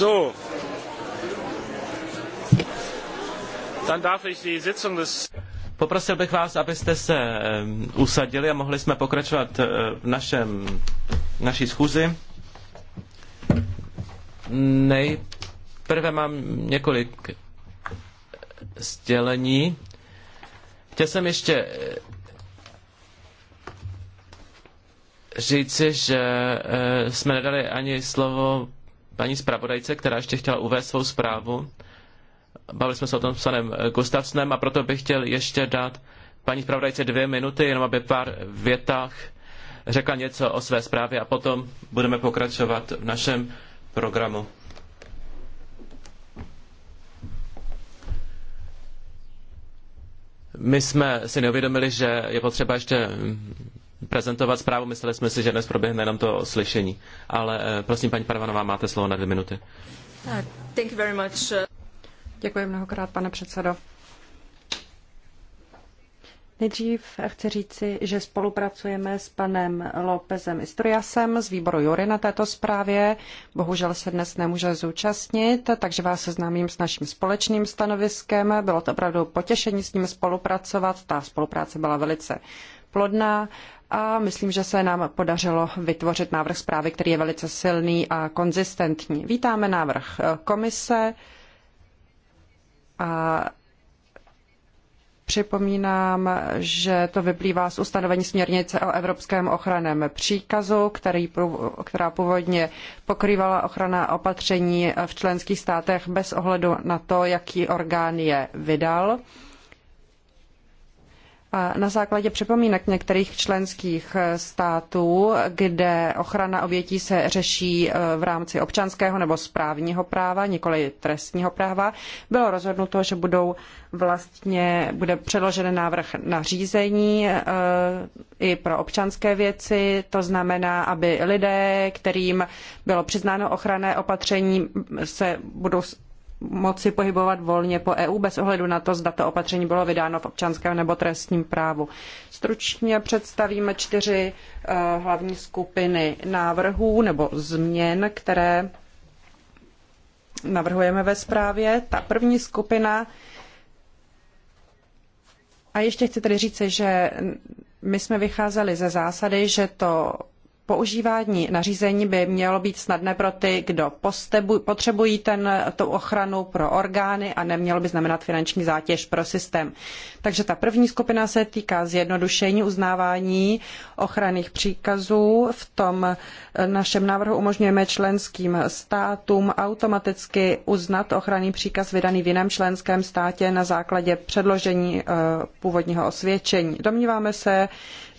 So. Dann darf ich die Sitzung des Poprosil bych vás, abyste se usadili a mohli jsme pokračovat e, v našem, naší schůzi. Nejprve mám několik e, sdělení. Chtěl jsem ještě e, říci, že jsme nedali ani slovo paní zpravodajce, která ještě chtěla uvést svou zprávu. Bavili jsme se o tom s panem Gustavsnem a proto bych chtěl ještě dát paní zpravodajce dvě minuty, jenom aby pár větách řekla něco o své zprávě a potom budeme pokračovat v našem programu. My jsme si neuvědomili, že je potřeba ještě prezentovat zprávu. Mysleli jsme si, že dnes proběhne jenom to slyšení. Ale eh, prosím, paní Parvanová, máte slovo na dvě minuty. Uh, thank you very much. Uh. Děkuji mnohokrát, pane předsedo. Nejdřív chci říci, že spolupracujeme s panem Lópezem Istriasem z výboru Jury na této zprávě. Bohužel se dnes nemůže zúčastnit, takže vás seznámím s naším společným stanoviskem. Bylo to opravdu potěšení s ním spolupracovat. Ta spolupráce byla velice plodná a myslím, že se nám podařilo vytvořit návrh zprávy, který je velice silný a konzistentní. Vítáme návrh komise a Připomínám, že to vyplývá z ustanovení směrnice o evropském ochranném příkazu, který, která původně pokrývala ochrana opatření v členských státech bez ohledu na to, jaký orgán je vydal. Na základě připomínek některých členských eh, států, kde ochrana obětí se řeší eh, v rámci občanského nebo správního práva, nikoli trestního práva, bylo rozhodnuto, že budou vlastně, bude předložen návrh na řízení eh, i pro občanské věci, to znamená, aby lidé, kterým bylo přiznáno ochranné opatření, se budou moci pohybovat volně po EU bez ohledu na to, zda to opatření bylo vydáno v občanském nebo trestním právu. Stručně představíme čtyři eh, hlavní skupiny návrhů nebo změn, které navrhujeme ve zprávě. Ta první skupina a ještě chci tedy říct, že my jsme vycházeli ze zásady, že to používání nařízení by mělo být snadné pro ty, kdo potřebují ten, tu ochranu pro orgány a nemělo by znamenat finanční zátěž pro systém. Takže ta první skupina se týká zjednodušení uznávání ochranných příkazů. V tom eh, našem návrhu umožňujeme členským státům automaticky uznat ochranný příkaz vydaný v jiném členském státě na základě předložení eh, původního osvědčení. Domníváme se,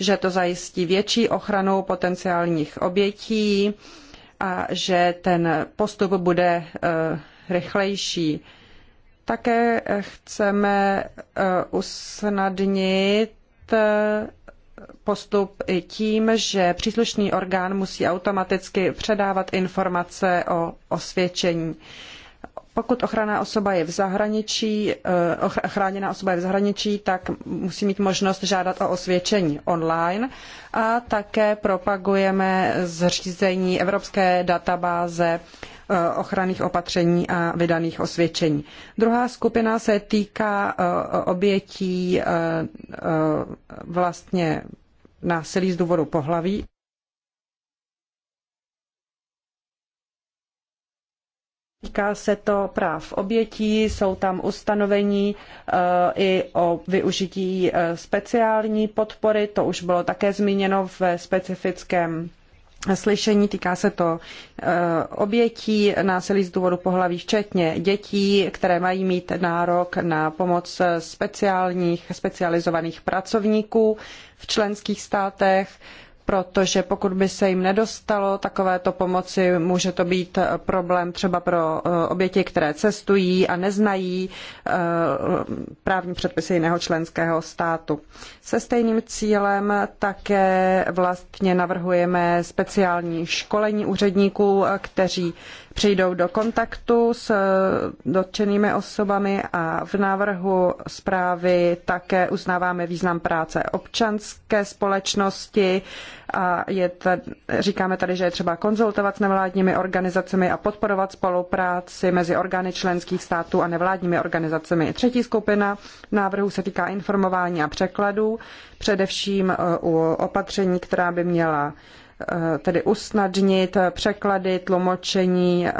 že to zajistí větší ochranu potenciálních obětí a že ten postup bude e, rychlejší. Také chceme e, usnadnit e, postup i tím, že příslušný orgán musí automaticky předávat informace o osvědčení pokud ochranná osoba je v zahraničí, eh, chráněná osoba je v zahraničí, tak musí mít možnost žádat o osvědčení online a také propagujeme zřízení Evropské databáze eh, ochranných opatření a vydaných osvědčení. Druhá skupina se týká eh, obětí vlastně násilí z důvodu pohlaví. Týká se to práv obětí, jsou tam ustanovení eh, i o využití eh, speciální podpory, to už bylo také zmíněno ve specifickém slyšení, týká se to eh, obětí násilí z důvodu pohlaví, včetně dětí, které mají mít nárok na pomoc speciálních, specializovaných pracovníků v členských státech protože pokud by se jim nedostalo takovéto pomoci, může to být eh, problém třeba pro eh, oběti, které cestují a neznají eh, právní předpisy jiného členského státu. Se stejným cílem také vlastně navrhujeme speciální školení úředníků, kteří přijdou do kontaktu s eh, dotčenými osobami a v návrhu zprávy také uznáváme význam práce občanské společnosti a je tady, říkáme tady, že je třeba konzultovat s nevládními organizacemi a podporovat spolupráci mezi orgány členských států a nevládními organizacemi. Třetí skupina návrhů se týká informování a překladů především eh, u opatření, která by měla Eh, tedy usnadnit eh, překlady, tlumočení eh,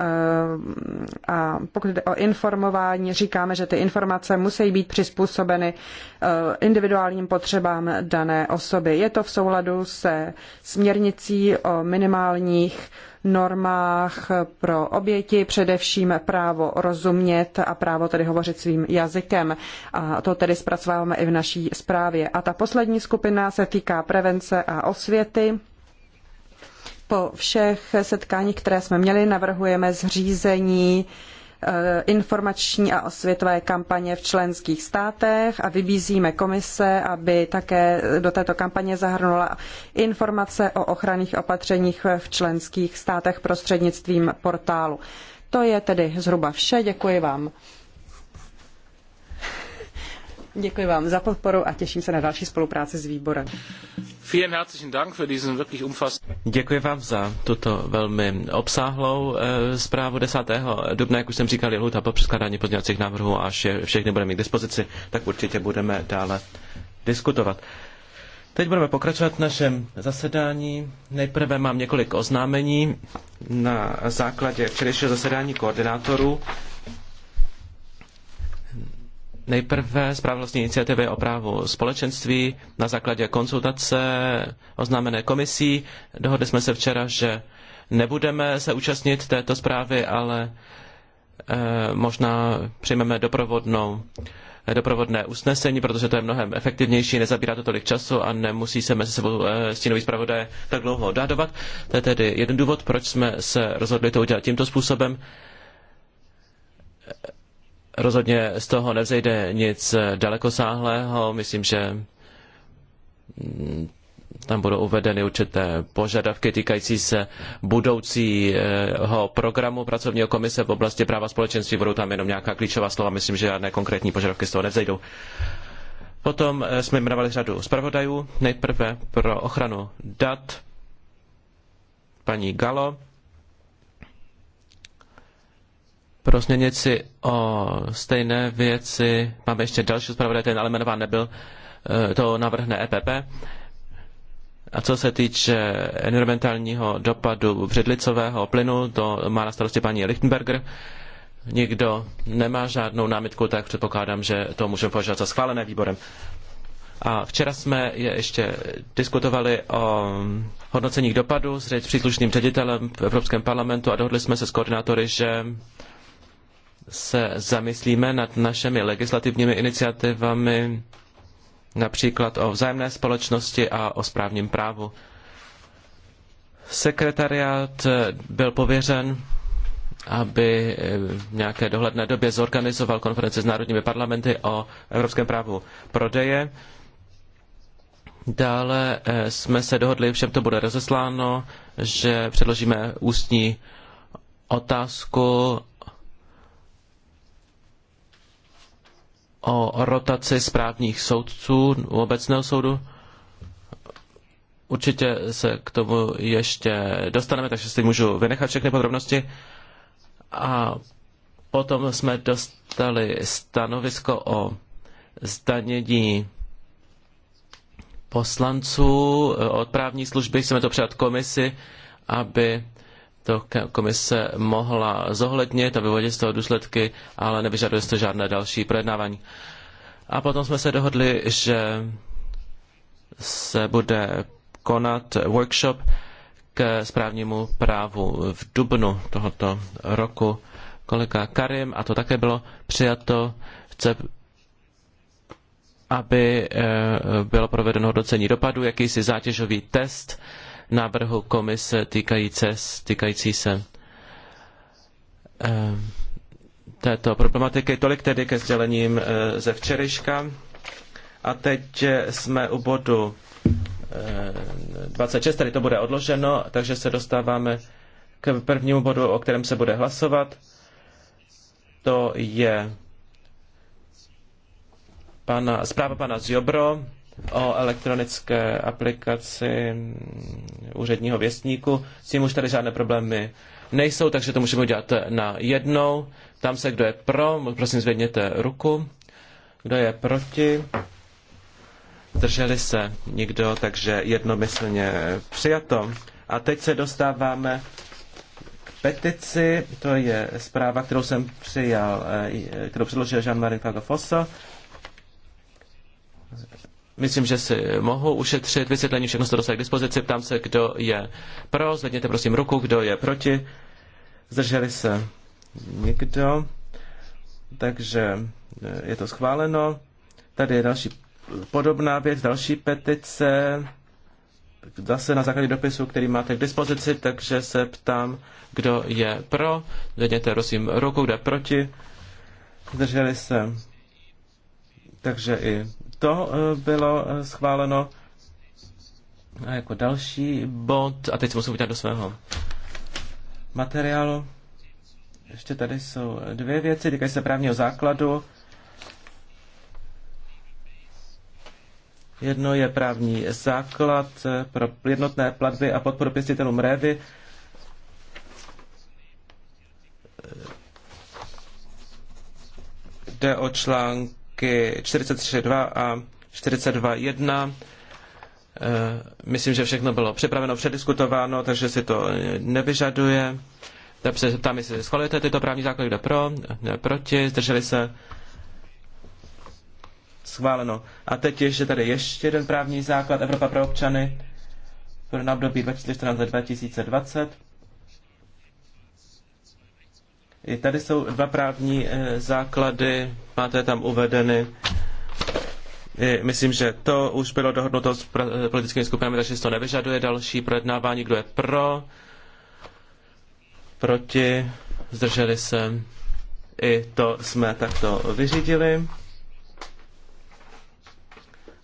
a pokud jde o informování, říkáme, že ty informace musí být přizpůsobeny individuálním potřebám dané osoby. Je to v souladu se směrnicí o minimálních normách pro oběti, především právo rozumět a právo tedy hovořit svým jazykem. A to tedy zpracováváme i v naší zprávě. A ta poslední skupina se týká prevence a osvěty. Po všech setkáních, které jsme měli, navrhujeme zřízení eh, informační a osvětové kampaně v členských státech a vybízíme komise, aby také do této kampaně zahrnula informace o ochranných opatřeních v členských státech prostřednictvím portálu. To je tedy zhruba vše. Děkuji vám. Děkuji vám za podporu a těším se na další spolupráci s výborem. Děkuji vám za tuto velmi obsáhlou eh, zprávu 10. dubna, jak už jsem říkal, je lhuta po předkládání pozměňovacích návrhů, až je všechny budeme mít k dispozici, tak určitě budeme dále diskutovat. Teď budeme pokračovat v našem zasedání. Nejprve mám několik oznámení na základě včerejšího zasedání koordinátorů. Nejprve zpráva vlastní iniciativy o právu společenství na základě konzultace oznámené komisí. Dohodli jsme se včera, že nebudeme se účastnit této zprávy, ale eh, možná přijmeme doprovodnou doprovodné usnesení, protože to je mnohem efektivnější, nezabírá to tolik času a nemusí se mezi sebou eh, stínoví zpravodaj tak dlouho dádovat. To je tedy jeden důvod, proč jsme se rozhodli to udělat tímto způsobem Rozhodně z toho nevzejde nic dalekosáhlého. Myslím, že mm, tam budou uvedeny určité požadavky týkající se budoucího programu pracovního komise v oblasti práva společenství. Budou tam jenom nějaká klíčová slova, myslím, že žádné konkrétní požadavky z toho nevzejdou. Potom eh, jsme jmenovali řadu zpravodajů, nejprve pro ochranu dat paní Galo, pro směrnici o stejné věci, máme ještě další zpravodaj, ten ale jmenován nebyl, eh, to navrhne EPP. A co se týče environmentálního dopadu předlicového plynu, to má na starosti paní Lichtenberger. Nikdo nemá žádnou námitku, tak předpokládám, že to můžeme považovat za schválené výborem. A včera jsme je ještě diskutovali o hodnocení dopadu s příslušným ředitelem v Evropském parlamentu a dohodli jsme se s koordinátory, že se zamyslíme nad našimi legislativními iniciativami, například o vzájemné společnosti a o správním právu. Sekretariát byl pověřen, aby v nějaké dohledné době zorganizoval konferenci s národními parlamenty o evropském právu prodeje. Dále eh, jsme se dohodli, všem to bude rozesláno, že předložíme ústní otázku o rotaci správních soudců u obecného soudu. Určitě se k tomu ještě dostaneme, takže si můžu vynechat všechny podrobnosti. A potom jsme dostali stanovisko o zdanění poslanců od právní služby. Chceme to předat komisi, aby to komise mohla zohlednit a vyvodit z toho důsledky, ale nevyžaduje to žádné další projednávání. A potom jsme se dohodli, že se bude konat workshop k správnímu právu v dubnu tohoto roku. Kolega Karim, a to také bylo přijato, chce aby eh, bylo provedeno hodnocení dopadu, jakýsi zátěžový test návrhu komise týkající, týkající se eh, této problematiky. Tolik tedy ke sdělením eh, ze včerejška. A teď eh, jsme u bodu 26, tady to bude odloženo, takže se dostáváme k prvnímu bodu, o kterém se bude hlasovat. To je pana, zpráva pana Ziobro o elektronické aplikaci úředního věstníku. S tím už tady žádné problémy nejsou, takže to můžeme udělat na jednou. Tam se, kdo je pro, prosím zvedněte ruku. Kdo je proti? Drželi se nikdo, takže jednomyslně přijato. A teď se dostáváme k petici, to je zpráva, kterou jsem přijal, eh, kterou předložil Jean-Marie Fagofoso Myslím, že si mohu ušetřit vysvětlení, všechno se dostali k dispozici. Ptám se, kdo je pro, zvedněte prosím ruku, kdo je proti. Zdrželi se nikdo, takže eh, je to schváleno. Tady je další podobná věc, další petice, zase na základě dopisu, který máte k dispozici, takže se ptám, kdo je pro. Zvedněte prosím ruku, kdo je proti. Zdrželi se. Takže i to eh, bylo eh, schváleno. A jako další bod, a teď se musím udělat do svého materiálu. Ještě tady jsou dvě věci, týkají se právního základu. Jedno je právní základ eh, pro jednotné platby a podporu pěstitelům révy. Jde o článk články 43.2 a 42.1. Eh, myslím, že všechno bylo připraveno, přediskutováno, takže si to nevyžaduje. Tak se tam jestli schvalujete tyto právní základy, kdo pro, ne proti, zdrželi se. Schváleno. A teď ještě tady ještě jeden právní základ Evropa pro občany pro na období 2014 2020 i tady jsou dva právní eh, základy, máte tam uvedeny. Myslím, že to už bylo dohodnuto s eh, politickými skupinami, takže to nevyžaduje další projednávání. Kdo je pro? Proti? Zdrželi se? I to jsme takto vyřídili.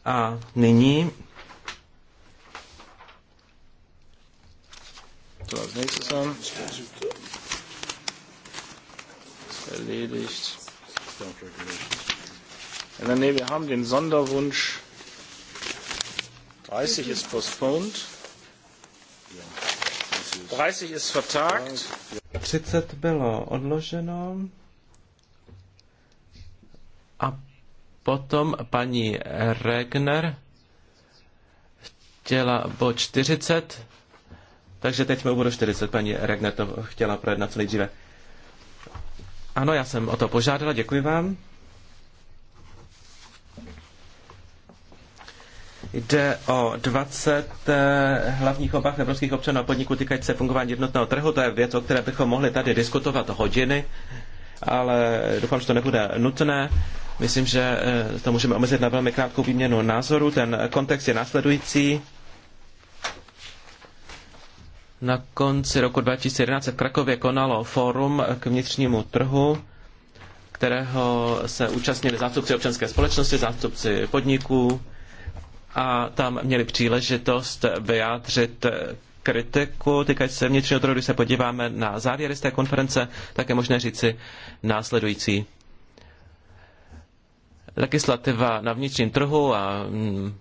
A nyní erledigt. dann, nee, wir haben den Sonderwunsch 30 ist postponed. 30 ist vertagt. 30 bylo odloženo. A potom paní Regner chtěla bod 40, takže teď mi bude 40, paní Regner to chtěla projednat co nejdříve. Ano, já jsem o to požádala, děkuji vám. Jde o 20 eh, hlavních obav evropských občanů a podniků týkající se fungování jednotného trhu. To je věc, o které bychom mohli tady diskutovat hodiny, ale doufám, že to nebude nutné. Myslím, že eh, to můžeme omezit na velmi krátkou výměnu názoru. Ten kontext je následující. Na konci roku 2011 se v Krakově konalo fórum k vnitřnímu trhu, kterého se účastnili zástupci občanské společnosti, zástupci podniků a tam měli příležitost vyjádřit kritiku týkající se vnitřního trhu. Když se podíváme na závěry z té konference, tak je možné říci následující. Legislativa na vnitřním trhu a mm,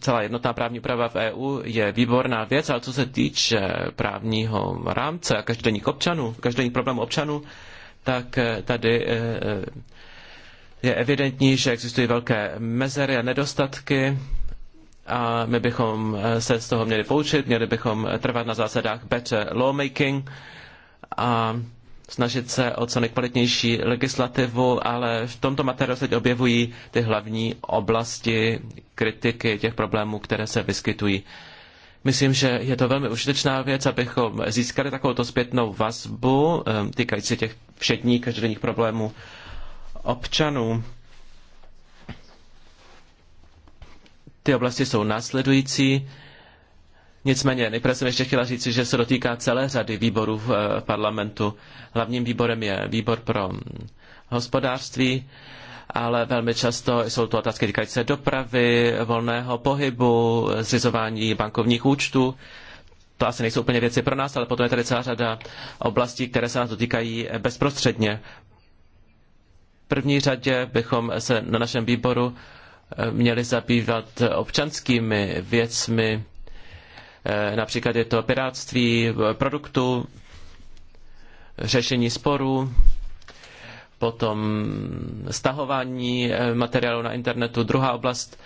celá jednotná právní úprava v EU je výborná věc, ale co se týče právního rámce a každodenních občanů, každodenních problémů občanů, tak eh, tady eh, eh, je evidentní, že existují velké mezery a nedostatky a my bychom se z toho měli poučit, měli bychom trvat na zásadách better lawmaking a snažit se o co nejkvalitnější legislativu, ale v tomto materiálu se objevují ty hlavní oblasti kritiky těch problémů, které se vyskytují. Myslím, že je to velmi užitečná věc, abychom získali takovou zpětnou vazbu eh, týkající těch všedních každodenních problémů občanů. Ty oblasti jsou následující. Nicméně nejprve jsem ještě chtěla říci, že se dotýká celé řady výborů v eh, parlamentu. Hlavním výborem je výbor pro hm, hospodářství, ale velmi často jsou to otázky týkající se dopravy, volného pohybu, zřizování bankovních účtů. To asi nejsou úplně věci pro nás, ale potom je tady celá řada oblastí, které se nás dotýkají bezprostředně. V první řadě bychom se na našem výboru eh, měli zabývat občanskými věcmi, Eh, například je to piráctví produktu, řešení sporů, potom stahování eh, materiálu na internetu. Druhá oblast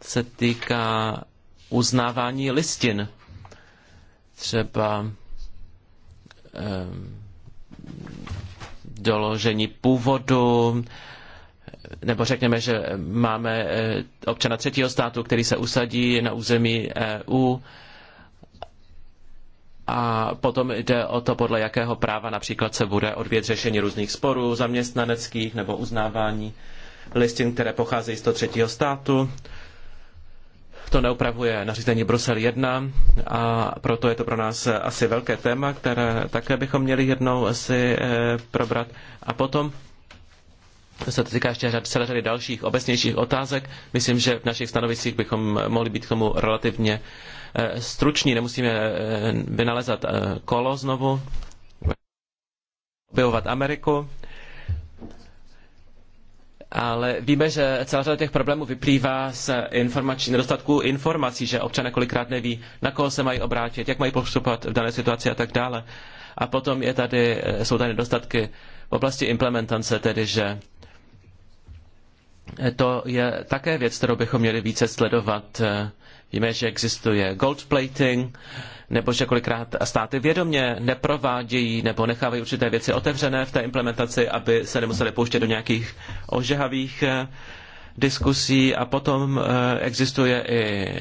se týká uznávání listin. Třeba eh, doložení původu, nebo řekněme, že máme eh, občana třetího státu, který se usadí na území EU a potom jde o to, podle jakého práva například se bude odvět řešení různých sporů zaměstnaneckých nebo uznávání listin, které pocházejí z toho třetího státu. To neupravuje nařízení Brusel 1 a proto je to pro nás asi velké téma, které také bychom měli jednou asi eh, probrat. A potom co se to týká ještě celé řady dalších obecnějších otázek. Myslím, že v našich stanovicích bychom mohli být k tomu relativně eh, struční. Nemusíme eh, vynalezat eh, kolo znovu, objevovat Ameriku. Ale víme, že celá řada těch problémů vyplývá z informační, nedostatku informací, že občané kolikrát neví, na koho se mají obrátit, jak mají postupovat v dané situaci a tak dále. A potom je tady, jsou tady nedostatky v oblasti implementace, tedy že to je také věc, kterou bychom měli více sledovat. Víme, že existuje gold plating, nebo že kolikrát státy vědomě neprovádějí nebo nechávají určité věci otevřené v té implementaci, aby se nemuseli pouštět do nějakých ožehavých eh, diskusí a potom eh, existuje i,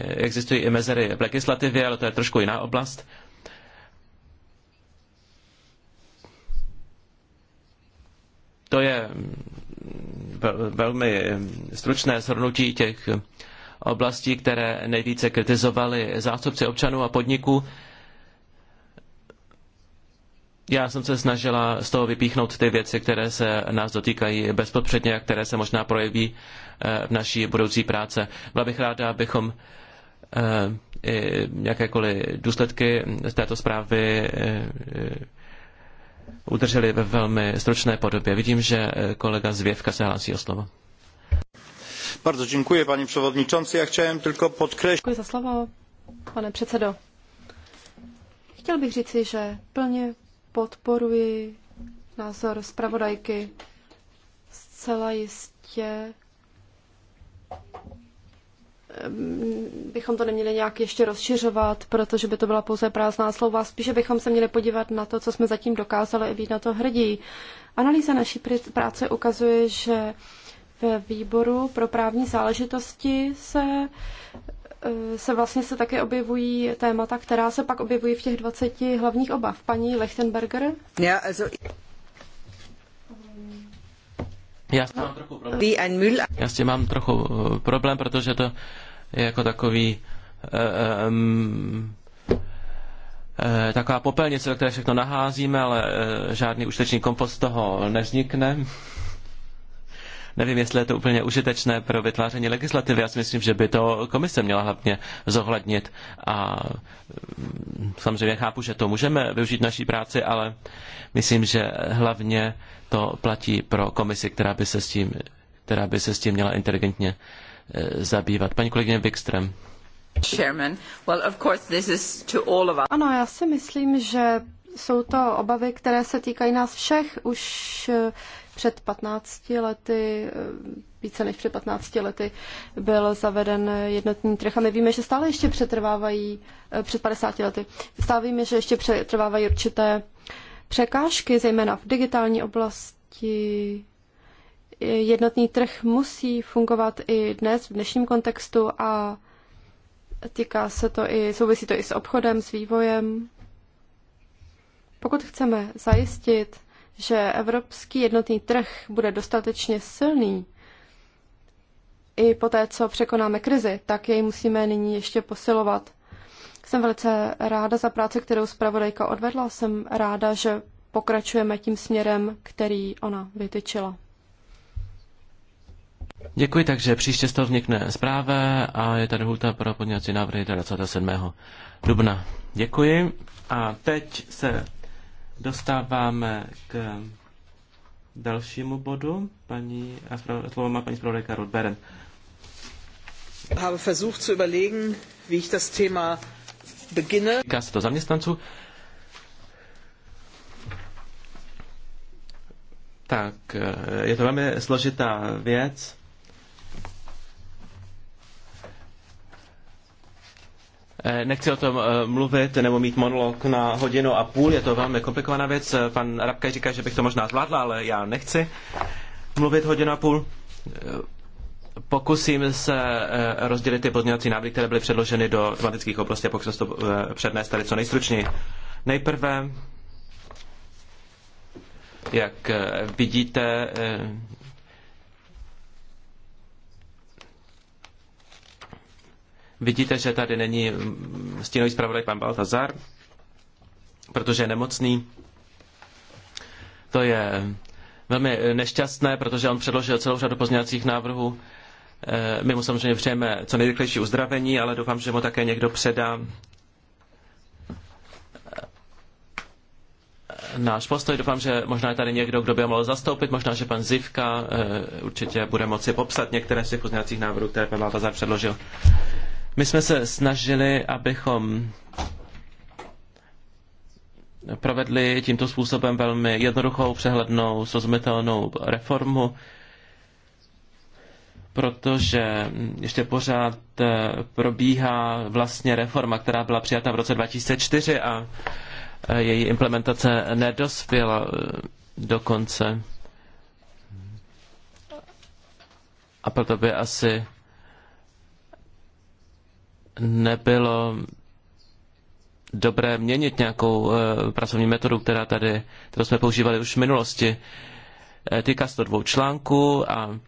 existují i mezery v legislativě, ale to je trošku jiná oblast. To je velmi stručné shrnutí těch oblastí, které nejvíce kritizovali zástupci občanů a podniků. Já jsem se snažila z toho vypíchnout ty věci, které se nás dotýkají bezpodpředně a které se možná projeví eh, v naší budoucí práce. Byla bych ráda, abychom eh, jakékoliv důsledky z této zprávy eh, udrželi ve velmi stručné podobě. Vidím, že eh, kolega Zvěvka se hlásí o slovo. Bardzo dziękuję, panie przewodniczący. Ja chciałem tylko podkreślić... Děkuji za slovo, pane předsedo. Chtěl bych říci, že plně podporuji názor zpravodajky. Zcela jistě Ehm, bychom to neměli nějak ještě rozšiřovat, protože by to byla pouze prázdná slova. Spíše bychom se měli podívat na to, co jsme zatím dokázali a být na to hrdí. Analýza naší práce ukazuje, že ve výboru pro právní záležitosti se, eh, se vlastně se také objevují témata, která se pak objevují v těch 20 hlavních obav. Paní Lechtenberger? Já, also... Já s, tím mám trochu problém. Já s tím mám trochu eh, problém, protože to je jako takový um, taková popelnice, do které všechno naházíme, ale žádný užitečný kompost z toho nevznikne. Nevím, jestli je to úplně užitečné pro vytváření legislativy. Já si myslím, že by to komise měla hlavně zohlednit. A mm, samozřejmě chápu, že to můžeme využít naší práci, ale myslím, že hlavně to platí pro komisi, která by se s tím, která by se s tím měla inteligentně eh, zabývat. Paní kolegyně Wikström. Ano, já si myslím, že jsou to obavy, které se týkají nás všech. Už eh, před 15 lety, eh, více než před 15 lety, byl zaveden jednotný trh a my víme, že stále ještě přetrvávají, před 50 lety, stále víme, že ještě přetrvávají určité překážky, zejména v digitální oblasti. Jednotný trh musí fungovat i dnes, v dnešním kontextu a týká se to i, souvisí to i s obchodem, s vývojem. Pokud chceme zajistit, že evropský jednotný trh bude dostatečně silný, i po té, co překonáme krizi, tak jej musíme nyní ještě posilovat. Jsem velice ráda za práci, kterou zpravodajka odvedla. Jsem ráda, že pokračujeme tím směrem, který ona vytyčila. Děkuji, takže příště z toho vznikne zpráva a je tady hulta pro podněcí návrhy 27. dubna. Děkuji a teď se dostáváme k dalšímu bodu. Paní, a slovo má paní zpravodajka Rodberen. Habe versucht zu überlegen, wie ich das Thema Týká se to zaměstnanců. Tak, eh, je to velmi složitá věc. Eh, nechci o tom eh, mluvit nebo mít monolog na hodinu a půl, je to velmi komplikovaná věc. Pan Rabka říká, že bych to možná zvládla, ale já nechci mluvit hodinu a půl. Pokusím se eh, rozdělit ty pozměňovací návrhy, které byly předloženy do tematických oblastí a pokusím se to eh, přednést tady co nejstručněji. Nejprve, jak eh, vidíte, Vidíte, že tady není mm, stínový zpravodaj pan Baltazar, protože je nemocný. To je velmi nešťastné, protože on předložil celou řadu pozměňovacích návrhů, Eh, my mu samozřejmě přejeme co nejrychlejší uzdravení, ale doufám, že mu také někdo předá eh, náš postoj. Doufám, že možná je tady někdo, kdo by ho mohl zastoupit, možná, že pan Zivka eh, určitě bude moci popsat některé z těch pozměňovacích návrhů, které pan Baltazar předložil. My jsme se snažili, abychom provedli tímto způsobem velmi jednoduchou, přehlednou, srozumitelnou reformu, protože ještě pořád eh, probíhá vlastně reforma, která byla přijata v roce 2004 a eh, její implementace nedospěla eh, do konce. A proto by asi nebylo dobré měnit nějakou pracovní metodu, která tady, kterou jsme používali už v minulosti. Týká se to dvou článků a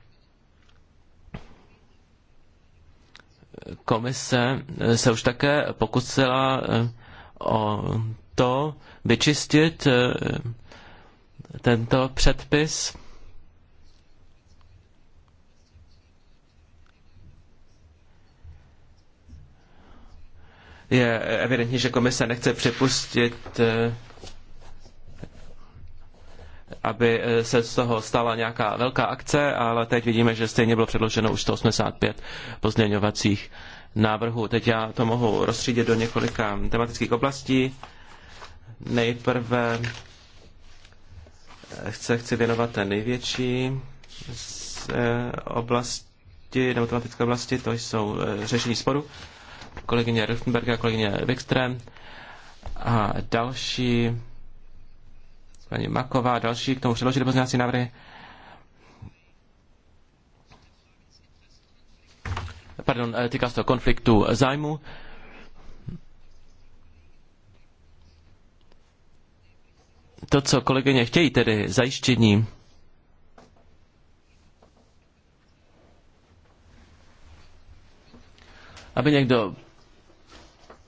komise se už také pokusila eh, o to vyčistit eh, tento předpis. Je evidentní, že komise nechce připustit eh, aby eh, se z toho stala nějaká velká akce, ale teď vidíme, že stejně bylo předloženo už 185 pozměňovacích návrhů. Teď já to mohu rozstřídit do několika tematických oblastí. Nejprve se eh, chci věnovat té největší z eh, oblasti, nebo tematické oblasti, to jsou řešení sporu. Kolegyně Rüftenberg a kolegyně Wikström a další paní Maková a další k tomu předložili pozměňovací návrhy. Pardon, eh, týká se to konfliktu zájmu. To, co kolegyně chtějí, tedy zajištění aby někdo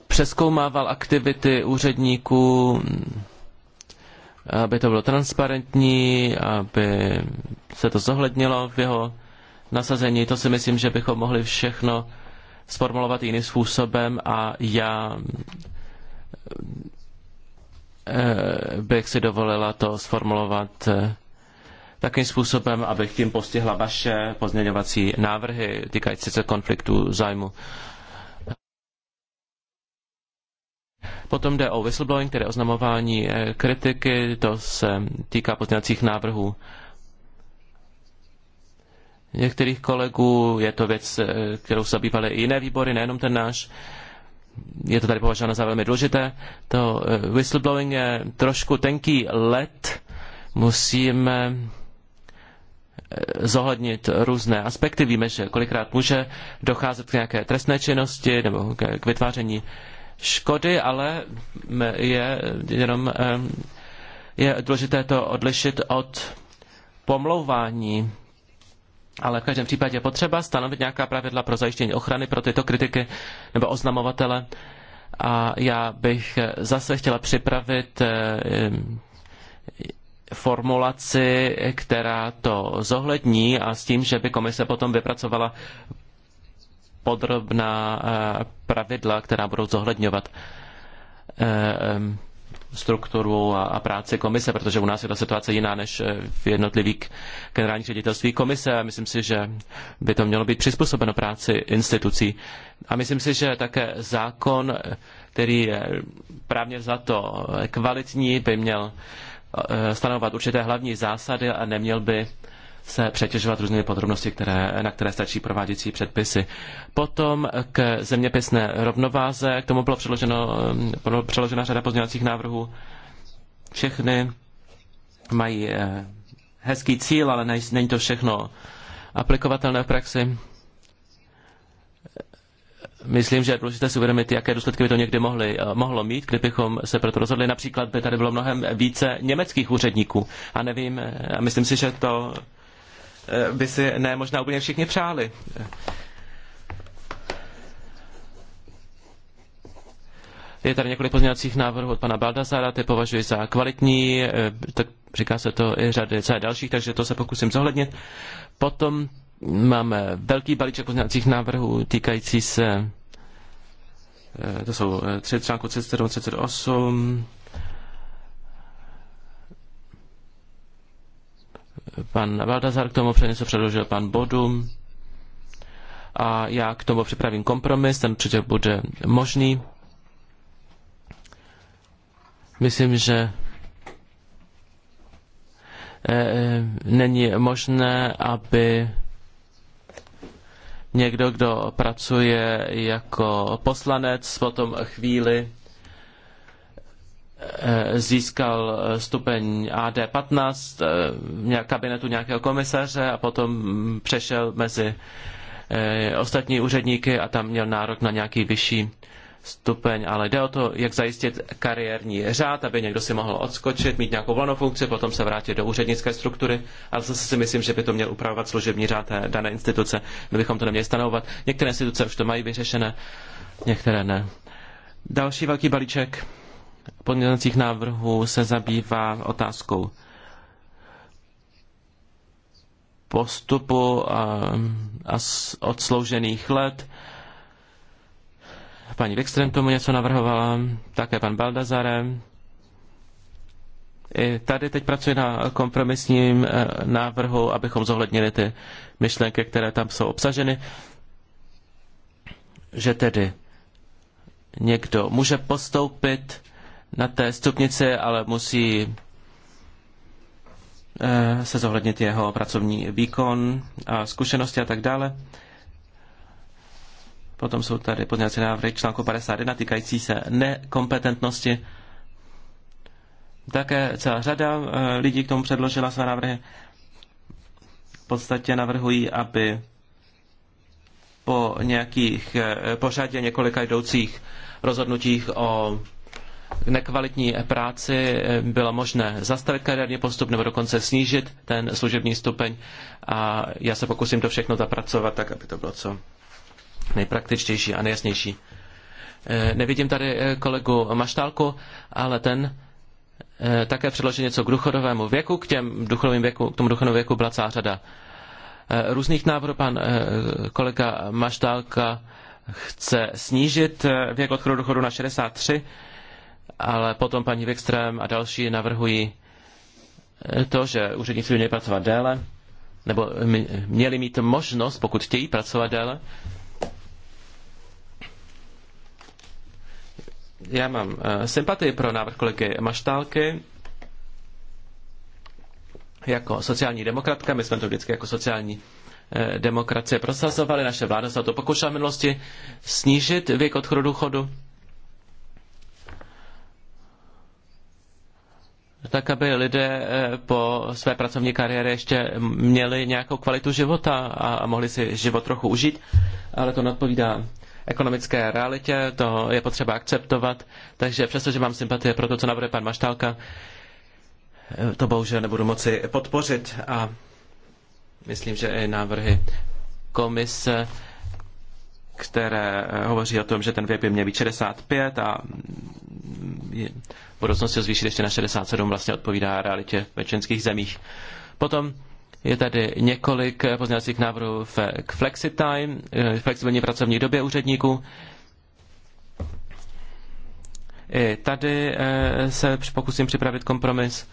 přeskoumával aktivity úředníků, aby to bylo transparentní, aby se to zohlednilo v jeho nasazení. To si myslím, že bychom mohli všechno sformulovat jiným způsobem a já eh, bych si dovolila to sformulovat eh, takým způsobem, abych tím postihla vaše pozměňovací návrhy týkající se konfliktu zájmu. Potom jde o whistleblowing, tedy oznamování eh, kritiky, to se týká pozměňovacích návrhů. Některých kolegů je to věc, eh, kterou se zabývaly i jiné výbory, nejenom ten náš. Je to tady považováno za velmi důležité. To eh, whistleblowing je trošku tenký let. Musíme zohlednit různé aspekty. Víme, že kolikrát může docházet k nějaké trestné činnosti nebo k vytváření škody, ale mm, je jenom je důležité to odlišit od pomlouvání. Ale v každém případě je potřeba stanovit nějaká pravidla pro zajištění ochrany pro tyto kritiky nebo oznamovatele. A já bych eh, zase chtěla připravit eh, formulaci, která to zohlední a s tím, že by komise potom vypracovala podrobná eh, pravidla, která budou zohledňovat eh, eh, strukturu a, práci komise, protože u nás je ta situace jiná než v jednotlivých generálních ředitelství komise a myslím si, že by to mělo být přizpůsobeno práci institucí. A myslím si, že také zákon, který je právně za to kvalitní, by měl stanovat určité hlavní zásady a neměl by se přetěžovat různými podrobnosti, které, na které stačí prováděcí předpisy. Potom k zeměpisné rovnováze, k tomu bylo předloženo, bylo um, předložena řada pozměňovacích návrhů. Všechny mají eh, hezký cíl, ale nej, není to všechno aplikovatelné v praxi. Myslím, že je důležité si uvědomit, jaké důsledky by to někdy mohli, eh, mohlo mít, kdybychom se proto rozhodli. Například by tady bylo mnohem více německých úředníků. A nevím, eh, a myslím si, že to Eh, by si ne možná úplně všichni přáli. Je tady několik pozměňovacích návrhů od pana Baldazara, ty považuji za kvalitní, eh, tak říká se to i řady celé dalších, takže to se pokusím zohlednit. Potom máme velký balíček pozměňovacích návrhů týkající se, eh, to jsou 3, 37, 38, Pan Valdazar k tomu něco předložil pan Bodum a já k tomu připravím kompromis, ten určitě bude možný. Myslím, že e, e, není možné, aby někdo, kdo pracuje jako poslanec, potom chvíli Eh, získal eh, stupeň AD15 v eh, kabinetu nějakého komisaře a potom mm, přešel mezi ostatní úředníky a tam měl nárok na nějaký vyšší stupeň, ale jde o to, jak zajistit kariérní řád, aby někdo si mohl odskočit, mít nějakou volnou funkci, potom se vrátit do úřednické struktury, ale zase si myslím, že by to měl upravovat služební řád dané instituce, kdybychom to neměli stanovovat. Některé instituce už to mají vyřešené, některé ne. Další velký balíček pozměňovacích návrhů se zabývá otázkou postupu eh, a, a odsloužených let. Paní Wikström tomu něco navrhovala, také pan Baldazare. I tady teď pracuji na kompromisním eh, návrhu, abychom zohlednili ty myšlenky, které tam jsou obsaženy, že tedy někdo může postoupit na té stupnici, ale musí eh, se zohlednit jeho pracovní výkon a zkušenosti a tak dále. Potom jsou tady pozměňovací návrhy článku 51 týkající se nekompetentnosti. Také celá řada eh, lidí k tomu předložila své návrhy. V podstatě navrhují, aby po nějakých eh, pořadě několika jdoucích rozhodnutích o nekvalitní práci eh, bylo možné zastavit kariérní postup nebo dokonce snížit ten služební stupeň a já se pokusím to všechno zapracovat tak, aby to bylo co nejpraktičtější a nejjasnější. Eh, nevidím tady eh, kolegu Maštálku, ale ten také předložil něco k duchodovému věku, k, těm důchodovým věku, k tomu důchodovému věku byla celá řada různých návrhů. Pan kolega Maštálka chce snížit věk odchodu duchodu na 63 ale potom paní Wikström a další navrhují eh, to, že úředníci by měli pracovat déle, nebo měli mít možnost, pokud chtějí pracovat déle. Já mám eh, sympatii pro návrh kolegy Maštálky. Jako sociální demokratka, my jsme to vždycky jako sociální eh, demokracie prosazovali, naše vláda se to pokoušela v minulosti snížit věk odchodu důchodu. chodu. tak aby lidé eh, po své pracovní kariéře ještě měli nějakou kvalitu života a mohli si život trochu užít, ale to neodpovídá ekonomické realitě, to je potřeba akceptovat, takže přestože mám sympatie pro to, co navrhuje pan Maštálka, eh, to bohužel nebudu moci podpořit a myslím, že i návrhy komise které eh, hovoří o tom, že ten věk by měl být 65 a mm, budoucnost se zvýšit ještě na 67 vlastně odpovídá realitě ve členských zemích. Potom je tady několik eh, pozměňovacích návrhů eh, k flexitime, flexibilní pracovní době úředníků. I tady se pokusím připravit kompromis.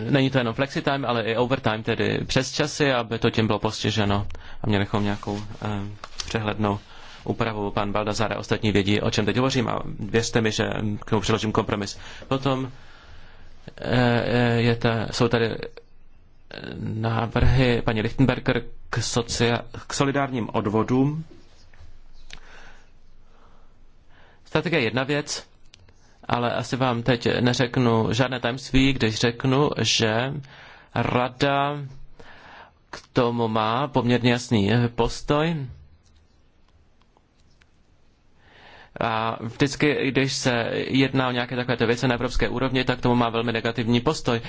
není to jenom flexitime, ale i overtime, tedy přes časy, aby to tím bylo postiženo a měli bychom nějakou eh, přehlednou úpravu. Pan Baldazar a ostatní vědí, o čem teď hovořím a věřte mi, že k tomu přiložím kompromis. Potom eh, eh je ta, jsou tady eh, návrhy paní Lichtenberger k, socia- k solidárním odvodům. Strategie je jedna věc, ale asi vám teď neřeknu žádné tajemství, když řeknu, že rada k tomu má poměrně jasný postoj. A vždycky, když se jedná o nějaké takovéto věci na evropské úrovni, tak tomu má velmi negativní postoj.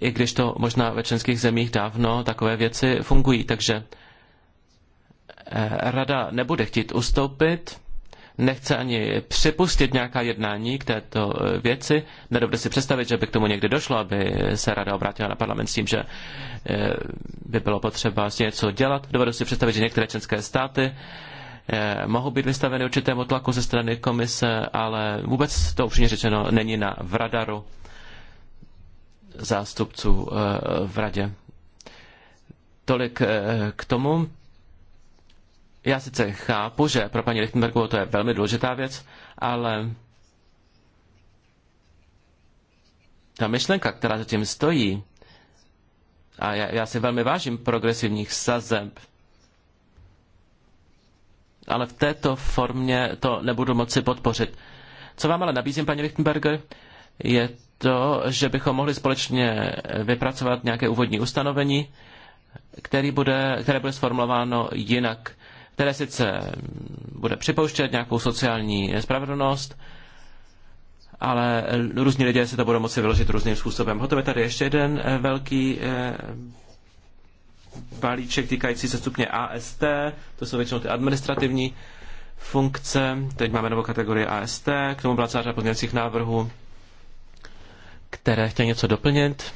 I když to možná ve členských zemích dávno takové věci fungují. Takže eh, rada nebude chtít ustoupit nechce ani připustit nějaká jednání k této eh, věci. Nedobře si představit, že by k tomu někdy došlo, aby se rada obrátila na parlament s tím, že eh, by bylo potřeba s něco dělat. Dovedu si představit, že některé členské státy eh, mohou být vystaveny určitému tlaku ze strany komise, ale vůbec to upřímně řečeno není na v radaru zástupců v radě. Tolik k tomu já sice chápu, že pro paní Lichtenbergovou to je velmi důležitá věc, ale ta myšlenka, která zatím stojí, a já, já si velmi vážím progresivních sazeb, ale v této formě to nebudu moci podpořit. Co vám ale nabízím, paní Lichtenberger, je to, že bychom mohli společně vypracovat nějaké úvodní ustanovení, který bude, které bude sformulováno jinak které sice bude připouštět nějakou sociální spravedlnost, ale různí lidé se to budou moci vyložit různým způsobem. Potom je tady ještě jeden eh, velký eh, balíček týkající se stupně AST, to jsou většinou ty administrativní funkce, teď máme novou kategorii AST, k tomu byla celá řada pozměňovacích návrhů, které chtějí něco doplnit.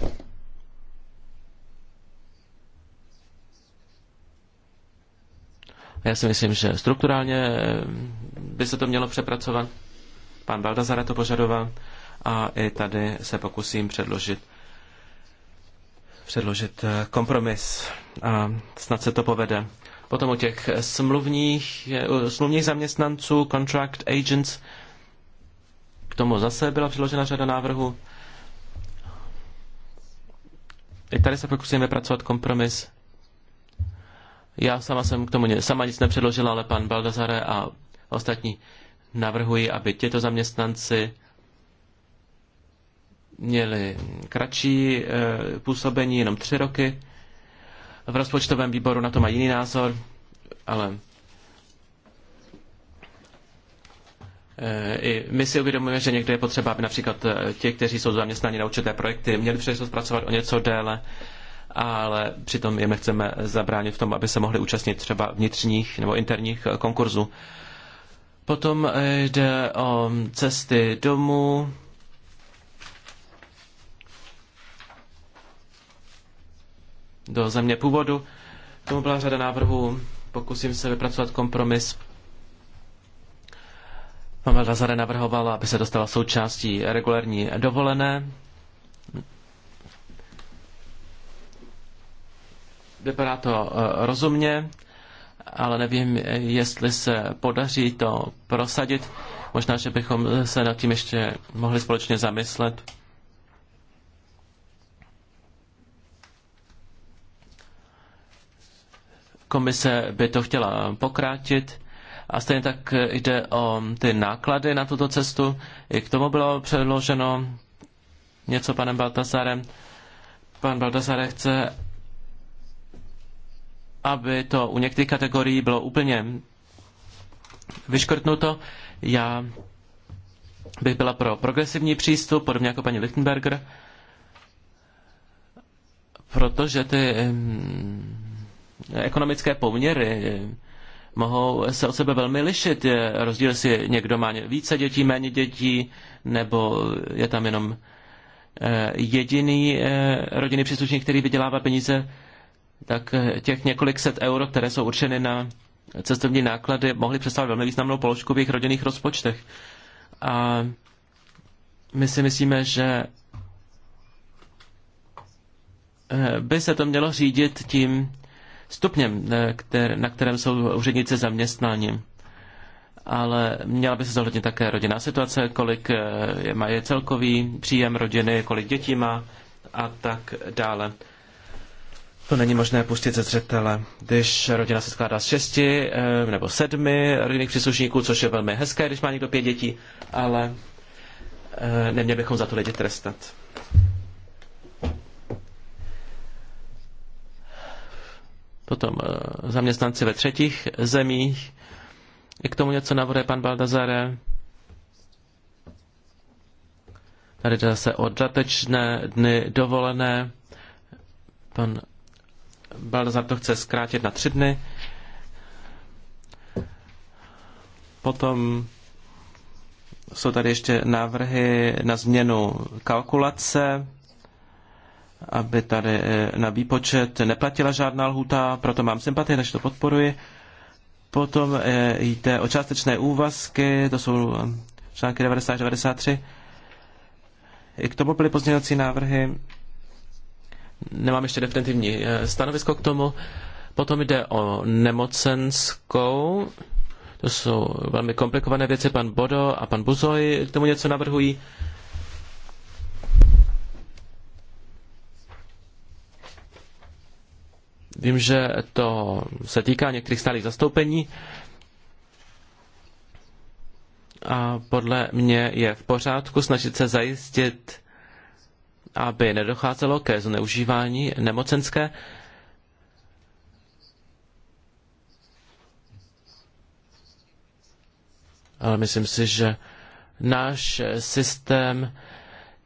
Já si myslím, že strukturálně eh, by se to mělo přepracovat. Pan Baldazara to požadoval a i tady se pokusím předložit předložit eh, kompromis a snad se to povede. Potom u těch eh, smluvních, smluvních zaměstnanců, contract agents, k tomu zase byla předložena řada návrhů. I tady se pokusím vypracovat kompromis. Já sama jsem k tomu sama nic nepředložila, ale pan Baldazare a ostatní navrhují, aby těto zaměstnanci měli kratší eh, působení, jenom tři roky. V rozpočtovém výboru na to má jiný názor, ale eh, I my si uvědomujeme, že někde je potřeba, aby například eh, ti, kteří jsou zaměstnáni na určité projekty, měli příležitost pracovat o něco déle ale přitom jim nechceme zabránit v tom, aby se mohli účastnit třeba vnitřních nebo interních eh, konkurzů. Potom eh, jde o cesty domů. Do země původu. K tomu byla řada návrhů. Pokusím se vypracovat kompromis. Pavel Lazare navrhoval, aby se dostala součástí regulární dovolené Vypadá to eh, rozumně, ale nevím, jestli se podaří to prosadit. Možná, že bychom se nad tím ještě mohli společně zamyslet. Komise by to chtěla pokrátit a stejně tak jde o ty náklady na tuto cestu. I k tomu bylo předloženo něco panem Baltasarem. Pan Baltasare chce, aby to u některých kategorií bylo úplně vyškrtnuto. Já bych byla pro progresivní přístup, podobně jako paní Lichtenberger, protože ty ekonomické poměry mohou se od sebe velmi lišit. Je rozdíl, jestli někdo má více dětí, méně dětí, nebo je tam jenom eh, jediný eh, rodinný příslušník, který vydělává peníze tak eh, těch několik set euro, které jsou určeny na cestovní náklady, mohly představit velmi významnou položku v jejich rodinných rozpočtech. A my si myslíme, že eh, by se to mělo řídit tím stupněm, eh, na kterém jsou úředníci zaměstnáni. Ale měla by se zohlednit také rodinná situace, kolik je, má je celkový příjem rodiny, kolik dětí má a tak dále. To není možné pustit ze zřetele. Když rodina se skládá z šesti eh, nebo sedmi rodinných příslušníků, což je velmi hezké, když má někdo pět dětí, ale eh, neměli bychom za to lidi trestat. Potom eh, zaměstnanci ve třetích zemích. I k tomu něco navrhuje pan Baldazare. Tady jde zase o dodatečné dny dovolené. Pan Balzar to chce zkrátit na tři dny. Potom jsou tady ještě návrhy na změnu kalkulace, aby tady e, na výpočet neplatila žádná lhuta, proto mám sympatie, takže to podporuji. Potom e, jde o částečné úvazky, to jsou články 90 93. I k tomu byly pozměňovací návrhy. Nemám ještě definitivní eh, stanovisko k tomu. Potom jde o nemocenskou. To jsou velmi komplikované věci. Pan Bodo a pan Buzoj k tomu něco navrhují. Vím, že to se týká některých stálých zastoupení a podle mě je v pořádku snažit se zajistit aby nedocházelo ke zneužívání nemocenské. Ale myslím si, že náš systém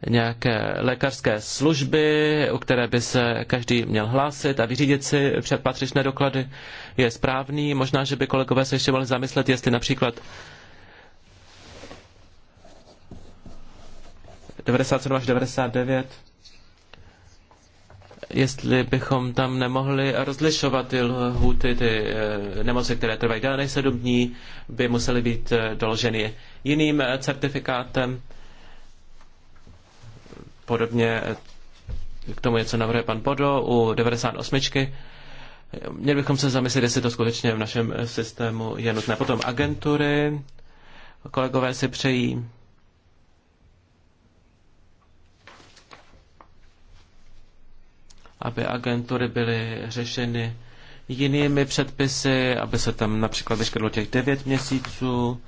nějaké lékařské služby, u které by se každý měl hlásit a vyřídit si předpatřičné doklady, je správný. Možná, že by kolegové se ještě mohli zamyslet, jestli například 97 až 99, jestli bychom tam nemohli rozlišovat ty lhuty, ty eh, nemoci, které trvají déle než 7 dní, by musely být eh, doloženy jiným eh, certifikátem. Podobně k tomu je, co navrhuje pan Bodo u 98. Měli bychom se zamyslet, jestli to skutečně v našem systému je nutné. Potom agentury, kolegové si přejí aby agentury byly řešeny jinými předpisy, aby se tam například vyškrtlo těch 9 měsíců.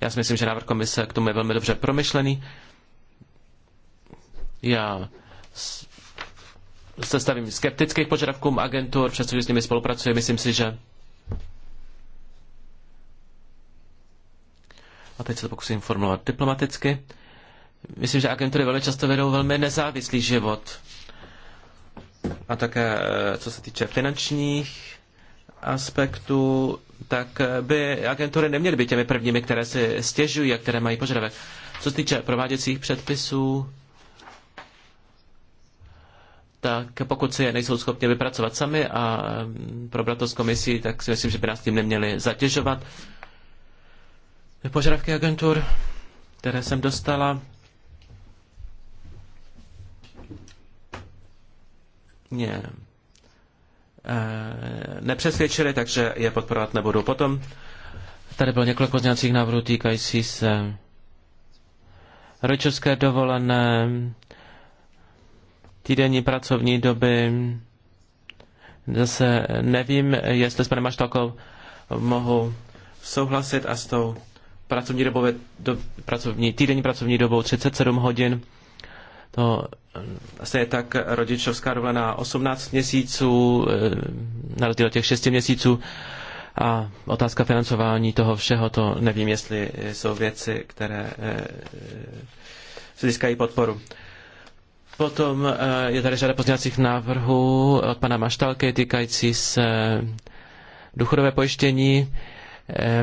Já si myslím, že návrh komise k tomu je velmi dobře promyšlený. Já se stavím skeptických požadavkům agentur, přestože s nimi spolupracuji. Myslím si, že a teď se to pokusím formulovat diplomaticky. Myslím, že agentury velmi často vedou velmi nezávislý život. A také eh, co se týče finančních aspektů, tak eh, by agentury neměly být těmi prvními, které si stěžují a které mají požadavek. Co se týče prováděcích předpisů, tak pokud si je nejsou schopni vypracovat sami a eh, probrat to s komisí, tak si myslím, že by nás tím neměli zatěžovat. Požadavky agentur, které jsem dostala, mě eh, nepřesvědčili, takže je podporovat nebudu. Potom tady bylo několik pozměňovacích návrhů týkající se rodičovské dovolené, týdenní pracovní doby. Zase nevím, jestli s panem Maštalkou mohu souhlasit a s tou pracovní, dobou, do, pracovní, týdenní pracovní dobou 37 hodin. To Stejně tak rodičovská dovolená 18 měsíců, eh, na rozdíl těch 6 měsíců. A otázka financování toho všeho, to nevím, jestli jsou věci, které eh, se získají podporu. Potom eh, je tady řada pozměňovacích návrhů od pana Maštalky týkající se důchodové pojištění.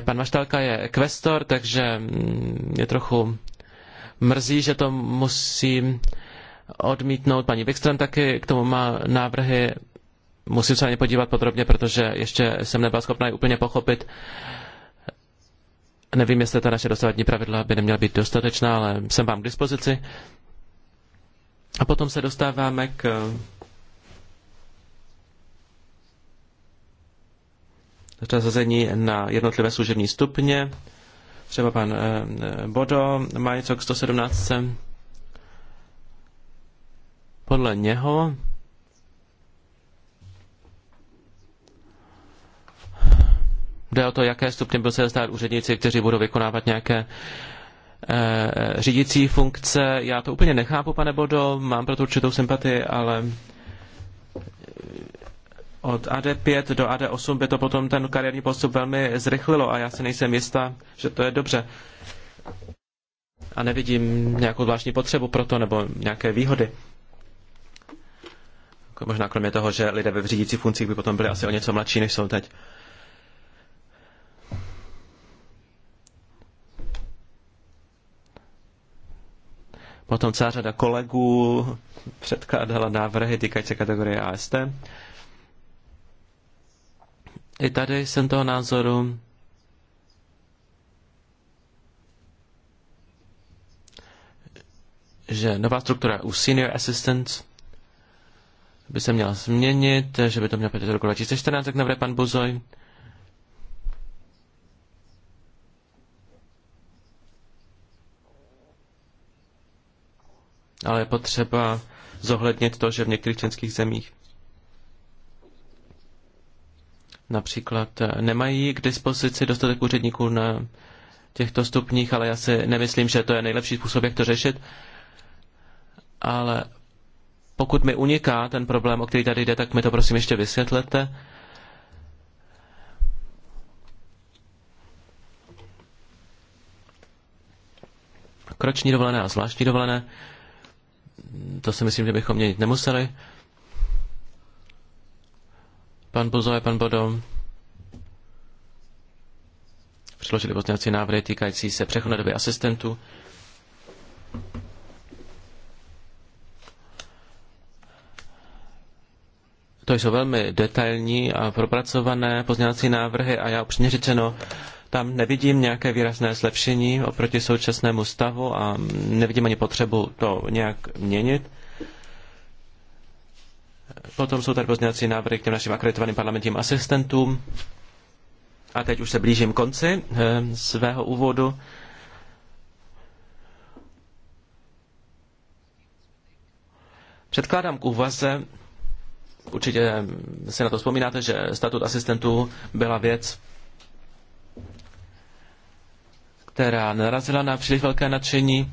Pan Maštalka je kvestor, takže je mm, trochu mrzí, že to musím odmítnout. Paní Wikström taky k tomu má návrhy. Musím se na ně podívat podrobně, protože ještě jsem nebyla schopna je úplně pochopit. Nevím, jestli ta naše dosavadní pravidla by neměla být dostatečná, ale jsem vám k dispozici. A potom se dostáváme k řazení na jednotlivé služební stupně. Třeba pan eh, Bodo má něco k 117. Podle něho jde o to, jaké stupně byl se stát úředníci, kteří budou vykonávat nějaké eh, řídící funkce. Já to úplně nechápu, pane Bodo, mám proto určitou sympatii, ale eh, od AD5 do AD8 by to potom ten kariérní postup velmi zrychlilo a já si nejsem jistá, že to je dobře. A nevidím nějakou zvláštní potřebu pro to nebo nějaké výhody. Možná kromě toho, že lidé ve řídících funkcích by potom byli asi o něco mladší, než jsou teď. Potom celá řada kolegů předkládala návrhy týkající kategorie AST. I tady jsem toho názoru, že nová struktura u senior assistants by se měla změnit, že by to mělo být do roku 2014, tak navrhuje pan Buzoj. Ale je potřeba zohlednit to, že v některých členských zemích například nemají k dispozici dostatek úředníků na těchto stupních, ale já si nemyslím, že to je nejlepší způsob, jak to řešit. Ale pokud mi uniká ten problém, o který tady jde, tak mi to prosím ještě vysvětlete. Kroční dovolené a zvláštní dovolené. To si myslím, že bychom měnit nemuseli. Pan Buzoje, pan Bodo přiložili pozměňovací návrhy týkající se přechodné doby asistentů. To jsou velmi detailní a propracované pozměňovací návrhy a já upřímně řečeno tam nevidím nějaké výrazné zlepšení oproti současnému stavu a nevidím ani potřebu to nějak měnit. Potom jsou tady pozměňovací návrhy k těm našim akreditovaným parlamentním asistentům. A teď už se blížím konci eh, svého úvodu. Předkládám k úvaze Určitě si na to vzpomínáte, že statut asistentů byla věc, která narazila na příliš velké nadšení.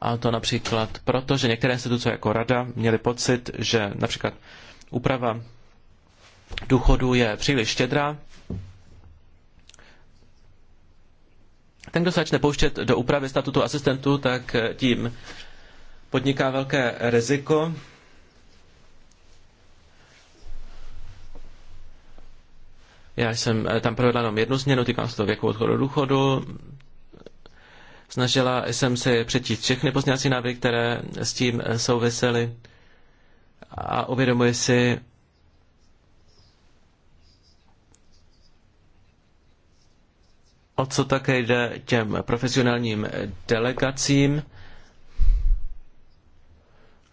A to například proto, že některé instituce jako rada měly pocit, že například úprava důchodu je příliš štědrá. Ten, kdo se začne pouštět do úpravy statutu asistentů, tak tím podniká velké riziko, Já jsem eh, tam provedla jenom jednu změnu, týkám se to věku odchodu do důchodu. Snažila jsem se přečíst všechny pozněvací návrhy, které s tím eh, souvisely a uvědomuji si, o co také jde těm profesionálním delegacím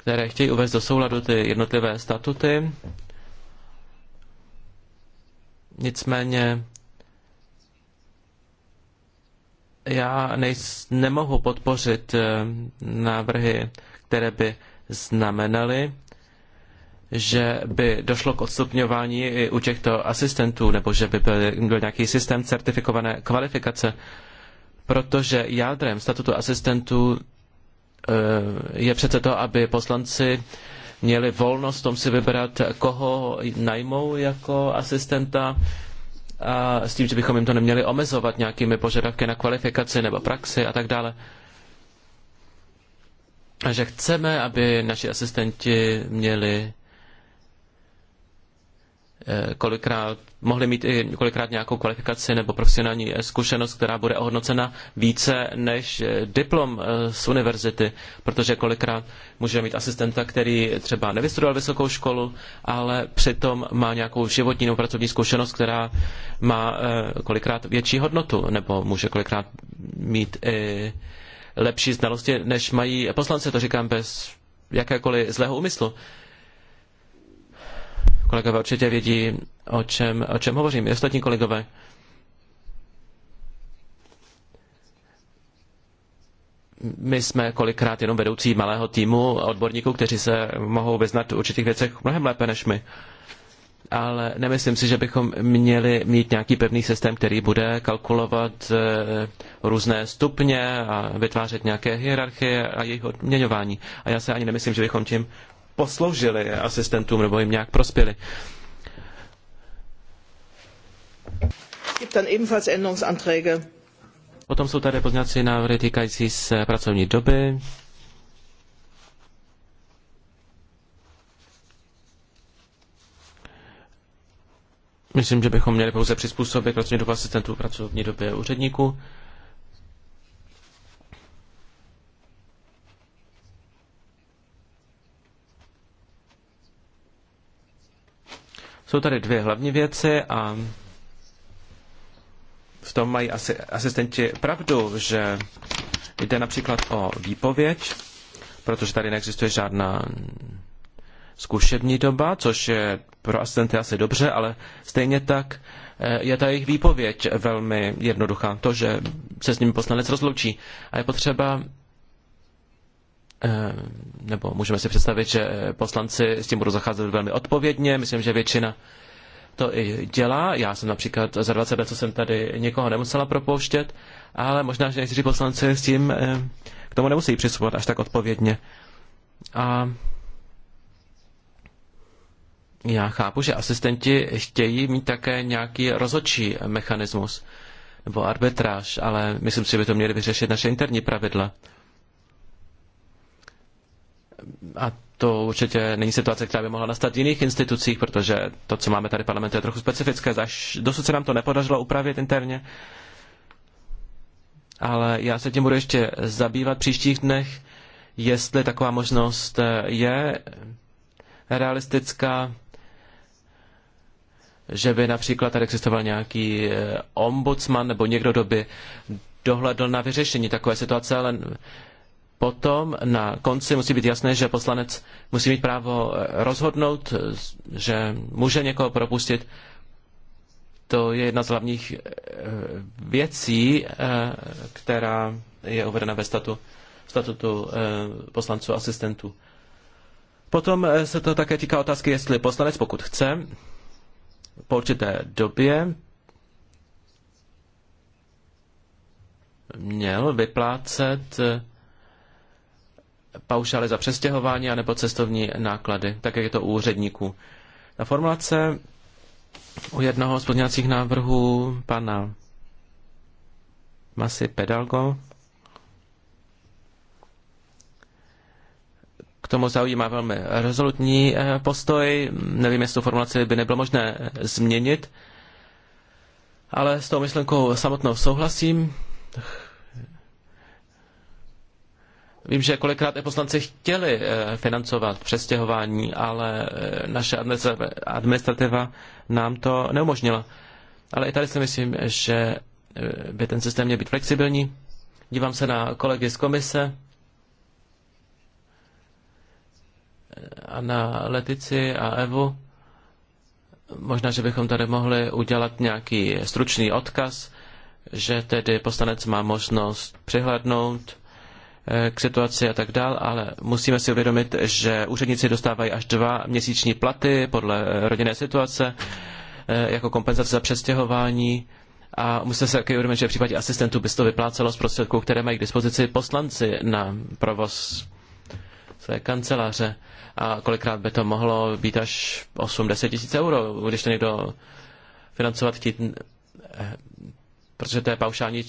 které chtějí uvést do souladu ty jednotlivé statuty. Nicméně já nejs, nemohu podpořit eh, návrhy, které by znamenaly, že by došlo k odstupňování i u těchto asistentů, nebo že by byl, byl nějaký systém certifikované kvalifikace, protože jádrem statutu asistentů Eh, je přece to, aby poslanci měli volnost v tom si vybrat, koho najmou jako asistenta a s tím, že bychom jim to neměli omezovat nějakými požadavky na kvalifikaci nebo praxi a tak dále. A že chceme, aby naši asistenti měli Eh, kolikrát mohli mít i kolikrát nějakou kvalifikaci nebo profesionální eh, zkušenost, která bude ohodnocena více než eh, diplom z univerzity, protože kolikrát může mít asistenta, který třeba nevystudoval vysokou školu, ale přitom má nějakou životní nebo pracovní zkušenost, která má kolikrát větší hodnotu, nebo může kolikrát mít i lepší znalosti, než mají poslanci, to říkám bez jakékoliv zlého úmyslu. Kolegové určitě vědí, o čem, o čem hovořím. I ostatní kolegové. My jsme kolikrát jenom vedoucí malého týmu odborníků, kteří se mohou vyznat v určitých věcech mnohem lépe než my ale nemyslím si, že bychom měli mít nějaký pevný systém, který bude kalkulovat eh, různé stupně a vytvářet nějaké hierarchie a jejich odměňování. A já se ani nemyslím, že bychom tím posloužili asistentům nebo jim nějak prospěli. Potom jsou tady pozněcí návrhy týkající se pracovní doby. Myslím, že bychom měli pouze přizpůsobit pracovní dobu asistentů pracovní době úředníků. Jsou tady dvě hlavní věci a v tom mají asi asistenti pravdu, že jde například o výpověď, protože tady neexistuje žádná zkušební doba, což je pro asistenty asi dobře, ale stejně tak eh, je ta jejich výpověď velmi jednoduchá. To, že se s nimi poslanec rozloučí. A je potřeba Eh, nebo můžeme si představit, že poslanci s tím budou zacházet velmi odpovědně. Myslím, že většina to i dělá. Já jsem například za 20 let, co jsem tady někoho nemusela propouštět, ale možná, že někteří poslanci s tím eh, k tomu nemusí přistupovat až tak odpovědně. A já chápu, že asistenti chtějí mít také nějaký rozhodčí mechanismus nebo arbitráž, ale myslím si, že by to měli vyřešit naše interní pravidla. A to určitě není situace, která by mohla nastat v jiných institucích, protože to, co máme tady v parlamentu, je trochu specifické. Zaž dosud se nám to nepodařilo upravit interně, ale já se tím budu ještě zabývat v příštích dnech, jestli taková možnost eh, je realistická, že by například tady existoval nějaký eh, ombudsman nebo někdo, kdo by dohledl na vyřešení takové situace, ale potom na konci musí být jasné, že poslanec musí mít právo eh, rozhodnout, eh, že může někoho propustit. To je jedna z hlavních eh, věcí, která je uvedena ve statu, statutu poslanců asistentů. Potom se to také týká otázky, jestli poslanec, pokud chce, po určité době měl vyplácet paušály za přestěhování anebo cestovní náklady, tak jak je to u úředníků. Ta formulace u jednoho z pozměňovacích návrhů pana Masy Pedalgo k tomu zaujímá velmi rezolutní eh, postoj. Nevím, jestli tu formulaci by nebylo možné eh, změnit, ale s tou myšlenkou samotnou souhlasím Vím, že kolikrát i poslanci chtěli eh, financovat přestěhování, ale eh, naše administrativa nám to neumožnila. Ale i tady si myslím, že eh, by ten systém měl být flexibilní. Dívám se na kolegy z komise a na Letici a Evu. Možná, že bychom tady mohli udělat nějaký stručný odkaz, že tedy poslanec má možnost přihlednout Eh, k situaci a tak dál, ale musíme si uvědomit, že úředníci dostávají až dva měsíční platy podle eh, rodinné situace eh, jako kompenzace za přestěhování a musíme se také uvědomit, že v případě asistentů by se to vyplácelo z prostředků, které mají k dispozici poslanci na provoz své kanceláře a kolikrát by to mohlo být až 8-10 tisíc euro, když to někdo financovat chtít, protože to je paušální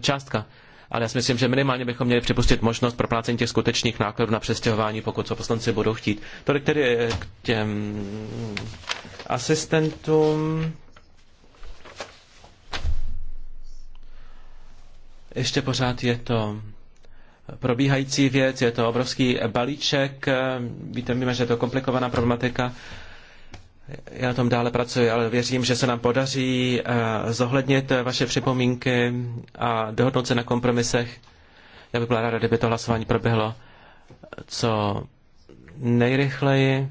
částka ale já si myslím, že minimálně bychom měli připustit možnost proplácení těch skutečných nákladů na přestěhování, pokud co poslanci budou chtít. Tolik tedy eh, k těm asistentům. Ještě pořád je to probíhající věc, je to obrovský balíček. Eh, víte, víme, že je to komplikovaná problematika. Já tam dále pracuji, ale věřím, že se nám podaří eh, zohlednit vaše připomínky a dohodnout se na kompromisech. Já bych byla ráda, kdyby to hlasování proběhlo co nejrychleji,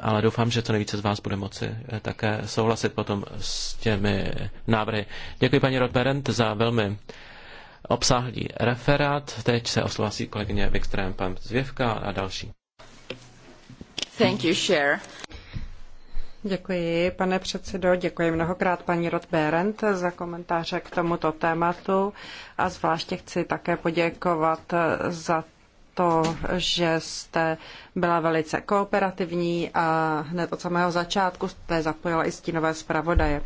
ale doufám, že co nejvíce z vás bude moci eh, také souhlasit potom s těmi návrhy. Děkuji paní Rodberent za velmi obsáhlý referát. Teď se oslovasí kolegyně Vikström, pan Zvěvka a další. Děkuji, pane předsedo, děkuji mnohokrát paní roth behrendt za komentáře k tomuto tématu a zvláště chci také poděkovat za to, že jste byla velice kooperativní a hned od samého začátku jste zapojila i stínové zpravodaje.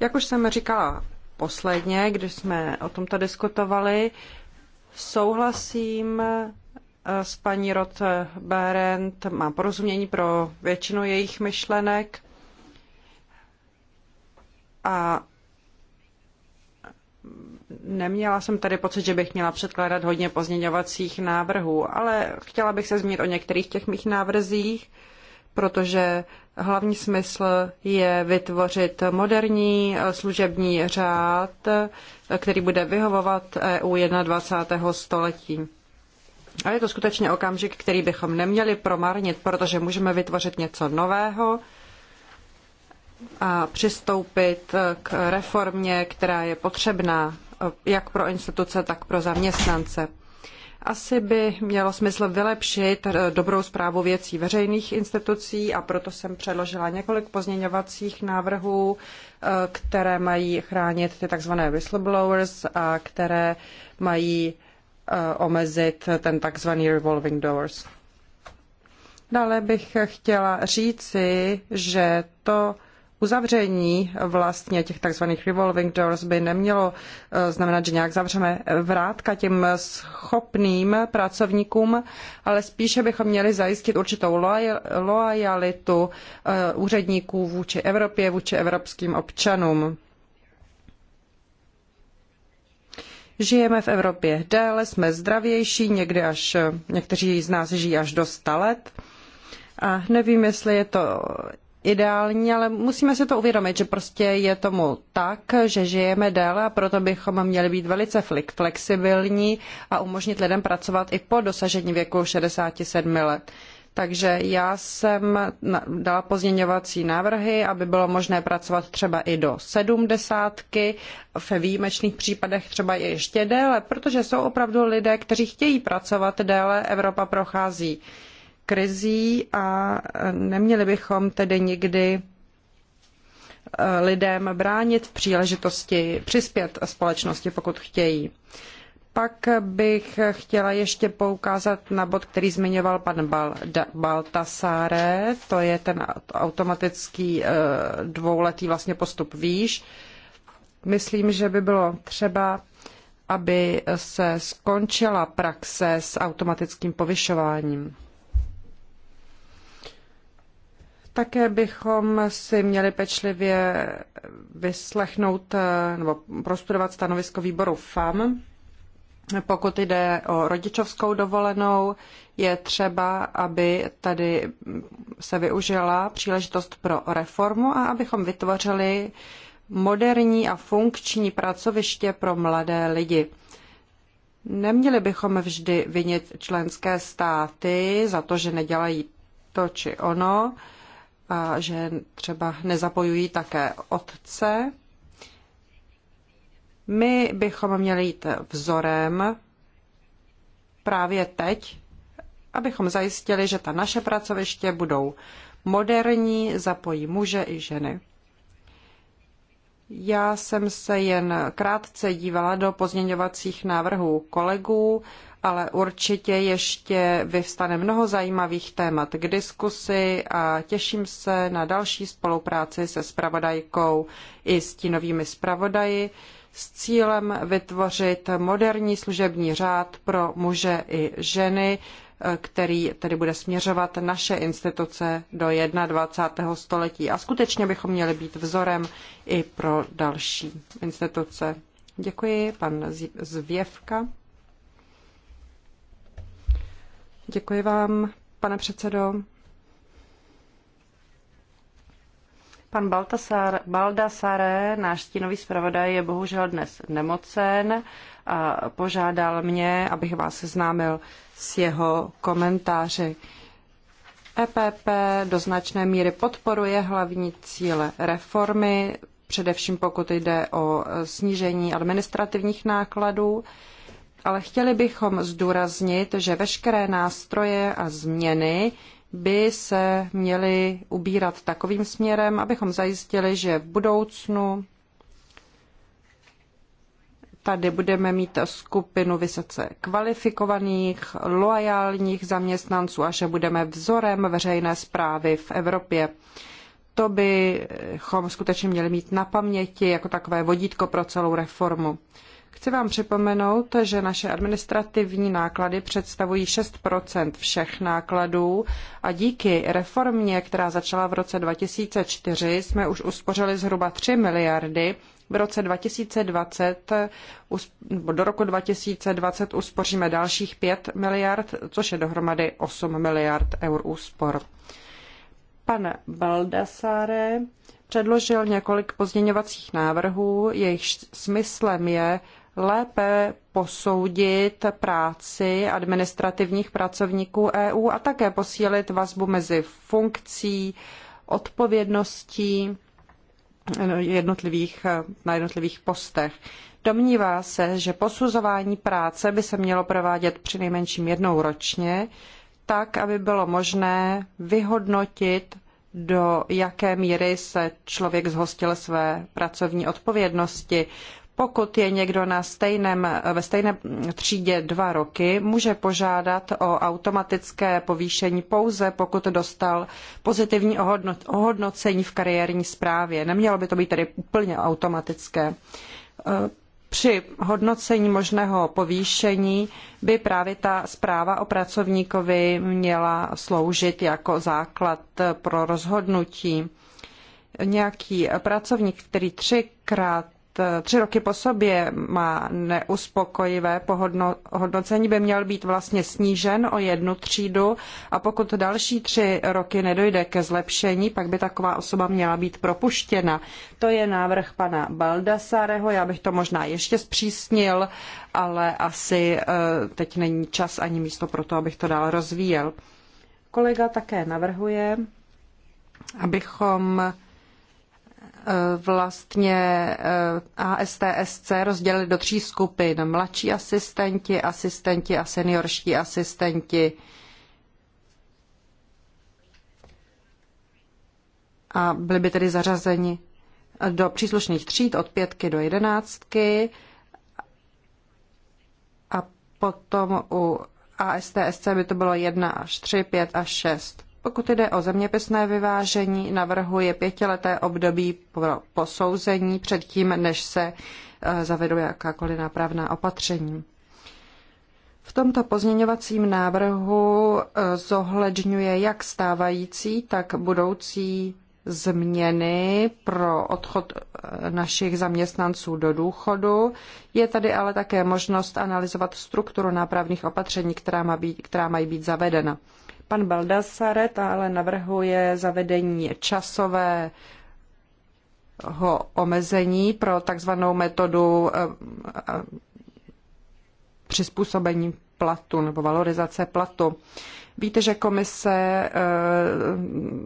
Jak už jsem říkala posledně, když jsme o tomto diskutovali, souhlasím s paní Roth Berendt, mám porozumění pro většinu jejich myšlenek a neměla jsem tady pocit, že bych měla předkládat hodně pozměňovacích návrhů, ale chtěla bych se zmínit o některých těch mých návrzích, protože hlavní smysl je vytvořit moderní služební řád, který bude vyhovovat EU 21. století. A je to skutečně okamžik, který bychom neměli promarnit, protože můžeme vytvořit něco nového a přistoupit k reformě, která je potřebná jak pro instituce, tak pro zaměstnance. Asi by mělo smysl vylepšit dobrou zprávu věcí veřejných institucí a proto jsem předložila několik pozměňovacích návrhů, eh, které mají chránit ty tzv. whistleblowers a které mají Eh, omezit ten takzvaný revolving doors. Dále bych chtěla říci, že to uzavření vlastně těch tzv. revolving doors by nemělo eh, znamenat, že nějak zavřeme vrátka těm schopným pracovníkům, ale spíše bychom měli zajistit určitou loajalitu eh, úředníků vůči Evropě, vůči evropským občanům. Žijeme v Evropě déle, jsme zdravější, někdy až, někteří z nás žijí až do 100 let. A nevím, jestli je to ideální, ale musíme si to uvědomit, že prostě je tomu tak, že žijeme déle a proto bychom měli být velice flexibilní a umožnit lidem pracovat i po dosažení věku 67 let. Takže já jsem dala pozměňovací návrhy, aby bylo možné pracovat třeba i do sedmdesátky, ve výjimečných případech třeba i ještě déle, protože jsou opravdu lidé, kteří chtějí pracovat déle. Evropa prochází krizí a e, neměli bychom tedy nikdy e, lidem bránit v příležitosti přispět společnosti, pokud chtějí. Pak bych chtěla ještě poukázat na bod, který zmiňoval pan Bal, Baltasáre, to je ten automatický eh, dvouletý vlastně postup výš. Myslím, že by bylo třeba, aby se skončila praxe s automatickým povyšováním. Také bychom si měli pečlivě vyslechnout eh, nebo prostudovat stanovisko výboru FAM, pokud jde o rodičovskou dovolenou, je třeba, aby tady se využila příležitost pro reformu a abychom vytvořili moderní a funkční pracoviště pro mladé lidi. Neměli bychom vždy vinit členské státy za to, že nedělají to či ono, a že třeba nezapojují také otce my bychom měli jít vzorem právě teď, abychom zajistili, že ta naše pracoviště budou moderní, zapojí muže i ženy. Já jsem se jen krátce dívala do pozměňovacích návrhů kolegů, ale určitě ještě vyvstane mnoho zajímavých témat k diskusi a těším se na další spolupráci se spravodajkou i s stínovými spravodaji s cílem vytvořit moderní služební řád pro muže i ženy, eh, který tedy bude směřovat naše instituce do 21. století. A skutečně bychom měli být vzorem i pro další instituce. Děkuji, pan Zvěvka. Děkuji vám, pane předsedo. Pan Baltasar, Baldasare, náš stínový zpravodaj, je bohužel dnes nemocen a požádal mě, abych vás seznámil s jeho komentáři. EPP do značné míry podporuje hlavní cíle reformy, především pokud jde o snížení administrativních nákladů, ale chtěli bychom zdůraznit, že veškeré nástroje a změny, by se měly ubírat takovým směrem, abychom zajistili, že v budoucnu tady budeme mít skupinu vysoce kvalifikovaných, loajálních zaměstnanců a že budeme vzorem veřejné zprávy v Evropě. To bychom skutečně měli mít na paměti jako takové vodítko pro celou reformu. Chci vám připomenout, že naše administrativní náklady představují 6 všech nákladů a díky reformě, která začala v roce 2004, jsme už uspořili zhruba 3 miliardy. V roce 2020, do roku 2020 uspoříme dalších 5 miliard, což je dohromady 8 miliard eur úspor. Pan Baldassare předložil několik pozměňovacích návrhů, jejich smyslem je lépe posoudit práci administrativních pracovníků EU a také posílit vazbu mezi funkcí, odpovědností no, jednotlivých, na jednotlivých postech. Domnívá se, že posuzování práce by se mělo provádět při nejmenším jednou ročně, tak, aby bylo možné vyhodnotit, do jaké míry se člověk zhostil své pracovní odpovědnosti. Pokud je někdo na stejném, ve stejné třídě dva roky, může požádat o automatické povýšení pouze, pokud dostal pozitivní ohodnocení v kariérní správě. Nemělo by to být tedy úplně automatické. E, při hodnocení možného povýšení by právě ta zpráva o pracovníkovi měla sloužit jako základ pro rozhodnutí. Nějaký pracovník, který třikrát tři roky po sobě má neuspokojivé hodnocení, by měl být vlastně snížen o jednu třídu a pokud další tři roky nedojde ke zlepšení, pak by taková osoba měla být propuštěna. To je návrh pana Baldasareho, já bych to možná ještě zpřísnil, ale asi eh, teď není čas ani místo pro to, abych to dál rozvíjel. Kolega také navrhuje, abychom Eh, vlastně eh, ASTSC rozdělili do tří skupin. Mladší asistenti, asistenti a seniorští asistenti. A byli by tedy zařazeni do příslušných tříd od pětky do jedenáctky. A potom u ASTSC by to bylo 1 až 3, 5 až 6. Pokud jde o zeměpisné vyvážení, navrhuje pětileté období pro posouzení předtím, než se e, zavedou jakákoliv nápravná opatření. V tomto pozměňovacím návrhu e, zohledňuje jak stávající, tak budoucí změny pro odchod e, našich zaměstnanců do důchodu. Je tady ale také možnost analyzovat strukturu nápravných opatření, která, má být, která mají být zavedena. Pan Baldassare ale navrhuje zavedení časové omezení pro takzvanou metodu eh, eh, přizpůsobení platu nebo valorizace platu. Víte, že komise eh,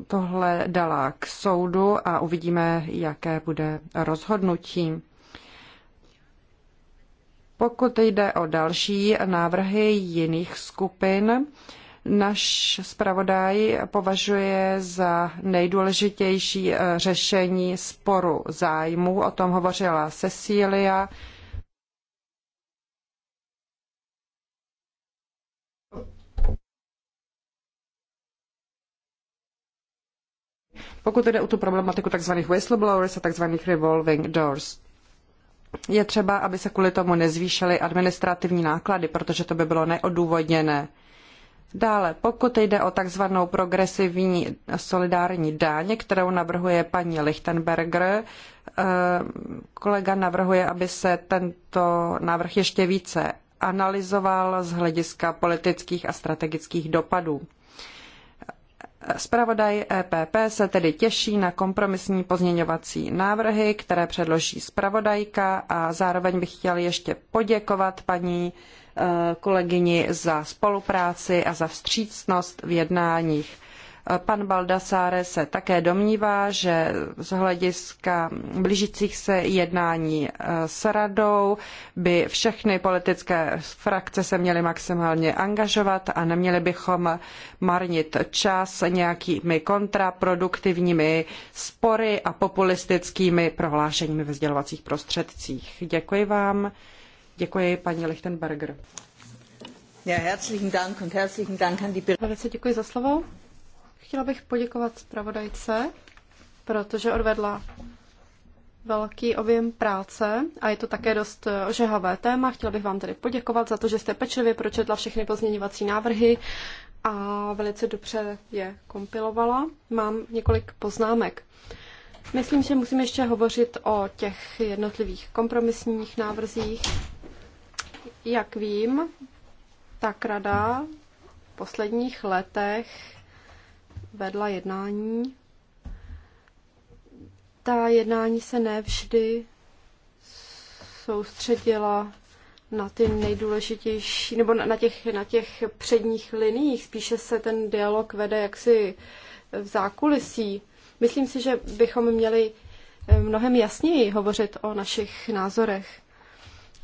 tohle dala k soudu a uvidíme, jaké bude rozhodnutí. Pokud jde o další návrhy jiných skupin, Náš zpravodaj považuje za nejdůležitější eh, řešení sporu zájmů. O tom hovořila Cecília. Pokud jde o tu problematiku tzv. whistleblowers a tzv. revolving doors, je třeba, aby se kvůli tomu nezvýšily administrativní náklady, protože to by bylo neodůvodněné. Dále, pokud jde o takzvanou progresivní solidární daň, kterou navrhuje paní Lichtenberger, eh, kolega navrhuje, aby se tento návrh ještě více analyzoval z hlediska politických a strategických dopadů. Spravodaj EPP se tedy těší na kompromisní pozměňovací návrhy, které předloží spravodajka a zároveň bych chtěl ještě poděkovat paní kolegyni za spolupráci a za vstřícnost v jednáních. Pan Baldassare se také domnívá, že z hlediska blížících se jednání eh, s radou by všechny politické frakce se měly maximálně angažovat a neměli bychom marnit čas nějakými kontraproduktivními spory a populistickými prohlášeními ve sdělovacích prostředcích. Děkuji vám. Děkuji paní Lichtenberger. Velice děkuji za slovo. Chtěla bych poděkovat zpravodajce, protože odvedla velký objem práce a je to také dost ožehavé téma. Chtěla bych vám tedy poděkovat za to, že jste pečlivě pročetla všechny pozměňovací návrhy a velice dobře je kompilovala. Mám několik poznámek. Myslím, že musím ještě hovořit o těch jednotlivých kompromisních návrzích. Jak vím, tak rada v posledních letech vedla jednání. Ta jednání se nevždy soustředila na ty nejdůležitější, nebo na těch, na těch předních liniích. Spíše se ten dialog vede jaksi v zákulisí. Myslím si, že bychom měli eh, mnohem jasněji hovořit o našich názorech.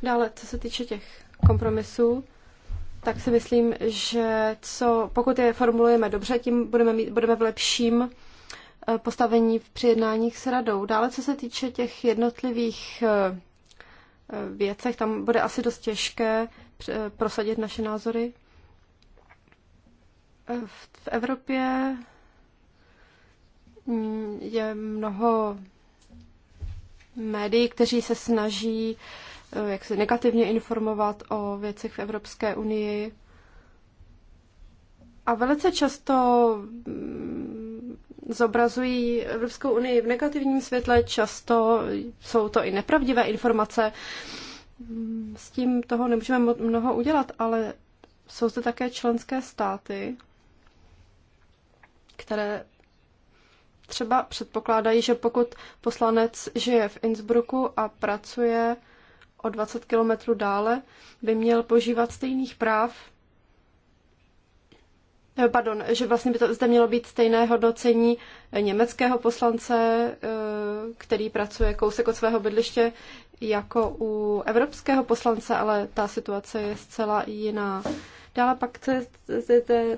Dále, co se týče těch kompromisu, tak si myslím, že co, pokud je formulujeme dobře, tím budeme, mít, budeme v lepším eh, postavení v přijednáních s radou. Dále, co se týče těch jednotlivých eh, eh, věcech, tam bude asi dost těžké prosadit naše názory. V Evropě mm, je mnoho médií, kteří se snaží Eh, jak se negativně informovat o věcech v Evropské unii. A velice často mm, zobrazují Evropskou unii v negativním světle, často jsou to i nepravdivé informace. Mm, s tím toho nemůžeme mnoho udělat, ale jsou zde také členské státy, které třeba předpokládají, že pokud poslanec žije v Innsbrucku a pracuje o 20 km dále by měl požívat stejných práv, eh, pardon, že vlastně by to zde mělo být stejné hodnocení německého poslance, eh, který pracuje kousek od svého bydliště, jako u evropského poslance, ale ta situace je zcela jiná. Dále pak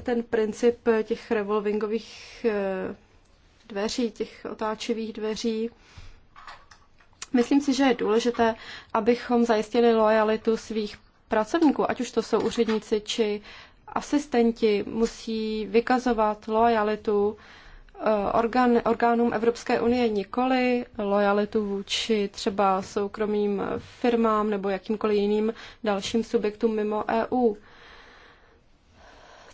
ten princip těch revolvingových eh, dveří, těch otáčivých dveří. Myslím si, že je důležité, abychom zajistili lojalitu svých pracovníků, ať už to jsou úředníci či asistenti, musí vykazovat lojalitu eh, orgán, orgánům Evropské unie, nikoli lojalitu vůči třeba soukromým firmám nebo jakýmkoliv jiným dalším subjektům mimo EU.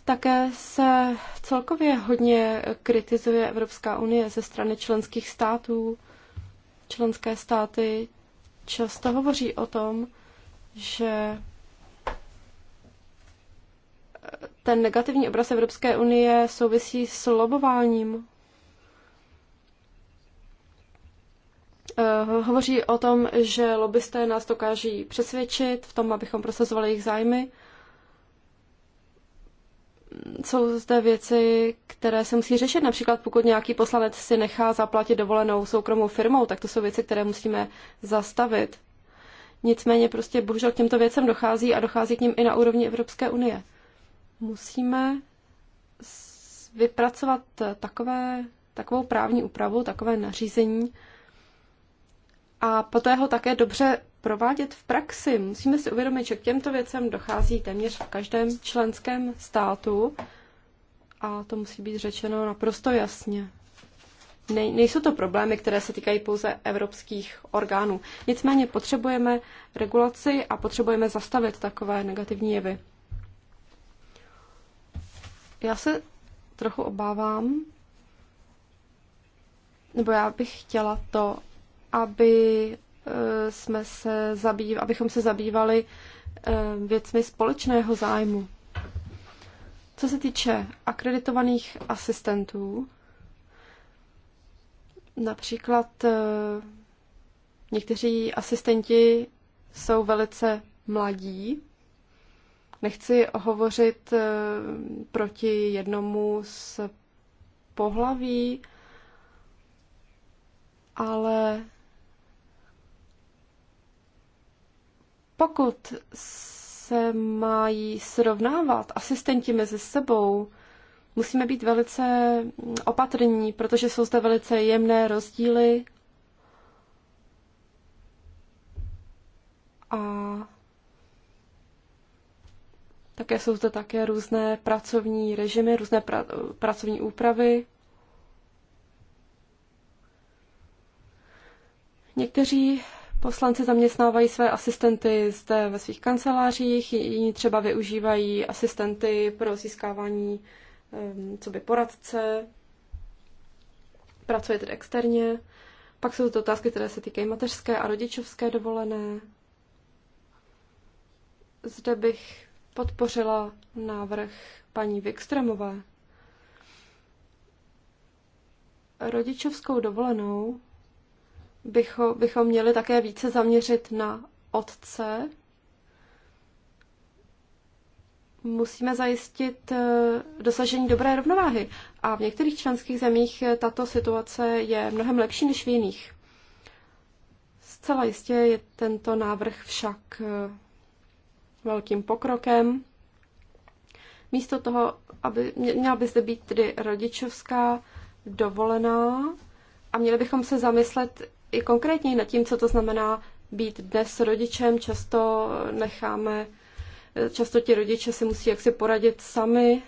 Také se celkově hodně kritizuje Evropská unie ze strany členských států Členské státy často hovoří o tom, že ten negativní obraz Evropské unie souvisí s lobováním. Eh, hovoří o tom, že lobbysté nás dokáží přesvědčit v tom, abychom prosazovali jejich zájmy jsou zde věci, které se musí řešit. Například pokud nějaký poslanec si nechá zaplatit dovolenou soukromou firmou, tak to jsou věci, které musíme zastavit. Nicméně prostě bohužel k těmto věcem dochází a dochází k ním i na úrovni Evropské unie. Musíme vypracovat takové, takovou právní úpravu, takové nařízení a poté ho také dobře provádět v praxi. Musíme si uvědomit, že k těmto věcem dochází téměř v každém členském státu a to musí být řečeno naprosto jasně. Ne, nejsou to problémy, které se týkají pouze evropských orgánů. Nicméně potřebujeme regulaci a potřebujeme zastavit takové negativní jevy. Já se trochu obávám, nebo já bych chtěla to, aby Eh, jsme se zabývali, abychom se zabývali eh, věcmi společného zájmu. Co se týče akreditovaných asistentů, například eh, někteří asistenti jsou velice mladí. Nechci hovořit proti jednomu z pohlaví, ale Pokud se mají srovnávat asistenti mezi sebou, musíme být velice opatrní, protože jsou zde velice jemné rozdíly. A také jsou zde také různé pracovní režimy, různé pra, pracovní úpravy. Někteří Poslanci zaměstnávají své asistenty zde ve svých kancelářích, jiní třeba využívají asistenty pro získávání ehm, co by poradce, pracuje tedy externě. Pak jsou to otázky, které se týkají mateřské a rodičovské dovolené. Zde bych podpořila návrh paní Vikstremové. Rodičovskou dovolenou bychom, bychom měli také více zaměřit na otce. Musíme zajistit eh, dosažení dobré rovnováhy. A v některých členských zemích eh, tato situace je mnohem lepší než v jiných. Zcela jistě je tento návrh však eh, velkým pokrokem. Místo toho, aby měla by zde být tedy rodičovská dovolená a měli bychom se zamyslet, i konkrétně nad tím, co to znamená být dnes rodičem. Často necháme, často ti rodiče si musí jaksi poradit sami.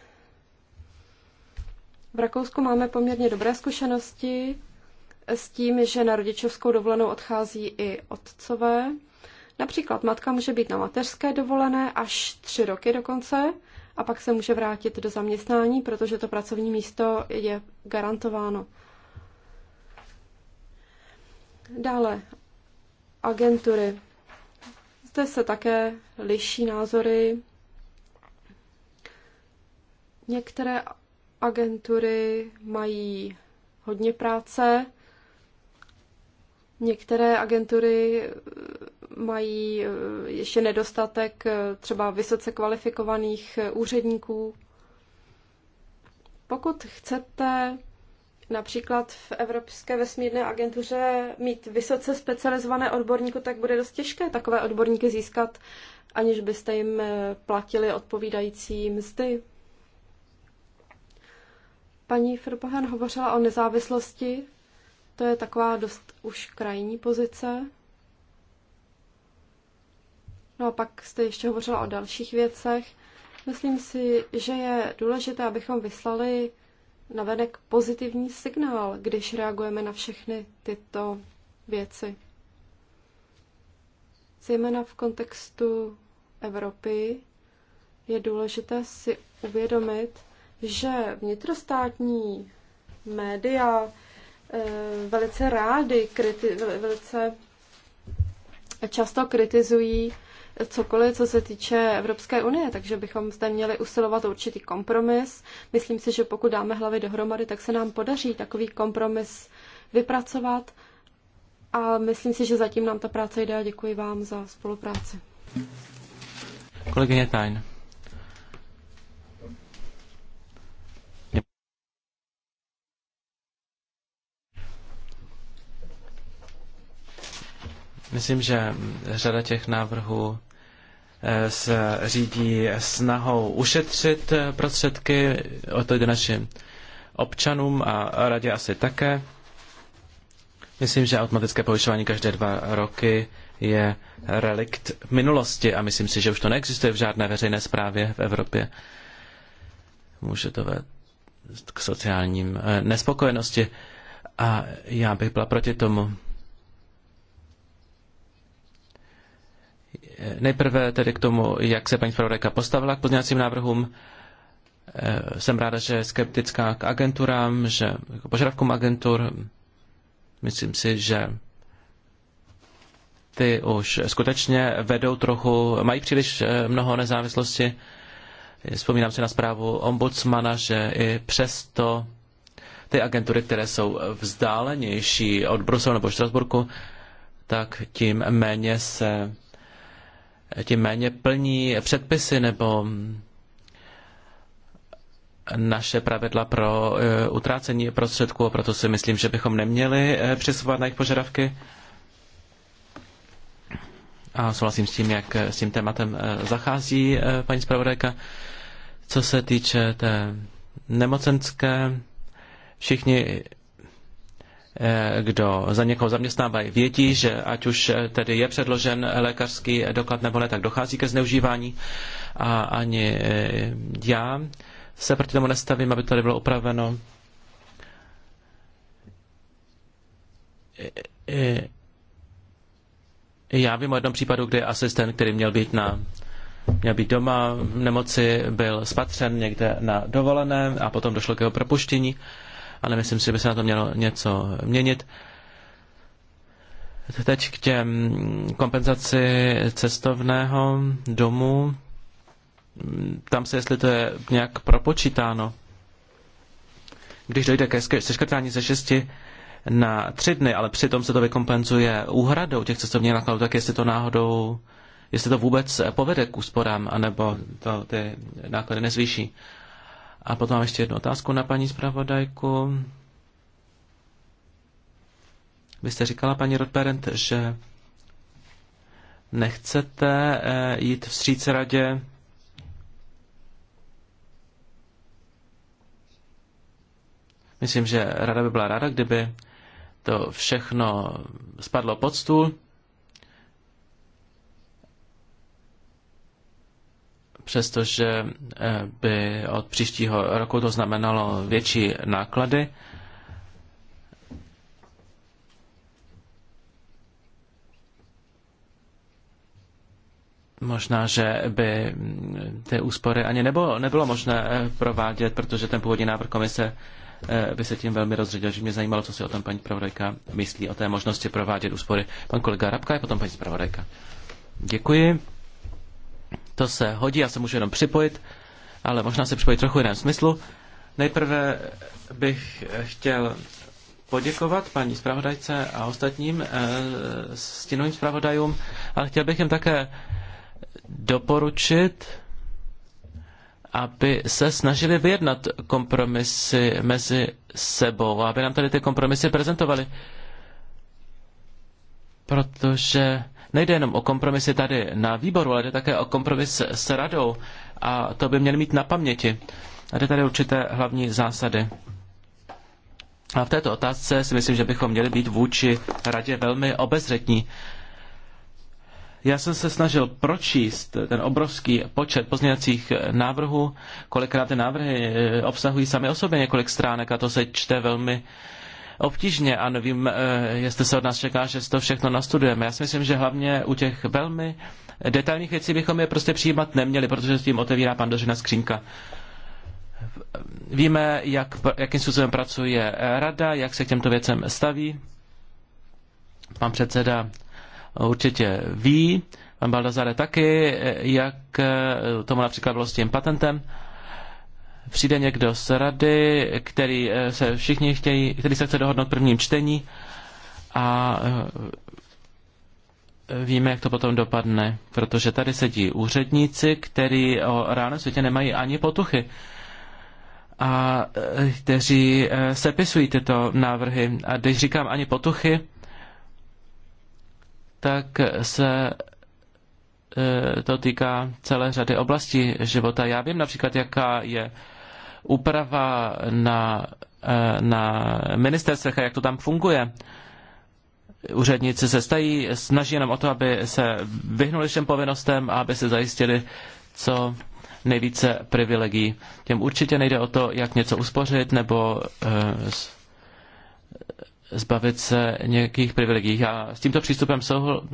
V Rakousku máme poměrně dobré zkušenosti s tím, že na rodičovskou dovolenou odchází i otcové. Například matka může být na mateřské dovolené až tři roky dokonce a pak se může vrátit do zaměstnání, protože to pracovní místo je garantováno. Dále agentury. Zde se také liší názory. Některé agentury mají hodně práce, některé agentury eh, mají eh, ještě nedostatek eh, třeba vysoce kvalifikovaných úředníků. Pokud chcete například v Evropské vesmírné agentuře mít vysoce specializované odborníky, tak bude dost těžké takové odborníky získat, aniž byste jim eh, platili odpovídající mzdy. Paní Frbahen hovořila o nezávislosti. To je taková dost už krajní pozice. No a pak jste ještě hovořila o dalších věcech. Myslím si, že je důležité, abychom vyslali navenek pozitivní signál, když reagujeme na všechny tyto věci. Zejména v kontextu Evropy je důležité si uvědomit, že vnitrostátní média eh, velice rády, kriti- velice často kritizují cokoliv, co se týče Evropské unie, takže bychom zde měli usilovat určitý kompromis. Myslím si, že pokud dáme hlavy dohromady, tak se nám podaří takový kompromis vypracovat. A myslím si, že zatím nám ta práce jde a děkuji vám za spolupráci. Kolegyně Tajn. Myslím, že řada těch návrhů Eh, řídí snahou ušetřit eh, prostředky, o to jde našim občanům a radě asi také. Myslím, že automatické povyšování každé dva roky je relikt minulosti a myslím si, že už to neexistuje v žádné veřejné zprávě v Evropě. Může to vést k sociálním eh, nespokojenosti a já bych byla proti tomu. Nejprve tedy k tomu, jak se paní zpravodajka postavila k pozměňovacím návrhům. Eh, jsem ráda, že je skeptická k agenturám, že k požadavkům agentur. Myslím si, že ty už skutečně vedou trochu, mají příliš eh, mnoho nezávislosti. Vzpomínám si na zprávu ombudsmana, že i přesto ty agentury, které jsou vzdálenější od Bruselu nebo Štrasburku, tak tím méně se tím méně plní předpisy nebo naše pravidla pro eh, utrácení prostředků a proto si myslím, že bychom neměli eh, přesouvat na jejich požadavky. A souhlasím s tím, jak eh, s tím tématem zachází paní zpravodajka. Co se týče té nemocenské, všichni Eh, kdo za někoho zaměstnávají, vědí, že ať už tedy je předložen lékařský doklad nebo ne, tak dochází ke zneužívání. A ani eh, já se proti tomu nestavím, aby tady bylo upraveno. Eh, já vím o jednom případu, kdy asistent, který měl být na měl být doma v nemoci, byl spatřen někde na dovolené a potom došlo k jeho propuštění ale myslím si, že by se na to mělo něco měnit. Teď k těm kompenzaci cestovného domu. Tam se, jestli to je nějak propočítáno. Když dojde ke seškrtání ze šesti na tři dny, ale přitom se to vykompenzuje úhradou těch cestovních nákladů, tak jestli to náhodou, jestli to vůbec povede k úsporám, anebo to ty náklady nezvýší. A potom mám ještě jednu otázku na paní zpravodajku. Vy jste říkala, paní Rodperent, že nechcete eh, jít vstříc radě Myslím, že rada by byla ráda, kdyby to všechno spadlo pod stůl, přestože eh, by od příštího roku to znamenalo větší náklady. Možná, že by ty úspory ani nebo, nebylo možné eh, provádět, protože ten původní návrh komise eh, by se tím velmi rozředil, že mě zajímalo, co si o tom paní zpravodajka myslí, o té možnosti provádět úspory. Pan kolega Rabka je potom paní zpravodajka. Děkuji to se hodí, já se můžu jenom připojit, ale možná se připojit trochu jiném smyslu. Nejprve bych chtěl poděkovat paní zpravodajce a ostatním eh, stínovým zpravodajům, ale chtěl bych jim také doporučit, aby se snažili vyjednat kompromisy mezi sebou, a aby nám tady ty kompromisy prezentovali. Protože nejde jenom o kompromisy tady na výboru, ale jde také o kompromis s radou a to by měli mít na paměti. A jde tady určité hlavní zásady. A v této otázce si myslím, že bychom měli být vůči radě velmi obezřetní. Já jsem se snažil pročíst ten obrovský počet pozměňovacích návrhů, kolikrát ty návrhy eh, obsahují sami o sobě několik stránek a to se čte velmi obtížně a nevím, eh, jestli se od nás čeká, že to všechno nastudujeme. Já si myslím, že hlavně u těch velmi detailních věcí bychom je prostě přijímat neměli, protože s tím otevírá pandořina skřínka. Víme, jak, jakým způsobem pracuje rada, jak se k těmto věcem staví. Pan předseda určitě ví, pan Baldazare taky, jak eh, tomu například bylo s tím patentem přijde někdo z rady, který eh, se všichni chtějí, který se chce dohodnout prvním čtení a eh, víme, jak to potom dopadne, protože tady sedí úředníci, kteří o ráno světě nemají ani potuchy a eh, kteří sepisují tyto návrhy. A když říkám ani potuchy, tak se to týká celé řady oblastí života. Já vím například, jaká je úprava na, eh, na ministerstvech a jak to tam funguje. Úředníci se stají, snaží jenom o to, aby se vyhnuli všem povinnostem a aby se zajistili co nejvíce privilegií. Těm určitě nejde o to, jak něco uspořit nebo eh, zbavit se nějakých privilegií. Já s tímto přístupem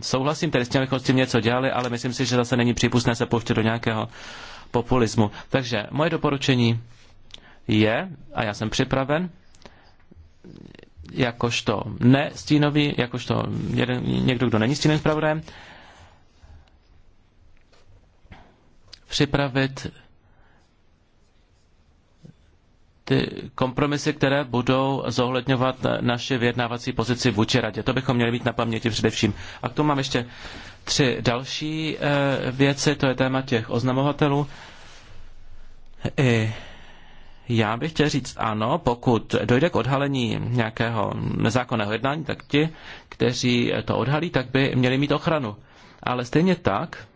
souhlasím, tedy s tím, abychom s tím něco dělali, ale myslím si, že zase není přípustné se pouštět do nějakého populismu. Takže moje doporučení je, a já jsem připraven, jakožto ne stínový, jakožto jeden, někdo, kdo není stínovým zpravodajem, připravit ty kompromisy, které budou zohledňovat naše vyjednávací pozici vůči radě. To bychom měli mít na paměti především. A k tomu mám ještě tři další eh, věci, to je téma těch oznamovatelů. I já bych chtěl říct ano, pokud dojde k odhalení nějakého nezákonného jednání, tak ti, kteří to odhalí, tak by měli mít ochranu. Ale stejně tak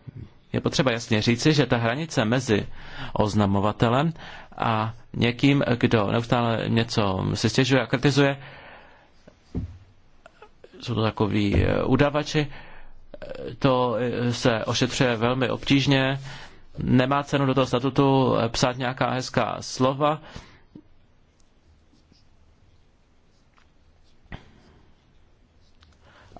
je potřeba jasně říci, že ta hranice mezi oznamovatelem a někým, kdo neustále něco si stěžuje a kritizuje, jsou to takový eh, udavači, eh, to eh, se ošetřuje velmi obtížně, nemá cenu do toho statutu eh, psát nějaká hezká slova.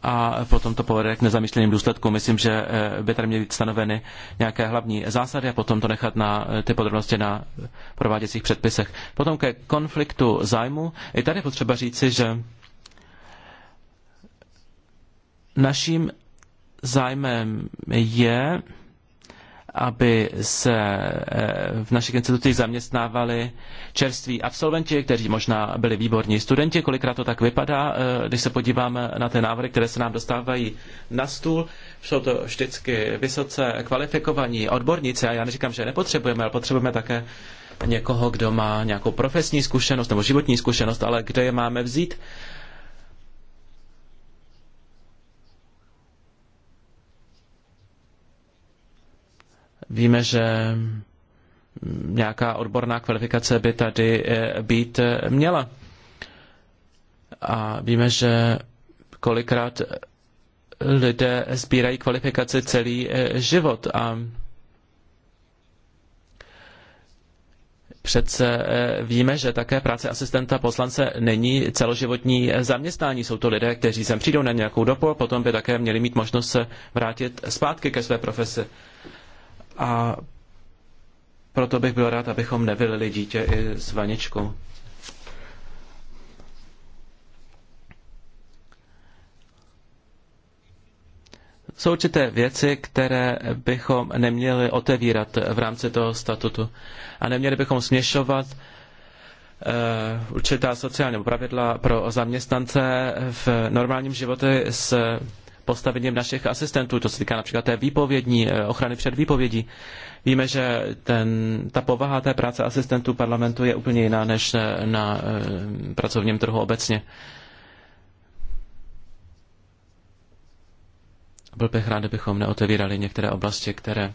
A potom to povede k nezamýšleným důsledkům. Myslím, že eh, by tady měly být stanoveny nějaké hlavní zásady a potom to nechat na eh, ty podrobnosti na prováděcích předpisech. Potom ke konfliktu zájmu. I tady potřeba říci, že naším zájmem je aby se eh, v našich institucích zaměstnávali čerství absolventi, kteří možná byli výborní studenti. Kolikrát to tak vypadá, eh, když se podíváme na ty návrhy, které se nám dostávají na stůl. Jsou to vždycky vysoce kvalifikovaní odborníci a já neříkám, že nepotřebujeme, ale potřebujeme také někoho, kdo má nějakou profesní zkušenost nebo životní zkušenost, ale kde je máme vzít Víme, že nějaká odborná kvalifikace by tady eh, být eh, měla. A víme, že kolikrát lidé sbírají kvalifikaci celý eh, život a přece víme, že také práce asistenta poslance není celoživotní zaměstnání. Jsou to lidé, kteří sem přijdou na nějakou dobu, potom by také měli mít možnost se vrátit zpátky ke své profesi. A proto bych byl rád, abychom nevylili dítě i s vaničkou. Jsou určité věci, které bychom neměli otevírat v rámci toho statutu a neměli bychom směšovat eh, určitá sociální pravidla pro zaměstnance v normálním životě s postavením našich asistentů, to se týká například té výpovědní, eh, ochrany před výpovědí. Víme, že ten, ta povaha té práce asistentů parlamentu je úplně jiná než eh, na eh, pracovním trhu obecně. Byl bych rád, kdybychom neotevírali některé oblasti, které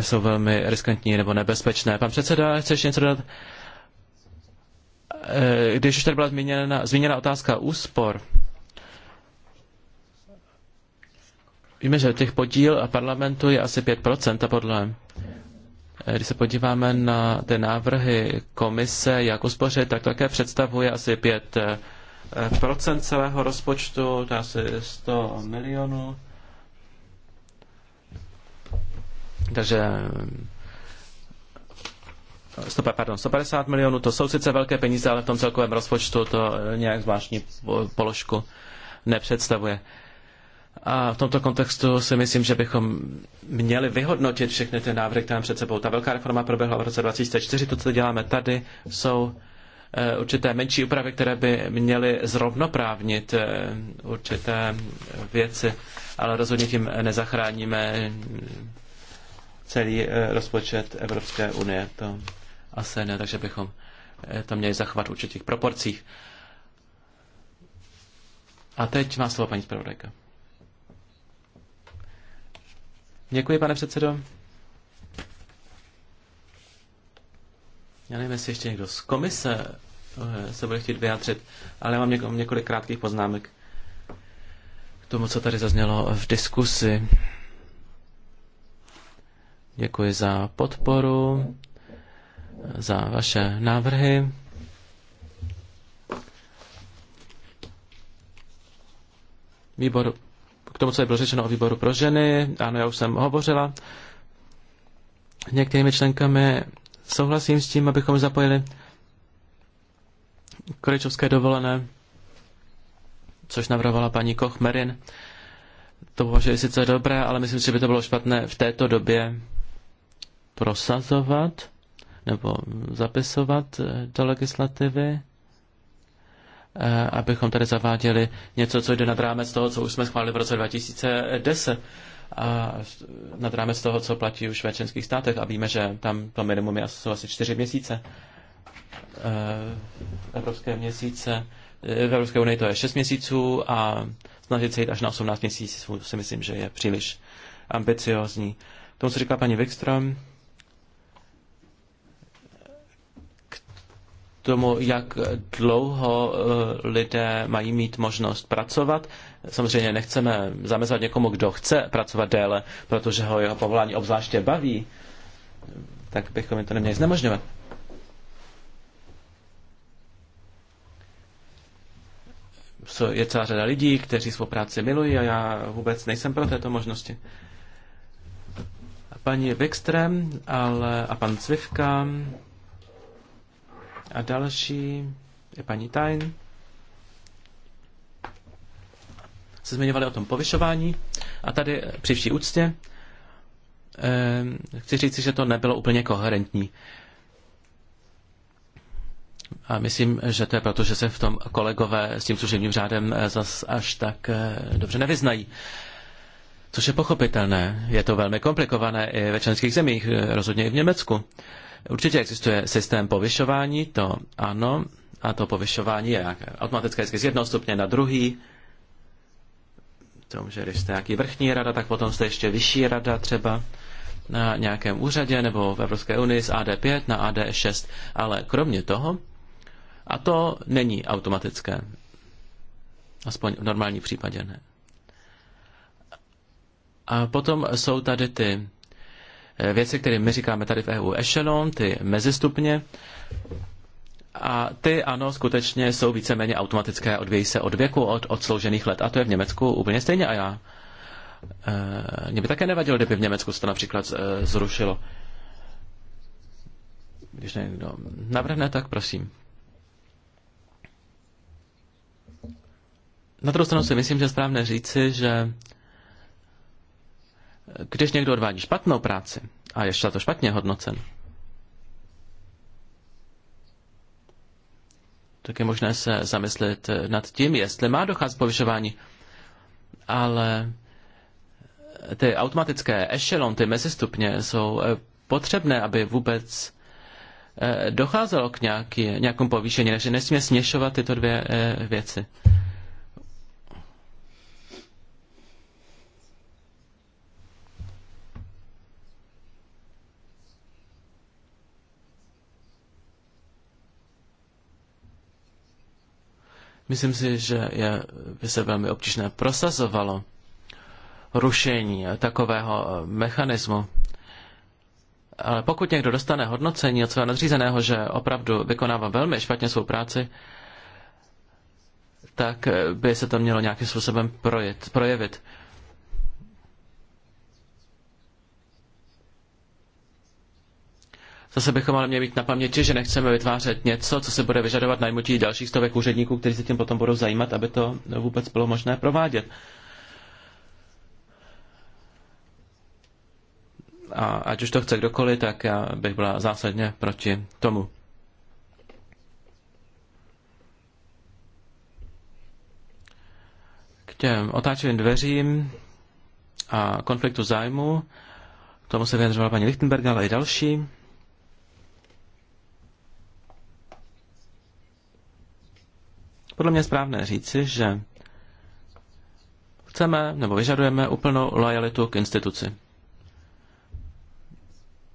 jsou velmi riskantní nebo nebezpečné. Pan předseda, chceš něco dodat? Když už tady byla zmíněna, zmíněna otázka úspor, Víme, že těch podíl a parlamentu je asi 5% a podle když se podíváme na ty návrhy komise, jak uspořit, tak také představuje asi 5 procent celého rozpočtu, to asi 100 milionů. Takže 100, pardon, 150 milionů, to jsou sice velké peníze, ale v tom celkovém rozpočtu to nějak zvláštní položku nepředstavuje. A v tomto kontextu si myslím, že bychom měli vyhodnotit všechny ty návrhy, které před sebou. Ta velká reforma proběhla v roce 2004, to, co děláme tady, jsou eh, určité menší úpravy, které by měly zrovnoprávnit eh, určité věci, ale rozhodně tím nezachráníme celý eh, rozpočet Evropské unie. To asi ne, takže bychom to měli zachovat v určitých proporcích. A teď má slovo paní zpravodajka. Děkuji, pane předsedo. Já nevím, jestli ještě někdo z komise eh, se bude chtít vyjádřit, ale mám něko, několik krátkých poznámek k tomu, co tady zaznělo v diskusi. Děkuji za podporu, za vaše návrhy. Výbor k tomu, co je bylo řečeno o výboru pro ženy, ano, já už jsem hovořila. Některými členkami souhlasím s tím, abychom zapojili korečovské dovolené, což navrhovala paní Koch Merin. To považuji sice dobré, ale myslím si, že by to bylo špatné v této době prosazovat nebo zapisovat do legislativy. Eh, abychom tady zaváděli něco, co jde nad rámec toho, co už jsme schválili v roce 2010 a nad rámec toho, co platí už ve členských státech a víme, že tam to minimum jsou asi čtyři měsíce. Eh, Evropské měsíce, eh, v Evropské unii to je šest měsíců a snažit se jít až na 18 měsíců si myslím, že je příliš ambiciozní. tomu, co říká paní Wikström, tomu, jak dlouho eh, lidé mají mít možnost pracovat. Samozřejmě nechceme zamezovat někomu, kdo chce pracovat déle, protože ho jeho povolání obzvláště baví, tak bychom jim to neměli znemožňovat. Je celá řada lidí, kteří svou práci milují a já vůbec nejsem pro této možnosti. paní Wikström ale, a pan Cvivka a další je paní Tain. Se zmiňovali o tom povyšování a tady eh, při vší úctě eh, chci říct, že to nebylo úplně koherentní. A myslím, že to je proto, že se v tom kolegové s tím služebním řádem eh, zas až tak eh, dobře nevyznají. Což je pochopitelné. Je to velmi komplikované i ve členských zemích, rozhodně i v Německu. Eh, Určitě existuje systém povyšování, to ano, a to povyšování je jak automatické z jednoho stupně na druhý. To, že když jste nějaký vrchní rada, tak potom jste ještě vyšší rada třeba na nějakém úřadě nebo v Evropské unii z AD5 na AD6, ale kromě toho, a to není automatické, aspoň v normálním případě ne. A potom jsou tady ty Eh, věci, které my říkáme tady v EU echelon, ty mezistupně. A ty ano, skutečně jsou víceméně automatické, odvějí se od věku, od, od sloužených let. A to je v Německu úplně stejně. A já, e, mě by také nevadilo, kdyby v Německu se to například e, zrušilo. Když někdo navrhne, tak prosím. Na druhou stranu si myslím, že je správné říci, že když někdo odvádí špatnou práci a ještě to špatně hodnocen, tak je možné se zamyslet nad tím, jestli má docházet povyšování. Ale ty automatické echelon, ty mezistupně jsou eh, potřebné, aby vůbec eh, docházelo k nějaký, nějakému povýšení, takže nesmíme směšovat tyto dvě eh, věci. Myslím si, že je, by se velmi obtížně prosazovalo rušení takového eh, mechanismu. Ale pokud někdo dostane hodnocení od svého nadřízeného, že opravdu vykonává velmi špatně svou práci, tak eh, by se to mělo nějakým způsobem projet, projevit. Zase bychom ale měli mít na paměti, že nechceme vytvářet něco, co se bude vyžadovat najmutí dalších stovek úředníků, kteří se tím potom budou zajímat, aby to vůbec bylo možné provádět. A ať už to chce kdokoliv, tak já bych byla zásadně proti tomu. K těm otáčivým dveřím a konfliktu zájmu, k tomu se vyjadřovala paní Lichtenberg, ale i další. Podle mě je správné říci, že chceme nebo vyžadujeme úplnou lojalitu k instituci.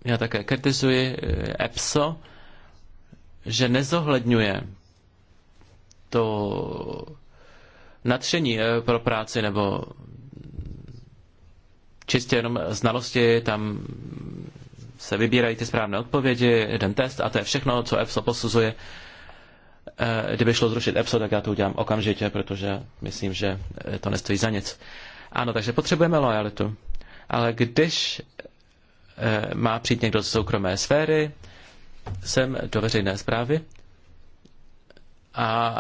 Já také kritizuji eh, EPSO, že nezohledňuje to nadšení eh, pro práci nebo čistě jenom znalosti, tam se vybírají ty správné odpovědi, jeden test a to je všechno, co EPSO posuzuje. Eh, kdyby šlo zrušit EPSO, tak já to udělám okamžitě, protože myslím, že eh, to nestojí za nic. Ano, takže potřebujeme lojalitu. Ale když eh, má přijít někdo z soukromé sféry, sem do veřejné zprávy a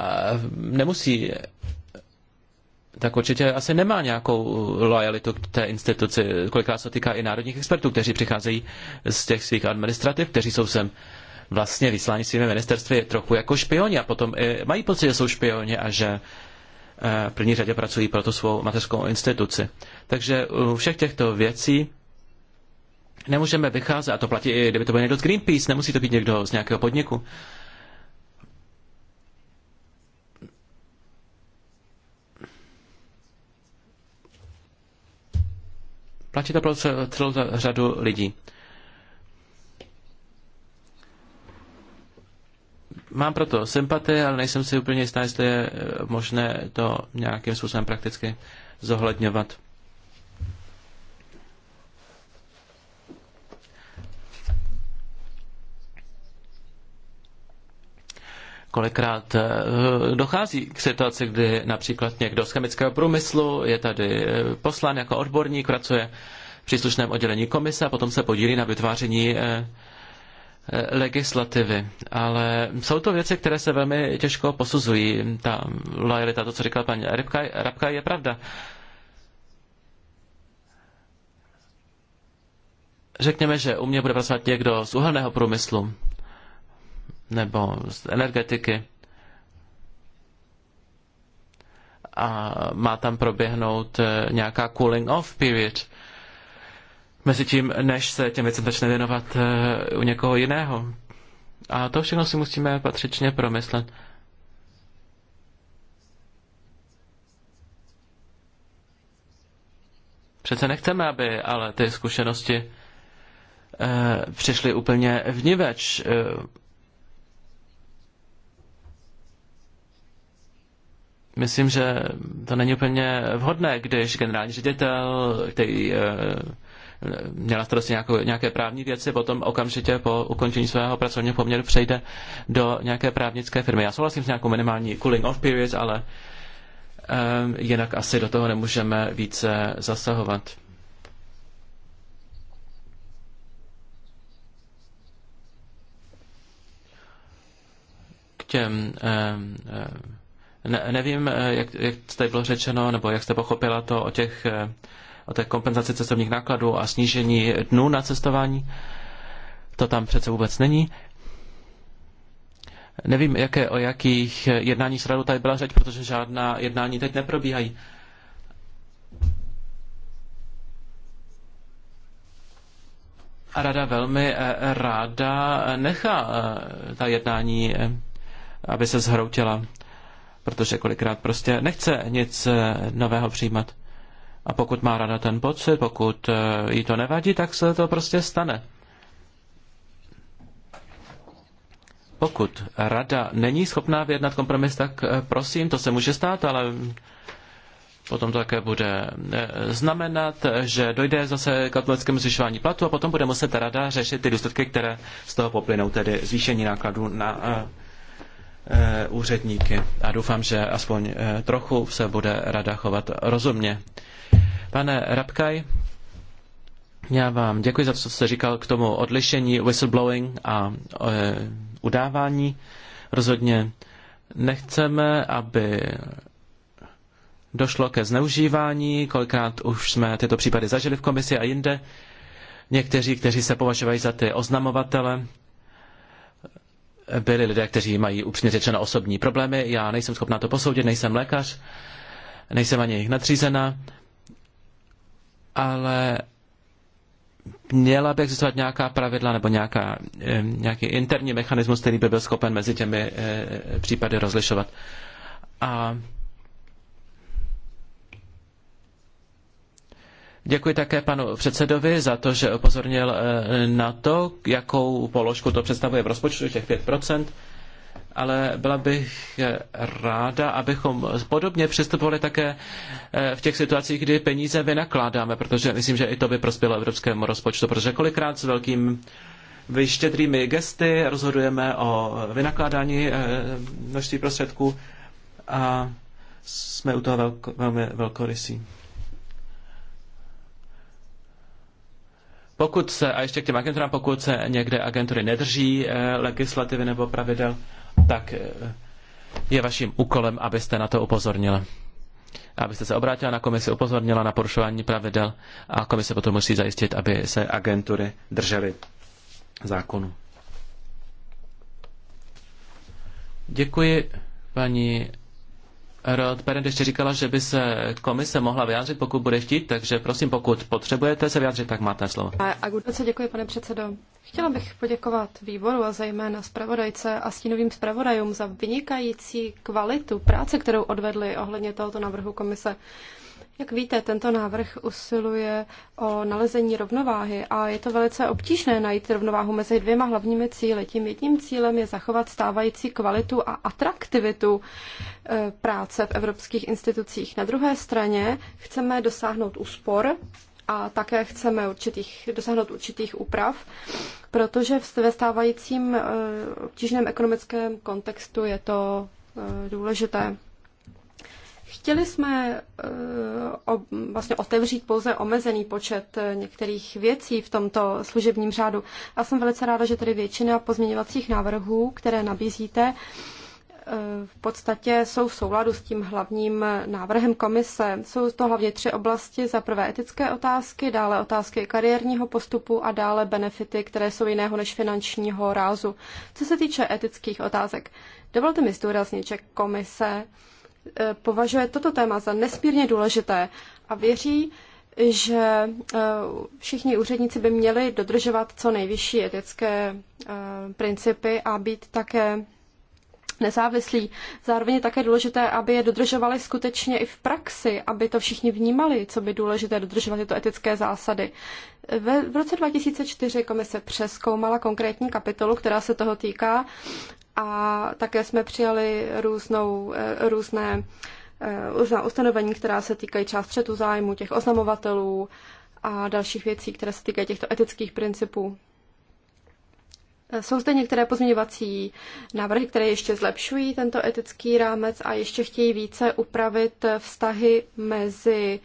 nemusí tak určitě asi nemá nějakou lojalitu k té instituci. Kolikrát se týká i národních expertů, kteří přicházejí z těch svých administrativ, kteří jsou sem vlastně vyslání svými ministerství je trochu jako špioni a potom mají pocit, že jsou špioni a že eh, v první řadě pracují pro tu svou mateřskou instituci. Takže u všech těchto věcí nemůžeme vycházet, a to platí i kdyby to byl někdo z Greenpeace, nemusí to být někdo z nějakého podniku. Platí to pro celou řadu lidí. Mám proto sympatie, ale nejsem si úplně jistá, jestli je eh, možné to nějakým způsobem prakticky zohledňovat. kolikrát eh, dochází k situaci, kdy například někdo z chemického průmyslu je tady eh, poslán jako odborník, pracuje v příslušném oddělení komise a potom se podílí na vytváření legislativy, ale jsou to věci, které se velmi těžko posuzují. Ta lojalita, to, co říkala paní Rybka, Rabka je pravda. Řekněme, že u mě bude pracovat někdo z uhelného průmyslu nebo z energetiky a má tam proběhnout eh, nějaká cooling off period mezi tím, než se těm věcem začne věnovat eh, u někoho jiného. A to všechno si musíme patřičně promyslet. Přece nechceme, aby ale ty zkušenosti e, přišly úplně vniveč. E, myslím, že to není úplně vhodné, když generální ředitel, který e, měla starosti nějakou, nějaké právní věci, potom okamžitě po ukončení svého pracovního poměru přejde do nějaké právnické firmy. Já souhlasím s nějakou minimální cooling off period, ale um, jinak asi do toho nemůžeme více zasahovat. K těm um, um, ne, nevím, eh, jak, jak tady bylo řečeno, nebo jak jste pochopila to o těch eh, o té kompenzaci cestovních nákladů a snížení dnů na cestování. To tam přece vůbec není. Nevím, jaké, o jakých jednání s radou tady byla řeč, protože žádná jednání teď neprobíhají. A rada velmi eh, ráda nechá eh, ta jednání, eh, aby se zhroutila, protože kolikrát prostě nechce nic nového přijímat. A pokud má rada ten pocit, pokud eh, jí to nevadí, tak se to prostě stane. Pokud rada není schopná vyjednat kompromis, tak eh, prosím, to se může stát, ale potom to také bude eh, znamenat, že dojde zase k atletickému zvyšování platu a potom bude muset rada řešit ty důsledky, které z toho poplynou, tedy zvýšení nákladů na úředníky. A doufám, že aspoň trochu se bude rada chovat rozumně. Pane Rabkaj, já vám děkuji za to, co jste říkal k tomu odlišení whistleblowing a e, udávání. Rozhodně nechceme, aby došlo ke zneužívání. Kolikrát už jsme tyto případy zažili v komisi a jinde. Někteří, kteří se považovají za ty oznamovatele, byli lidé, kteří mají upřímně řečeno osobní problémy. Já nejsem schopná to posoudit, nejsem lékař, nejsem ani nadřízená, ale měla by existovat nějaká pravidla nebo nějaká, eh, nějaký interní mechanismus, který by byl schopen mezi těmi eh, případy rozlišovat. A Děkuji také panu předsedovi za to, že upozornil eh, na to, jakou položku to představuje v rozpočtu, těch 5 ale byla bych ráda, abychom podobně přistupovali také eh, v těch situacích, kdy peníze vynakládáme, protože myslím, že i to by prospělo evropskému rozpočtu, protože kolikrát s velkým vyštědrými gesty rozhodujeme o vynakládání eh, množství prostředků a jsme u toho velko, velmi velkorysí. Pokud se, a ještě k těm agenturám, pokud se někde agentury nedrží eh, legislativy nebo pravidel, tak eh, je vaším úkolem, abyste na to upozornila. Abyste se obrátila na komisi, upozornila na porušování pravidel a komise potom musí zajistit, aby se agentury držely zákonu. Děkuji, paní Rod Berend ještě říkala, že by se komise mohla vyjádřit, pokud bude chtít, takže prosím, pokud potřebujete se vyjádřit, tak máte slovo. A, a děkuji, pane předsedo. Chtěla bych poděkovat výboru a zejména zpravodajce a stínovým zpravodajům za vynikající kvalitu práce, kterou odvedli ohledně tohoto návrhu komise. Jak víte, tento návrh usiluje o nalezení rovnováhy a je to velice obtížné najít rovnováhu mezi dvěma hlavními cíly. Tím jedním cílem je zachovat stávající kvalitu a atraktivitu e, práce v evropských institucích. Na druhé straně chceme dosáhnout úspor a také chceme určitých, dosáhnout určitých úprav, protože ve stávajícím eh, obtížném ekonomickém kontextu je to eh, důležité. Chtěli jsme eh, vlastně otevřít pouze omezený počet některých věcí v tomto služebním řádu. Já jsem velice ráda, že tedy většina pozměňovacích návrhů, které nabízíte, v podstatě jsou v souladu s tím hlavním návrhem komise. Jsou to hlavně tři oblasti. Za prvé etické otázky, dále otázky kariérního postupu a dále benefity, které jsou jiného než finančního rázu. Co se týče etických otázek, dovolte mi zdůraznit, že komise eh, považuje toto téma za nesmírně důležité a věří, že eh, všichni úředníci by měli dodržovat co nejvyšší etické eh, principy a být také nezávislí. Zároveň je také důležité, aby je dodržovali skutečně i v praxi, aby to všichni vnímali, co by důležité dodržovat tyto etické zásady. v roce 2004 komise přeskoumala konkrétní kapitolu, která se toho týká a také jsme přijali různou, eh, různé eh, různá ustanovení, která se týkají část střetu zájmu, těch oznamovatelů a dalších věcí, které se týkají těchto etických principů. Jsou zde některé pozměňovací návrhy, které ještě zlepšují tento etický rámec a ještě chtějí více upravit vztahy mezi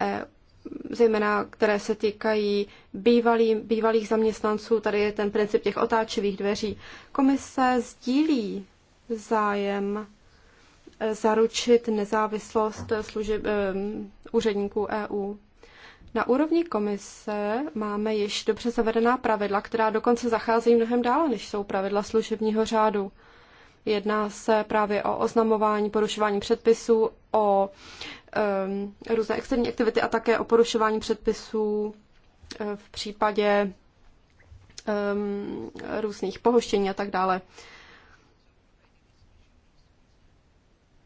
eh, zejména které se týkají bývalý, bývalých zaměstnanců. Tady je ten princip těch otáčivých dveří. Komise sdílí zájem eh, zaručit nezávislost služeb, um, úředníků EU. Na úrovni komise máme již dobře zavedená pravidla, která dokonce zacházejí mnohem dále, než jsou pravidla služebního řádu. Jedná se právě o oznamování, porušování předpisů, o um, různé externí aktivity a také o porušování předpisů e, v případě um, různých pohoštění a tak dále.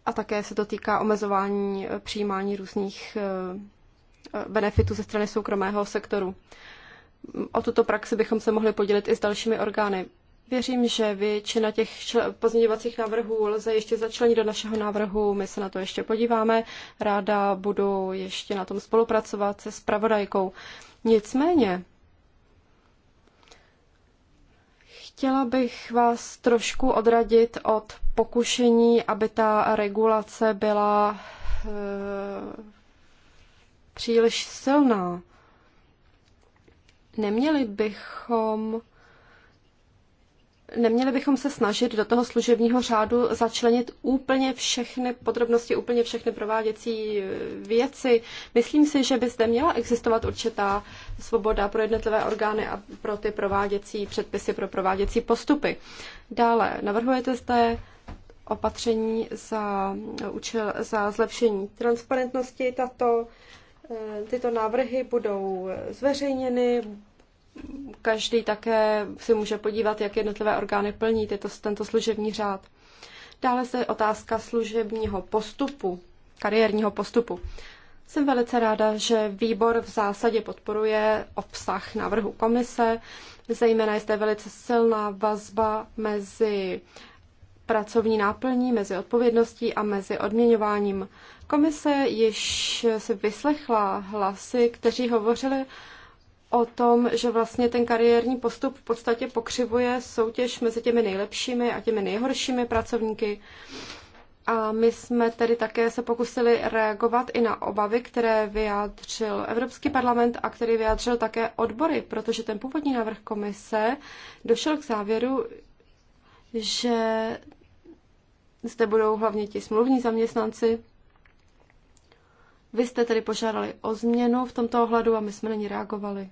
A také se to týká omezování e, přijímání různých uh, benefitů ze strany soukromého sektoru. O tuto praxi bychom se mohli podělit i s dalšími orgány. Věřím, že většina těch pozměňovacích návrhů lze ještě začlenit do našeho návrhu. My se na to ještě podíváme. Ráda budu ještě na tom spolupracovat se spravodajkou. Nicméně, chtěla bych vás trošku odradit od pokušení, aby ta regulace byla eh, příliš silná. Neměli bychom neměli bychom se snažit do toho služebního řádu začlenit úplně všechny podrobnosti, úplně všechny prováděcí eh, věci. Myslím si, že by zde měla existovat určitá svoboda pro jednotlivé orgány a pro ty prováděcí předpisy, pro prováděcí postupy. Dále navrhujete zde opatření za, účel, za zlepšení transparentnosti. Tato Eh, tyto návrhy budou zveřejněny, každý také si může podívat, jak jednotlivé orgány plní tyto, tento služební řád. Dále se otázka služebního postupu, kariérního postupu. Jsem velice ráda, že výbor v zásadě podporuje obsah návrhu komise. Zejména je zde velice silná vazba mezi pracovní náplní, mezi odpovědností a mezi odměňováním. Komise již si vyslechla hlasy, kteří hovořili o tom, že vlastně ten kariérní postup v podstatě pokřivuje soutěž mezi těmi nejlepšími a těmi nejhoršími pracovníky. A my jsme tedy také se pokusili reagovat i na obavy, které vyjádřil Evropský parlament a který vyjádřil také odbory, protože ten původní návrh komise došel k závěru, že zde budou hlavně ti smluvní zaměstnanci. Vy jste tedy požádali o změnu v tomto ohledu a my jsme na ní reagovali.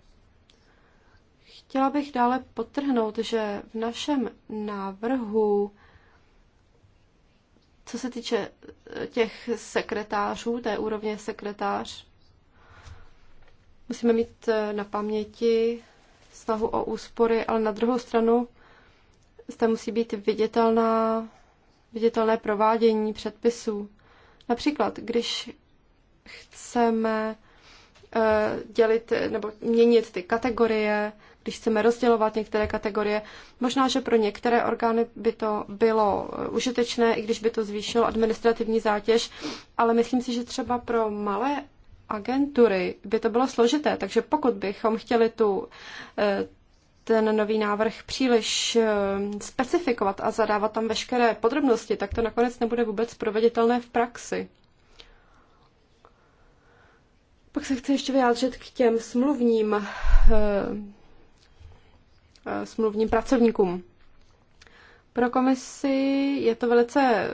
Chtěla bych dále potrhnout, že v našem návrhu, co se týče eh, těch sekretářů, té úrovně sekretář, musíme mít eh, na paměti snahu o úspory, ale na druhou stranu zde musí být viditelná viditelné provádění předpisů. Například, když chceme eh, dělit nebo měnit ty kategorie, když chceme rozdělovat některé kategorie. Možná, že pro některé orgány by to bylo eh, užitečné, i když by to zvýšilo administrativní zátěž, ale myslím si, že třeba pro malé agentury by to bylo složité, takže pokud bychom chtěli tu eh, ten nový návrh příliš eh, specifikovat a zadávat tam veškeré podrobnosti, tak to nakonec nebude vůbec proveditelné v praxi. Pak se chci ještě vyjádřit k těm smluvním, eh, eh, smluvním pracovníkům. Pro komisi je to velice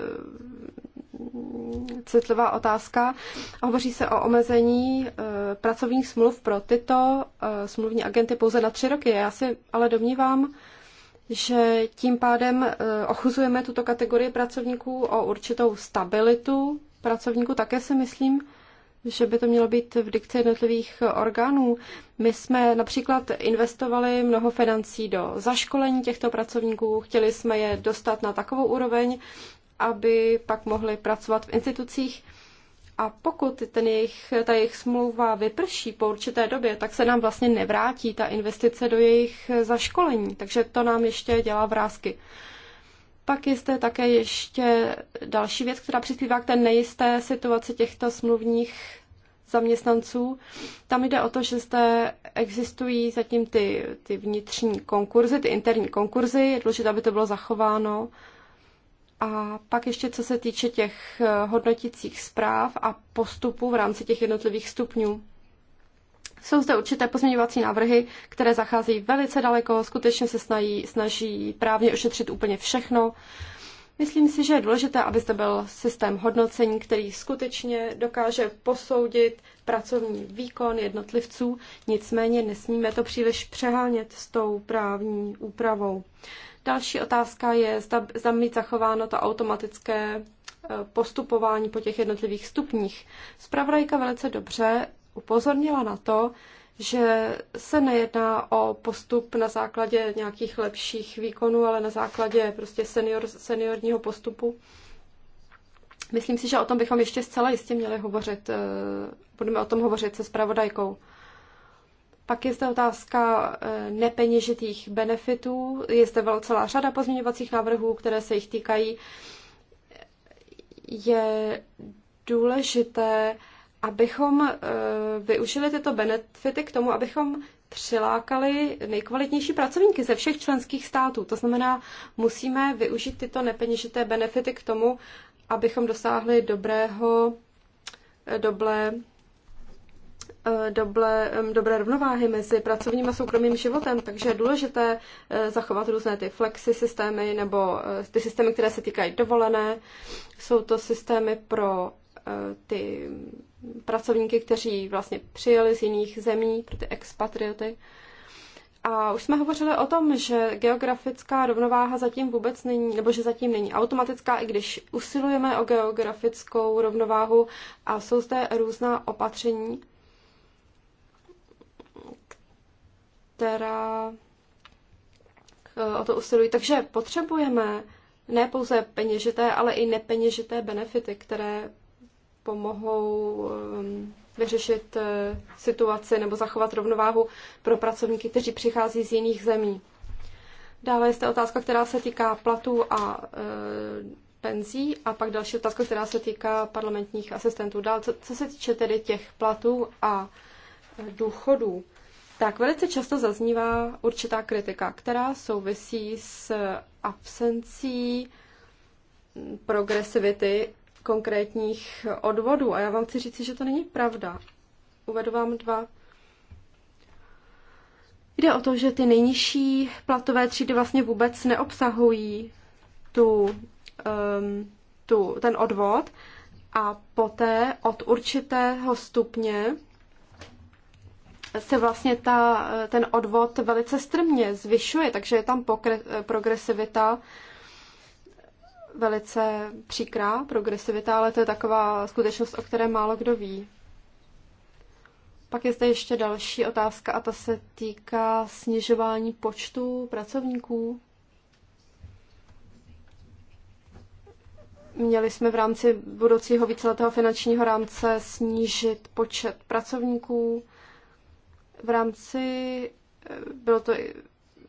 citlivá otázka. Hovoří se o omezení eh, pracovních smluv pro tyto eh, smluvní agenty pouze na tři roky. Já si ale domnívám, že tím pádem eh, ochuzujeme tuto kategorii pracovníků o určitou stabilitu pracovníků. Také si myslím, že by to mělo být v dikci jednotlivých orgánů. My jsme například investovali mnoho financí do zaškolení těchto pracovníků, chtěli jsme je dostat na takovou úroveň, aby pak mohli pracovat v institucích. A pokud ten jejich, ta jejich smlouva vyprší po určité době, tak se nám vlastně nevrátí ta investice do jejich zaškolení. Takže to nám ještě dělá vrázky. Pak je zde také ještě další věc, která přispívá k té nejisté situaci těchto smluvních zaměstnanců. Tam jde o to, že zde existují zatím ty, ty vnitřní konkurzy, ty interní konkurzy. Je důležité, aby to bylo zachováno. A pak ještě co se týče těch eh, hodnotících zpráv a postupů v rámci těch jednotlivých stupňů. Jsou zde určité pozměňovací návrhy, které zacházejí velice daleko, skutečně se snaží, snaží právně ošetřit úplně všechno. Myslím si, že je důležité, aby zde byl systém hodnocení, který skutečně dokáže posoudit pracovní výkon jednotlivců, nicméně nesmíme to příliš přehánět s tou právní úpravou. Další otázka je, zda, zda mít zachováno to automatické eh, postupování po těch jednotlivých stupních. Spravodajka velice dobře upozornila na to, že se nejedná o postup na základě nějakých lepších výkonů, ale na základě prostě senior, seniorního postupu. Myslím si, že o tom bychom ještě zcela jistě měli hovořit. Eh, budeme o tom hovořit se spravodajkou. Pak je zde otázka eh, nepeněžitých benefitů. Je zde celá řada pozměňovacích návrhů, které se jich týkají. Je důležité, abychom eh, využili tyto benefity k tomu, abychom přilákali nejkvalitnější pracovníky ze všech členských států. To znamená, musíme využít tyto nepeněžité benefity k tomu, abychom dosáhli dobrého, eh, dobré Eh, doble, dobré rovnováhy mezi pracovním a soukromým životem, takže je důležité eh, zachovat různé ty flexi systémy nebo eh, ty systémy, které se týkají dovolené. Jsou to systémy pro ty pracovníky, kteří vlastně přijeli z jiných zemí, pro ty expatrioty. A už jsme hovořili o tom, že geografická rovnováha zatím vůbec není, nebo že zatím není automatická, i když usilujeme o geografickou rovnováhu a jsou zde různá opatření, která eh, o to usilují. Takže potřebujeme ne pouze peněžité, ale i nepeněžité benefity, které pomohou ehm, vyřešit eh, situaci nebo zachovat rovnováhu pro pracovníky, kteří přichází z jiných zemí. Dále je zde otázka, která se týká platů a e, penzí a pak další otázka, která se týká parlamentních asistentů. Dále, co, co se týče tedy těch platů a důchodů, tak velice často zaznívá určitá kritika, která souvisí s absencí progresivity konkrétních odvodů. A já vám chci říct, že to není pravda. Uvedu vám dva. Jde o to, že ty nejnižší platové třídy vlastně vůbec neobsahují tu, um, tu, ten odvod a poté od určitého stupně se vlastně ta, ten odvod velice strmě zvyšuje, takže je tam pokre, progresivita velice příkrá progresivita, ale to je taková skutečnost, o které málo kdo ví. Pak je zde ještě další otázka a ta se týká snižování počtu pracovníků. Měli jsme v rámci budoucího víceletého finančního rámce snížit počet pracovníků v rámci, eh, bylo to,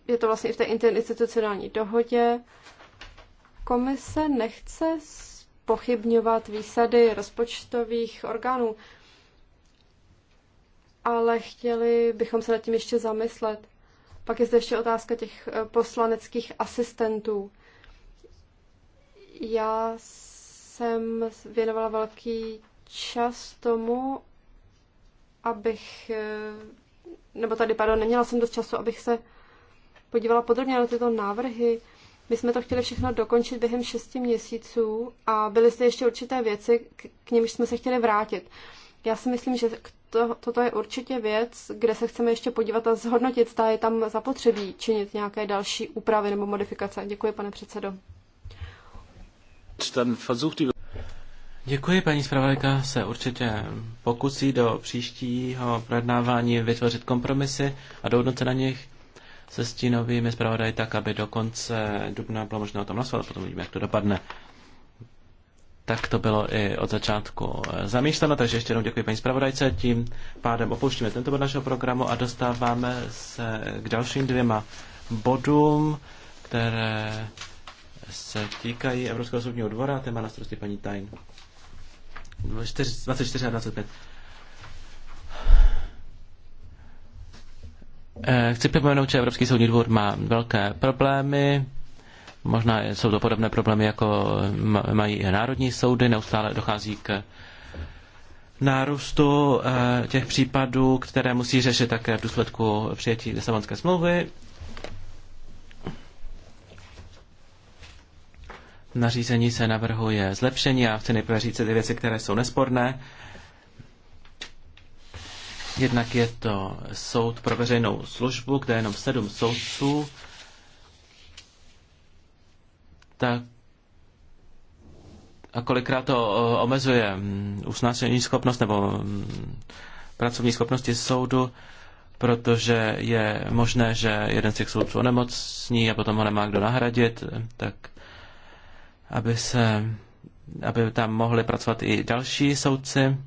je to vlastně i v té interinstitucionální dohodě, komise nechce pochybňovat výsady rozpočtových orgánů, ale chtěli bychom se nad tím ještě zamyslet. Pak je zde ještě otázka těch eh, poslaneckých asistentů. Já jsem věnovala velký čas tomu, abych eh, nebo tady, pardon, neměla jsem dost času, abych se podívala podrobně na tyto návrhy. My jsme to chtěli všechno dokončit během šesti měsíců a byly zde ještě určité věci, k, k nimž jsme se chtěli vrátit. Já si myslím, že to, toto je určitě věc, kde se chceme ještě podívat a zhodnotit, zda je tam zapotřebí činit nějaké další úpravy nebo modifikace. Děkuji, pane předsedo. Děkuji, paní zpravodajka se určitě pokusí do příštího projednávání vytvořit kompromisy a dohodnout se na nich se stínovými zpravodaji tak, aby do konce dubna bylo možné o tom hlasovat, potom uvidíme, jak to dopadne. Tak to bylo i od začátku zamýšleno, takže ještě jednou děkuji paní zpravodajce. Tím pádem opouštíme tento bod našeho programu a dostáváme se k dalším dvěma bodům, které se týkají Evropského soudního dvora a téma na starosti paní Tajn. 25. Eh, chci připomenout, že Evropský soudní dvůr má velké problémy. Možná jsou to podobné problémy, jako mají i národní soudy. Neustále dochází k nárůstu eh, těch případů, které musí řešit také v důsledku přijetí Lisabonské smlouvy. nařízení se navrhuje zlepšení. Já chci nejprve říct ty věci, které jsou nesporné. Jednak je to soud pro veřejnou službu, kde je jenom sedm soudců. Tak a kolikrát to omezuje mm, usnášení schopnost nebo mm, pracovní schopnosti soudu, protože je možné, že jeden z těch soudců onemocní a potom ho nemá kdo nahradit, tak aby, se, aby tam mohli pracovat i další soudci.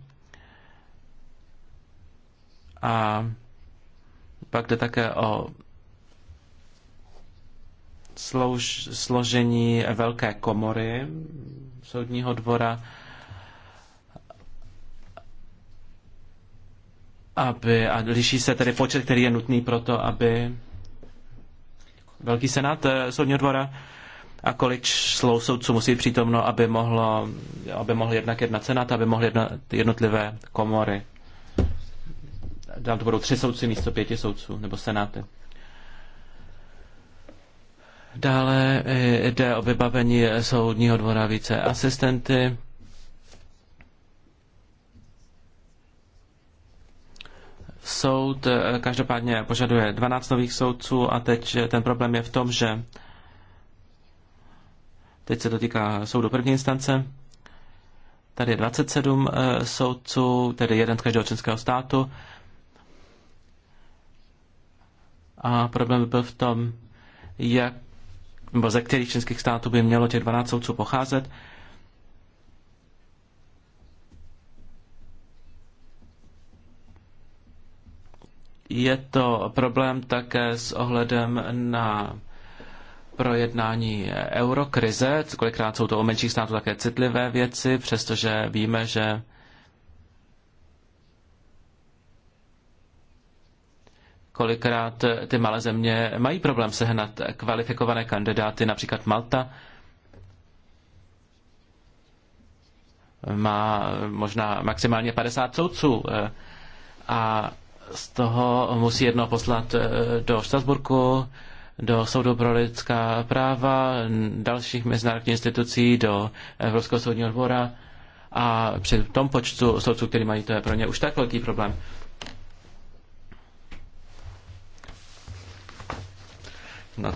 A pak jde také o slouž, složení velké komory soudního dvora, aby, a liší se tedy počet, který je nutný pro to, aby Velký senát eh, soudního dvora a kolik člou soudců musí přítomno, aby, mohlo, aby mohl jednak jedna senát, aby mohly jednat jednotlivé komory. Dám to budou tři soudci místo pěti soudců, nebo senáty. Dále eh, jde o vybavení soudního dvora více asistenty. Soud eh, každopádně požaduje 12 nových soudců a teď eh, ten problém je v tom, že Teď se to týká soudu první instance. Tady je 27 eh, soudců, tedy jeden z každého členského státu. A problém byl v tom, jak, nebo ze kterých členských států by mělo těch 12 soudců pocházet. Je to problém také s ohledem na projednání eurokrize. Kolikrát jsou to o menších států také citlivé věci, přestože víme, že kolikrát ty malé země mají problém sehnat kvalifikované kandidáty, například Malta má možná maximálně 50 soudců eh, a z toho musí jedno poslat eh, do Štrasburku, do Soudu pro lidská práva, dalších mezinárodních institucí, do Evropského soudního dvora a při tom počtu soudců, který mají, to je pro ně už tak velký problém. No.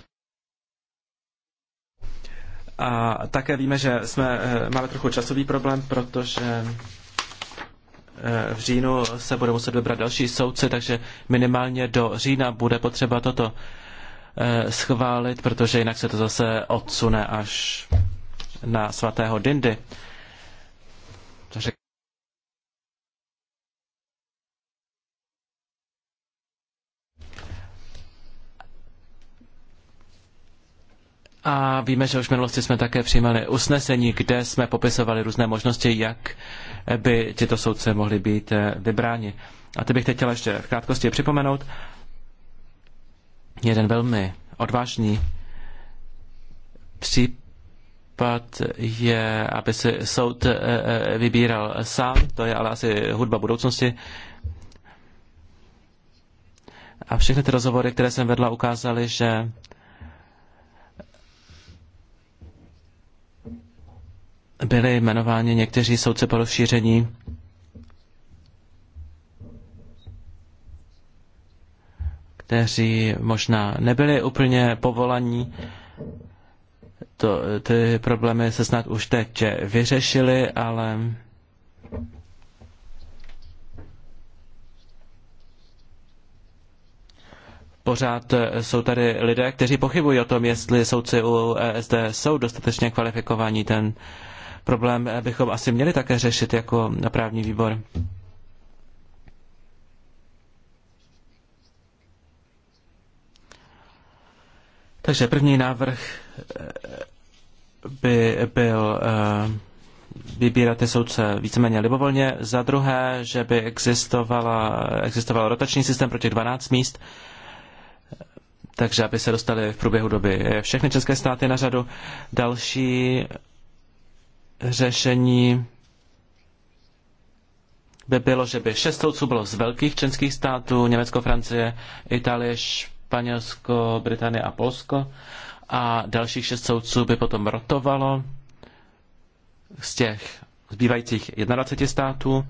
A také víme, že jsme, eh, máme trochu časový problém, protože eh, v říjnu se bude muset vybrat další soudce, takže minimálně do října bude potřeba toto Eh, schválit, protože jinak se to zase odsune až na svatého Dindy. A víme, že už v minulosti jsme také přijímali usnesení, kde jsme popisovali různé možnosti, jak by tyto soudce mohli být eh, vybráni. A ty bych teď chtěla ještě v krátkosti připomenout. Jeden velmi odvážný případ je, aby si soud eh, eh, vybíral sám, to je ale asi hudba budoucnosti. A všechny ty rozhovory, které jsem vedla, ukázaly, že byli jmenováni někteří soudce po rozšíření kteří možná nebyli úplně povolaní. To, ty problémy se snad už teď vyřešily, ale pořád jsou tady lidé, kteří pochybují o tom, jestli soudci u ESD jsou dostatečně kvalifikovaní. Ten problém bychom asi měli také řešit jako právní výbor. Takže první návrh eh, by byl eh, vybírat ty soudce víceméně libovolně. Za druhé, že by existovala, existoval rotační systém pro těch 12 míst, takže aby se dostali v průběhu doby všechny české státy na řadu. Další řešení by bylo, že by šest soudců bylo z velkých členských států, Německo, Francie, Itálie, Španělsko, Británie a Polsko a dalších šest soudců by potom rotovalo z těch zbývajících 21 států.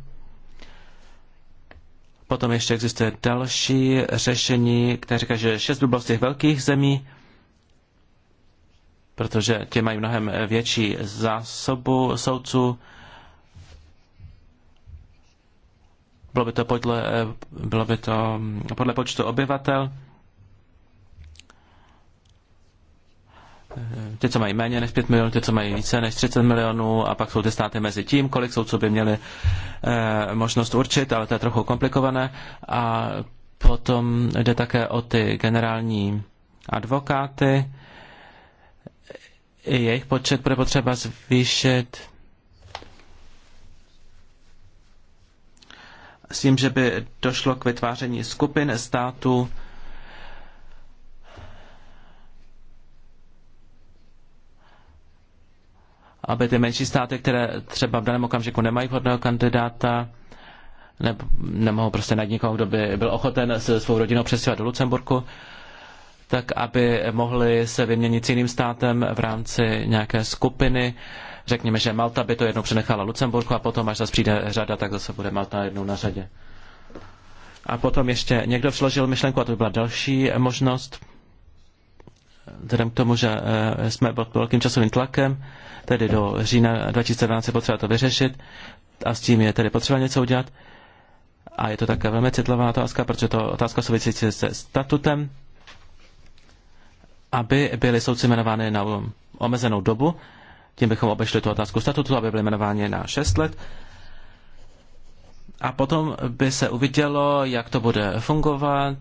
Potom ještě existuje další řešení, které říká, že šest by bylo z těch velkých zemí, protože tě mají mnohem větší zásobu soudců. Bylo by to podle, bylo by to podle počtu obyvatel. ty, co mají méně než 5 milionů, ty, co mají více než 30 milionů a pak jsou ty státy mezi tím, kolik jsou co by měli eh, možnost určit, ale to je trochu komplikované. A potom jde také o ty generální advokáty. I jejich počet bude potřeba zvýšit. S tím, že by došlo k vytváření skupin států, aby ty menší státy, které třeba v daném okamžiku nemají vhodného kandidáta, ne, nemohou prostě najít někoho, kdo by byl ochoten se svou rodinou přesívat do Lucemburku, tak aby mohli se vyměnit s jiným státem v rámci nějaké skupiny. Řekněme, že Malta by to jednou přenechala Lucemburku a potom, až zase přijde řada, tak zase bude Malta jednou na řadě. A potom ještě někdo vložil myšlenku, a to by byla další možnost, vzhledem k tomu, že eh, jsme pod velkým časovým tlakem, tedy do října 2012 je potřeba to vyřešit a s tím je tedy potřeba něco udělat. A je to také velmi citlivá otázka, protože to otázka souvisí se statutem, aby byly soudci jmenovány na omezenou dobu, tím bychom obešli tu otázku statutu, aby byly jmenovány na 6 let. A potom by se uvidělo, jak to bude fungovat,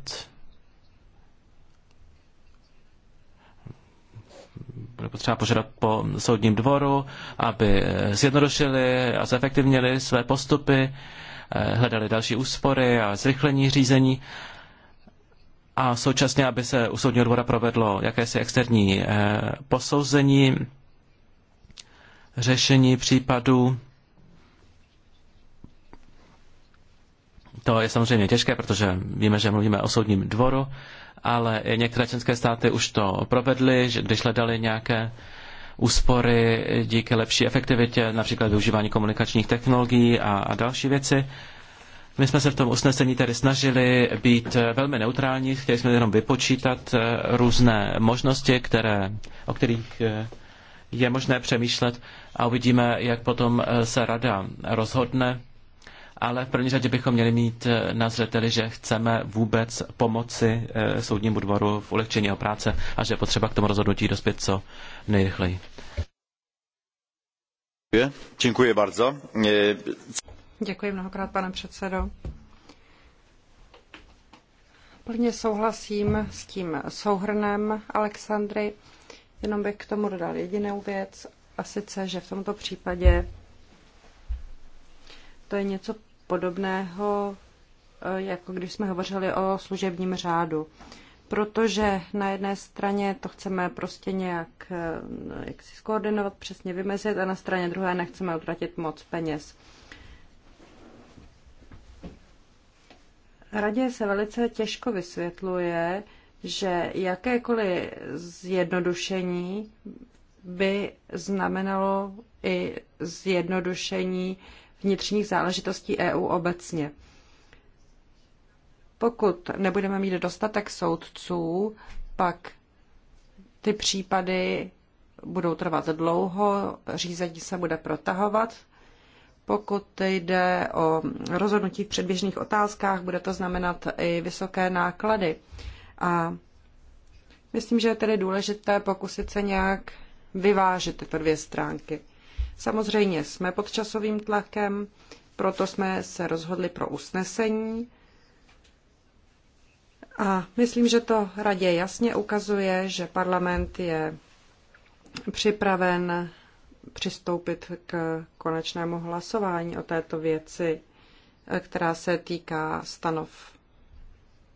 bude potřeba požádat po soudním dvoru, aby eh, zjednodušili a zefektivnili své postupy, eh, hledali další úspory a zrychlení řízení a současně, aby se u soudního dvora provedlo jakési externí eh, posouzení řešení případů. To je samozřejmě těžké, protože víme, že mluvíme o soudním dvoru, ale některé členské státy už to provedly, že když hledali nějaké úspory díky lepší efektivitě, například využívání komunikačních technologií a, a další věci. My jsme se v tom usnesení tedy snažili být velmi neutrální, chtěli jsme jenom vypočítat eh, různé možnosti, které, o kterých eh, je možné přemýšlet a uvidíme, jak potom eh, se rada rozhodne ale v první řadě bychom měli mít eh, na zřeteli, že chceme vůbec pomoci eh, soudnímu dvoru v ulehčení jeho práce a že je potřeba k tomu rozhodnutí dospět co nejrychleji. Děkuji, Děkuji bardzo. Eh, Děkuji mnohokrát, pane předsedo. Plně souhlasím s tím souhrnem Alexandry. Jenom bych k tomu dodal jedinou věc, a sice, že v tomto případě to je něco podobného, e, jako když jsme hovořili o služebním řádu. Protože na jedné straně to chceme prostě nějak e, jak si skoordinovat, přesně vymezit, a na straně druhé nechceme utratit moc peněz. Radě se velice těžko vysvětluje, že jakékoliv zjednodušení by znamenalo i zjednodušení vnitřních záležitostí EU obecně. Pokud nebudeme mít dostatek soudců, pak ty případy budou trvat dlouho, řízení se bude protahovat. Pokud jde o rozhodnutí v předběžných otázkách, bude to znamenat i vysoké náklady. A myslím, že je tedy důležité pokusit se nějak vyvážit tyto dvě stránky. Samozřejmě jsme pod časovým tlakem, proto jsme se rozhodli pro usnesení. A myslím, že to radě jasně ukazuje, že parlament je připraven přistoupit k konečnému hlasování o této věci, která se týká stanov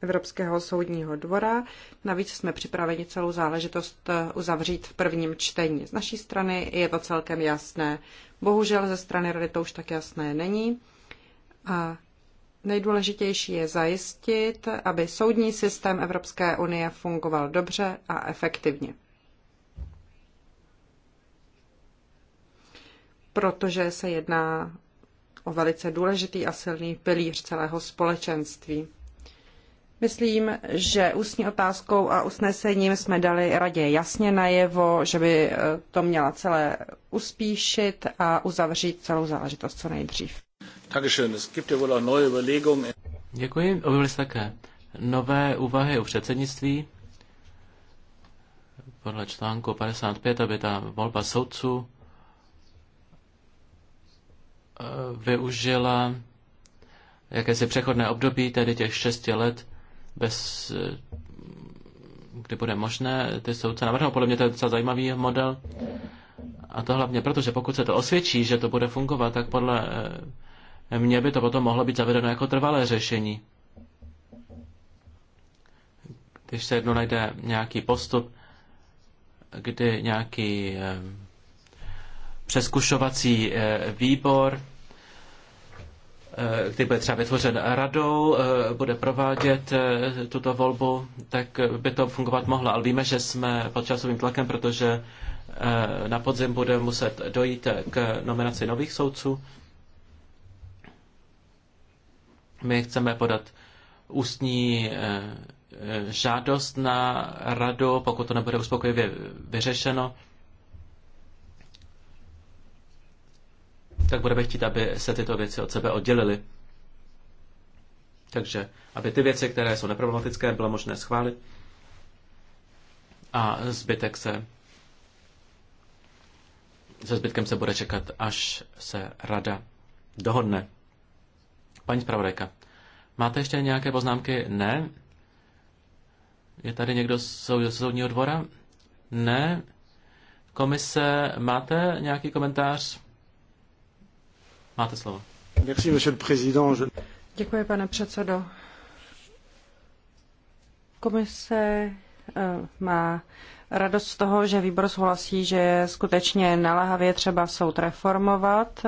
Evropského soudního dvora. Navíc jsme připraveni celou záležitost eh, uzavřít v prvním čtení. Z naší strany je to celkem jasné. Bohužel ze strany rady to už tak jasné není. A nejdůležitější je zajistit, aby soudní systém Evropské unie fungoval dobře a efektivně. Protože se jedná o velice důležitý a silný pilíř celého společenství. Myslím, že ústní otázkou a usnesením jsme dali radě jasně najevo, že by eh, to měla celé uspíšit a uzavřít celou záležitost co nejdřív. Děkuji. Objevily se také nové úvahy u předsednictví. Podle článku 55, aby ta volba soudců eh, využila jakési přechodné období, tedy těch šesti let, bez, kdy bude možné ty soudce navrhnout. Podle mě to je docela zajímavý model. A to hlavně proto, že pokud se to osvědčí, že to bude fungovat, tak podle eh, mě by to potom mohlo být zavedeno jako trvalé řešení. Když se jednou najde nějaký postup, kdy nějaký eh, přeskušovací eh, výbor Eh, který bude třeba vytvořen radou, eh, bude provádět eh, tuto volbu, tak by to fungovat mohlo. Ale víme, že jsme pod časovým tlakem, protože na podzim bude muset dojít k nominaci nových soudců. My chceme podat ústní žádost na radu, pokud to nebude uspokojivě vyřešeno, tak budeme chtít, aby se tyto věci od sebe oddělily. Takže, aby ty věci, které jsou neproblematické, bylo možné schválit a zbytek se se zbytkem se bude čekat, až se rada dohodne. Paní zpravodajka, máte ještě nějaké poznámky? Ne. Je tady někdo z soudního dvora? Ne. Komise, máte nějaký komentář? Máte slovo. Merci, monsieur le président. Děkuji, pane předsedo. Komise eh, má radost z toho, že výbor souhlasí, že je skutečně naléhavě třeba soud reformovat.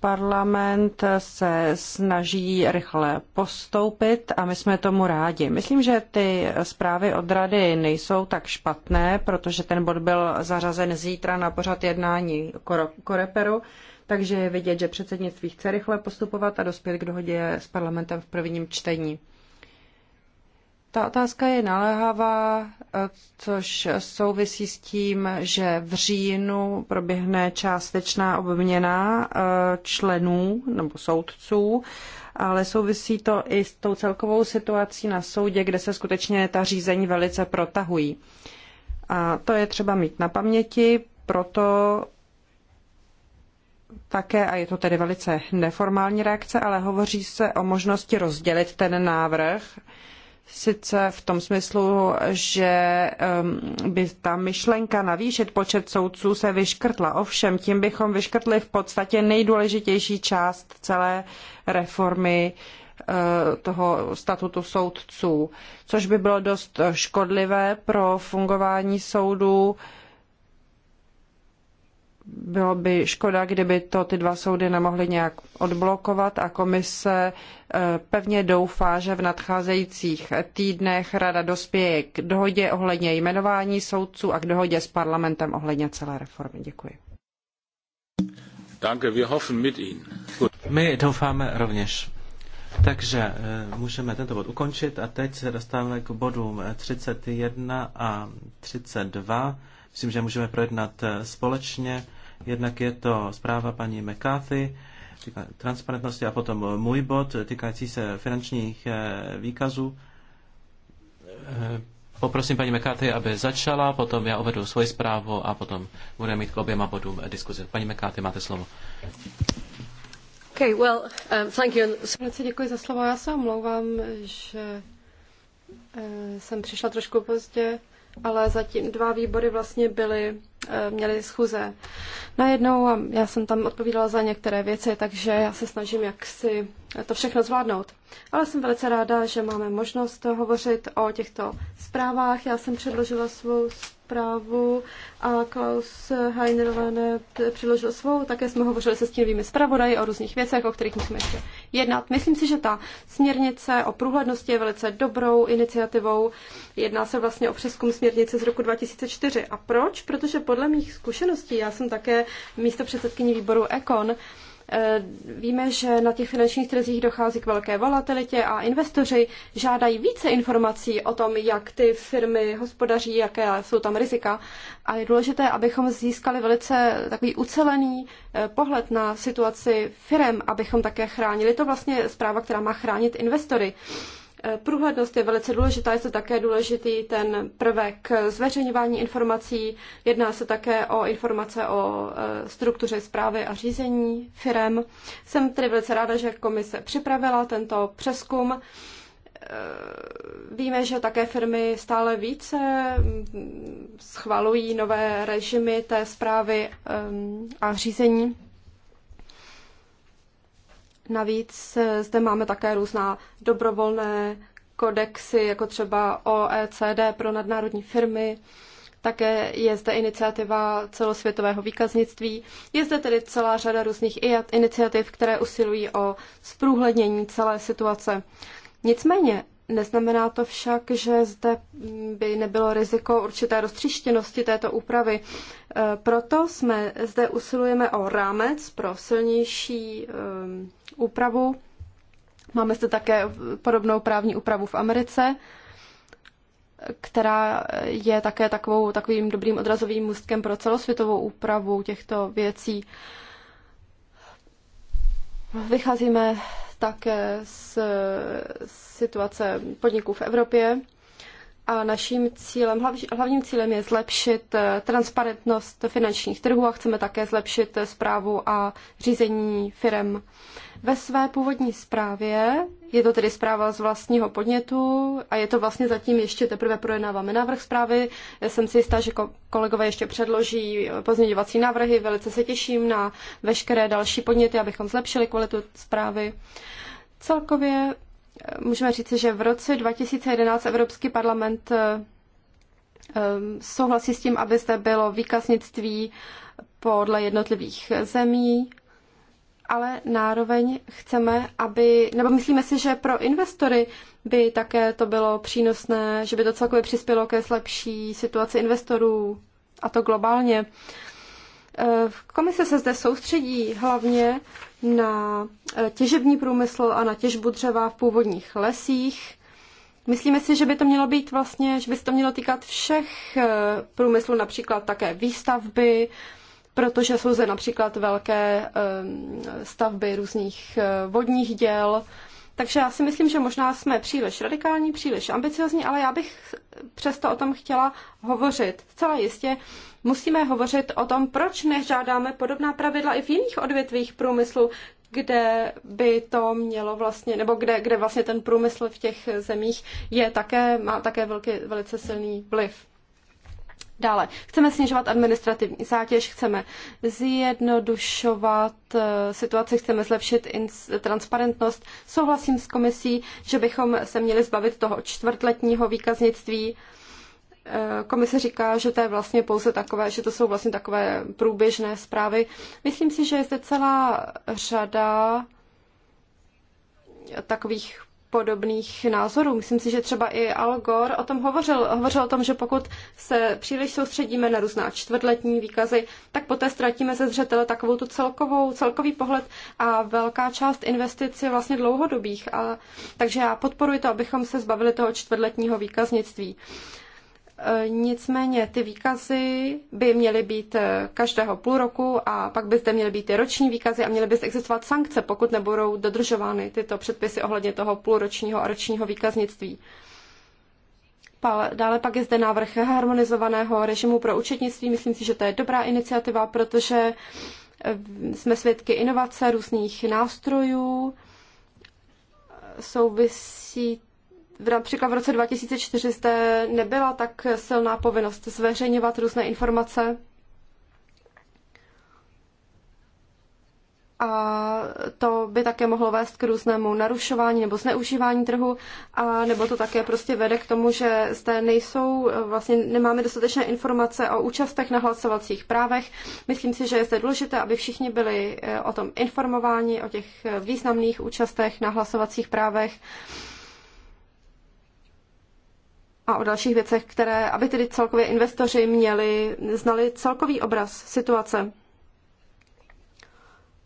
Parlament se snaží rychle postoupit a my jsme tomu rádi. Myslím, že ty zprávy od rady nejsou tak špatné, protože ten bod byl zařazen zítra na pořad jednání koreperu. Takže je vidět, že předsednictví chce rychle postupovat a dospět k dohodě s parlamentem v prvním čtení. Ta otázka je naléhavá, což souvisí s tím, že v říjnu proběhne částečná obměna eh, členů nebo soudců, ale souvisí to i s tou celkovou situací na soudě, kde se skutečně ta řízení velice protahují. A to je třeba mít na paměti, proto také, a je to tedy velice neformální reakce, ale hovoří se o možnosti rozdělit ten návrh. Sice v tom smyslu, že ehm, by ta myšlenka navýšit počet soudců se vyškrtla. Ovšem, tím bychom vyškrtli v podstatě nejdůležitější část celé reformy eh, toho statutu soudců, což by bylo dost škodlivé pro fungování soudů bylo by škoda, kdyby to ty dva soudy nemohly nějak odblokovat a komise eh, pevně doufá, že v nadcházejících týdnech rada dospěje k dohodě ohledně jmenování soudců a k dohodě s parlamentem ohledně celé reformy. Děkuji. Danke, wir hoffen mit Ihnen. My doufáme rovněž. Takže eh, můžeme tento bod ukončit a teď se dostáváme k bodům 31 eh, a 32. Myslím, že můžeme projednat společně. Jednak je to zpráva paní McCarthy, transparentnosti a potom můj bod týkající se finančních eh, výkazů. Eh, poprosím paní McCarthy, aby začala, potom já uvedu svoji zprávu a potom budeme mít k oběma bodům eh, diskuzi. Paní McCarthy, máte slovo. Okay, well, um, thank you. Velice děkuji za slovo. Já se omlouvám, že jsem přišla trošku pozdě ale zatím dva výbory vlastně byly, eh, měly schůze najednou a já jsem tam odpovídala za některé věci, takže já se snažím jak si eh, to všechno zvládnout. Ale jsem velice ráda, že máme možnost hovořit o těchto zprávách. Já jsem předložila svou zprávu a Klaus Heinerlein přiložil svou. Také jsme hovořili se tím zpravodaji o různých věcech, o kterých musíme ještě jednat. Myslím si, že ta směrnice o průhlednosti je velice dobrou iniciativou. Jedná se vlastně o přeskum směrnice z roku 2004. A proč? Protože podle mých zkušeností, já jsem také místo předsedkyní výboru Econ, Eh, víme, že na těch finančních trzích dochází k velké volatilitě a investoři žádají více informací o tom, jak ty firmy hospodaří, jaké jsou tam rizika. A je důležité, abychom získali velice takový ucelený eh, pohled na situaci firm, abychom také chránili. To vlastně zpráva, která má chránit investory. Průhlednost je velice důležitá, je to také důležitý ten prvek zveřejňování informací. Jedná se také o informace o e, struktuře zprávy a řízení firem. Jsem tedy velice ráda, že komise připravila tento přeskum. E, víme, že také firmy stále více schvalují nové režimy té zprávy e, a řízení. Navíc eh, zde máme také různá dobrovolné kodexy, jako třeba OECD pro nadnárodní firmy. Také je zde iniciativa celosvětového výkaznictví. Je zde tedy celá řada různých iniciativ, které usilují o zprůhlednění celé situace. Nicméně Neznamená to však, že zde mm, by nebylo riziko určité roztřištěnosti této úpravy. Eh, proto jsme zde usilujeme o rámec pro silnější ehm, úpravu. Máme zde také podobnou právní úpravu v Americe, která je také takovou, takovým dobrým odrazovým můstkem pro celosvětovou úpravu těchto věcí. Vycházíme také z situace podniků v Evropě. A naším cílem, hlavním cílem je zlepšit eh, transparentnost finančních trhů a chceme také zlepšit zprávu eh, a řízení firem. Ve své původní zprávě, je to tedy zpráva z vlastního podnětu a je to vlastně zatím ještě teprve projednáváme návrh zprávy. Já jsem si jistá, že kolegové ještě předloží eh, pozměňovací návrhy. Velice se těším na veškeré další podněty, abychom zlepšili kvalitu zprávy. Celkově můžeme říct, že v roce 2011 Evropský parlament eh, eh, souhlasí s tím, aby zde bylo výkaznictví podle jednotlivých zemí, ale nároveň chceme, aby, nebo myslíme si, že pro investory by také to bylo přínosné, že by to celkově přispělo ke zlepší situaci investorů, a to globálně. Eh, komise se zde soustředí hlavně na eh, těžební průmysl a na těžbu dřeva v původních lesích. Myslíme si, že by to mělo být vlastně, že by se to mělo týkat všech eh, průmyslů, například také výstavby, protože jsou zde například velké eh, stavby různých vodních děl takže já si myslím, že možná jsme příliš radikální, příliš ambiciozní, ale já bych přesto o tom chtěla hovořit. Zcela jistě musíme hovořit o tom, proč nežádáme podobná pravidla i v jiných odvětvích průmyslu, kde by to mělo vlastně, nebo kde, kde vlastně ten průmysl v těch zemích je také, má také velký, velice silný vliv. Dále, chceme snižovat administrativní zátěž, chceme zjednodušovat eh, situaci, chceme zlepšit transparentnost. Souhlasím s komisí, že bychom se měli zbavit toho čtvrtletního výkaznictví. Eh, komise říká, že to je vlastně pouze takové, že to jsou vlastně takové průběžné zprávy. Myslím si, že je zde celá řada takových podobných názorů. Myslím si, že třeba i Al Gore o tom hovořil. Hovořil o tom, že pokud se příliš soustředíme na různá čtvrtletní výkazy, tak poté ztratíme ze zřetele takovou tu celkovou, celkový pohled a velká část investic je vlastně dlouhodobých. A, takže já podporuji to, abychom se zbavili toho čtvrtletního výkaznictví. Uh, Nicméně ty výkazy by měly být eh, každého půl roku a pak by zde měly být ty roční výkazy a měly by existovat sankce, pokud nebudou dodržovány tyto předpisy ohledně toho půlročního a ročního výkaznictví. Dále pak je zde návrh harmonizovaného režimu pro účetnictví. Myslím si, že to je dobrá iniciativa, protože eh, jsme svědky inovace různých nástrojů. Eh, souvisí v, například v roce 2004 zde nebyla tak silná povinnost zveřejňovat různé informace. A to by také mohlo vést k různému narušování nebo zneužívání trhu, a nebo to také prostě vede k tomu, že zde nejsou, vlastně nemáme dostatečné informace o účastech na hlasovacích právech. Myslím si, že je zde důležité, aby všichni byli eh, o tom informováni, o těch eh, významných účastech na hlasovacích právech a o dalších věcech, které, aby tedy celkově investoři měli, znali celkový obraz situace.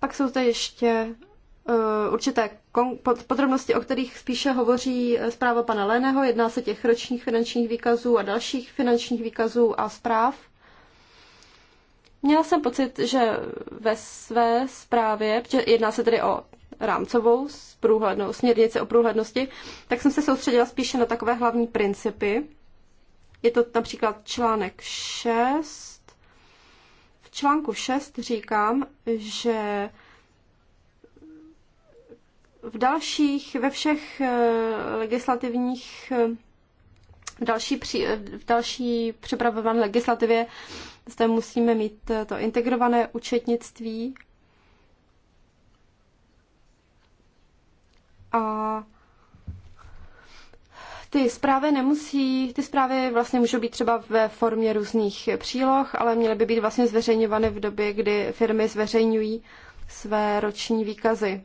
Pak jsou zde ještě uh, určité podrobnosti, o kterých spíše hovoří eh, zpráva pana Leného. Jedná se těch ročních finančních výkazů a dalších finančních výkazů a zpráv. Měla jsem pocit, že ve své zprávě, jedná se tedy o rámcovou průhlednou, směrnici o průhlednosti, tak jsem se soustředila spíše na takové hlavní principy. Je to například článek 6. V článku 6 říkám, že v dalších, ve všech eh, legislativních v eh, další, při, eh, v další připravované legislativě zde musíme mít to integrované účetnictví a ty zprávy nemusí, ty zprávy vlastně můžou být třeba ve formě různých příloh, ale měly by být vlastně zveřejňovány v době, kdy firmy zveřejňují své roční výkazy.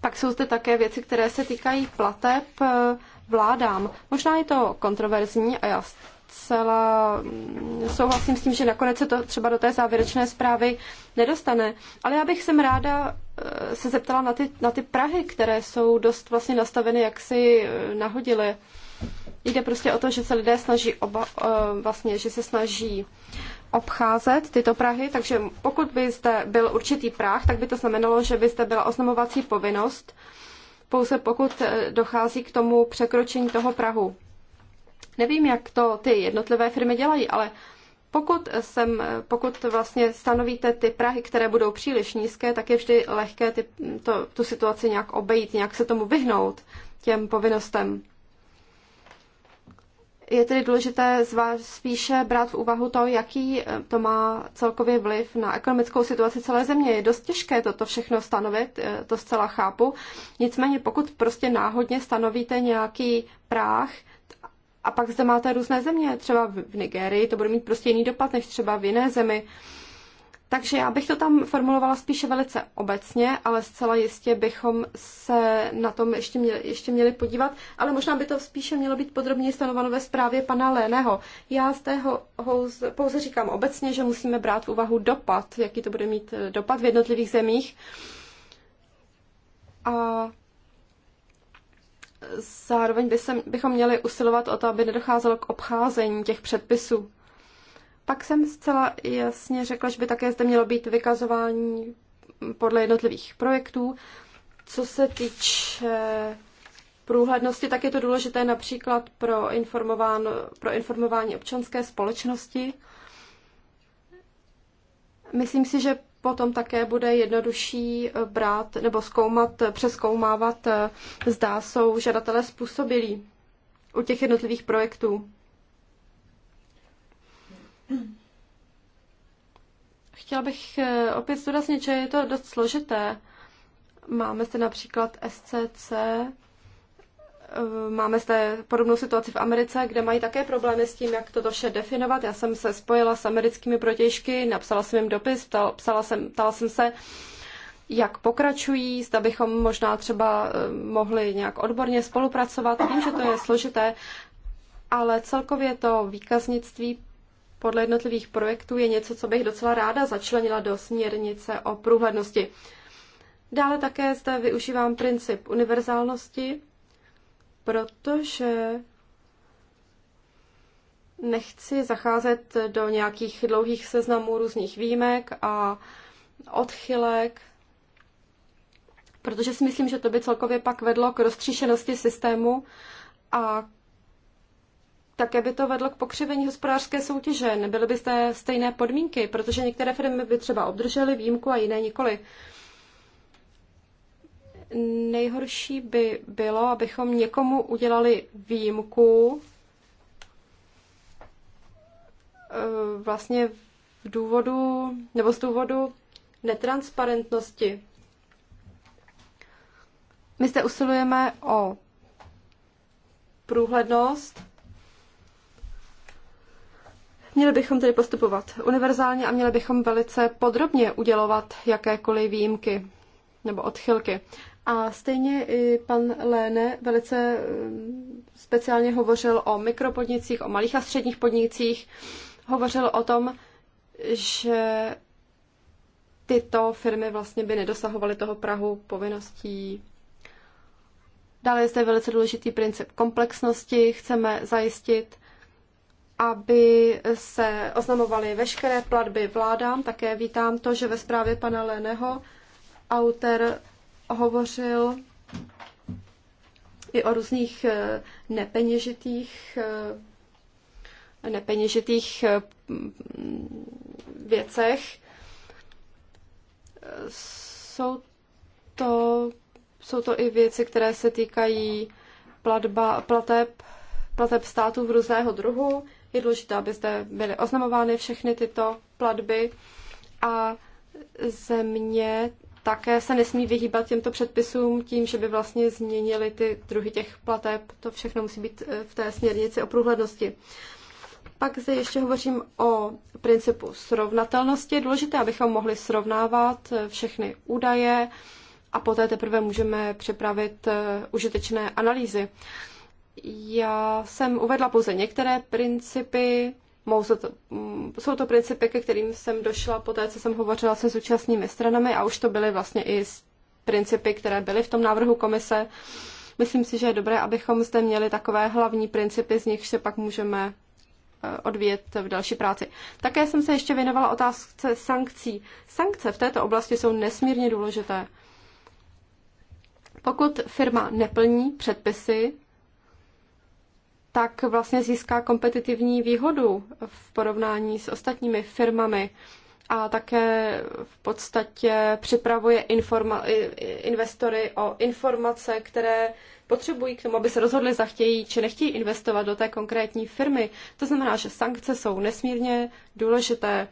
Pak jsou zde také věci, které se týkají plateb eh, vládám. Možná je to kontroverzní a já zcela souhlasím s tím, že nakonec se to třeba do té závěrečné zprávy nedostane. Ale já bych sem ráda eh, se zeptala na ty, na ty Prahy, které jsou dost vlastně nastaveny, jak si eh, nahodily. Jde prostě o to, že se lidé snaží oba, eh, vlastně, že se snaží obcházet tyto Prahy, takže pokud by zde byl určitý práh, tak by to znamenalo, že by zde byla oznamovací povinnost, pouze pokud dochází k tomu překročení toho Prahu. Nevím, jak to ty jednotlivé firmy dělají, ale pokud, sem, pokud vlastně stanovíte ty Prahy, které budou příliš nízké, tak je vždy lehké ty, to, tu situaci nějak obejít, nějak se tomu vyhnout, těm povinnostem. Je tedy důležité zvá, spíše brát v úvahu to, jaký eh, to má celkově vliv na ekonomickou situaci celé země. Je dost těžké toto všechno stanovit, eh, to zcela chápu. Nicméně pokud prostě náhodně stanovíte nějaký práh, a pak zde máte různé země, třeba v Nigérii to bude mít prostě jiný dopad než třeba v jiné zemi. Takže já bych to tam formulovala spíše velice obecně, ale zcela jistě bychom se na tom ještě měli, ještě měli podívat, ale možná by to spíše mělo být podrobněji stanoveno ve zprávě pana Léného. Já z tého pouze říkám obecně, že musíme brát v úvahu dopad, jaký to bude mít dopad v jednotlivých zemích. A zároveň by se, bychom měli usilovat o to, aby nedocházelo k obcházení těch předpisů. Pak jsem zcela jasně řekla, že by také zde mělo být vykazování podle jednotlivých projektů. Co se týče průhlednosti, tak je to důležité například pro, informován, pro informování občanské společnosti. Myslím si, že potom také bude jednodušší eh, brát nebo zkoumat, eh, přeskoumávat, eh, zdá jsou žadatelé způsobilí u těch jednotlivých projektů. Chtěla bych opět zdůraznit, že je to dost složité. Máme se například SCC, Eh, máme zde podobnou situaci v Americe, kde mají také problémy s tím, jak toto vše definovat. Já jsem se spojila s americkými protěžky, napsala jsem jim dopis, ptala, psala jsem, ptala jsem se, jak pokračují, zda bychom možná třeba eh, mohli nějak odborně spolupracovat. Vím, že to je složité, ale celkově to výkaznictví podle jednotlivých projektů je něco, co bych docela ráda začlenila do směrnice o průhlednosti. Dále také zde využívám princip univerzálnosti, protože nechci zacházet do nějakých dlouhých seznamů různých výjimek a odchylek, protože si myslím, že to by celkově pak vedlo k roztříšenosti systému a také by to vedlo k pokřivení hospodářské soutěže. Nebyly by zde stejné podmínky, protože některé firmy by třeba obdržely výjimku a jiné nikoli nejhorší by bylo, abychom někomu udělali výjimku eh, vlastně v důvodu, nebo z důvodu netransparentnosti. My se usilujeme o průhlednost. Měli bychom tedy postupovat univerzálně a měli bychom velice podrobně udělovat jakékoliv výjimky nebo odchylky. A stejně i pan Léne velice mm, speciálně hovořil o mikropodnicích, o malých a středních podnicích. Hovořil o tom, že tyto firmy vlastně by nedosahovaly toho Prahu povinností. Dále je zde velice důležitý princip komplexnosti. Chceme zajistit, aby se oznamovaly veškeré platby vládám. Také vítám to, že ve zprávě pana Léneho autor hovořil i o různých eh, nepeněžitých eh, nepeněžitých eh, mm, věcech. Jsou to, jsou to i věci, které se týkají platba, plateb, plateb států v různého druhu. Je důležité, aby zde byly oznamovány všechny tyto platby a země také se nesmí vyhýbat těmto předpisům tím, že by vlastně změnili ty druhy těch plateb. To všechno musí být eh, v té směrnici o průhlednosti. Pak zde ještě hovořím o principu srovnatelnosti. Je důležité, abychom mohli srovnávat eh, všechny údaje a poté teprve můžeme připravit eh, užitečné analýzy. Já jsem uvedla pouze některé principy, Mm, jsou to principy, ke kterým jsem došla po té, co jsem hovořila se zúčastními stranami a už to byly vlastně i principy, které byly v tom návrhu komise. Myslím si, že je dobré, abychom zde měli takové hlavní principy, z nich se pak můžeme eh, odvíjet v další práci. Také jsem se ještě věnovala otázce sankcí. Sankce v této oblasti jsou nesmírně důležité. Pokud firma neplní předpisy, tak vlastně získá kompetitivní výhodu v porovnání s ostatními firmami a také v podstatě připravuje informa- investory o informace, které potřebují k tomu, aby se rozhodli, zda chtějí či nechtějí investovat do té konkrétní firmy. To znamená, že sankce jsou nesmírně důležité.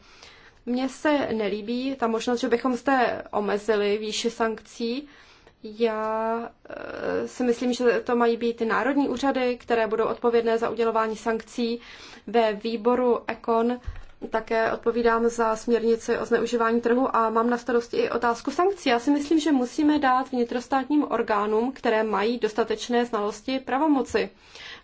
Mně se nelíbí ta možnost, že bychom zde omezili výši sankcí, já eh, si myslím, že to mají být národní úřady, které budou odpovědné za udělování sankcí. Ve výboru ECON také odpovídám za směrnici o zneužívání trhu a mám na starosti i otázku sankcí. Já si myslím, že musíme dát vnitrostátním orgánům, které mají dostatečné znalosti pravomoci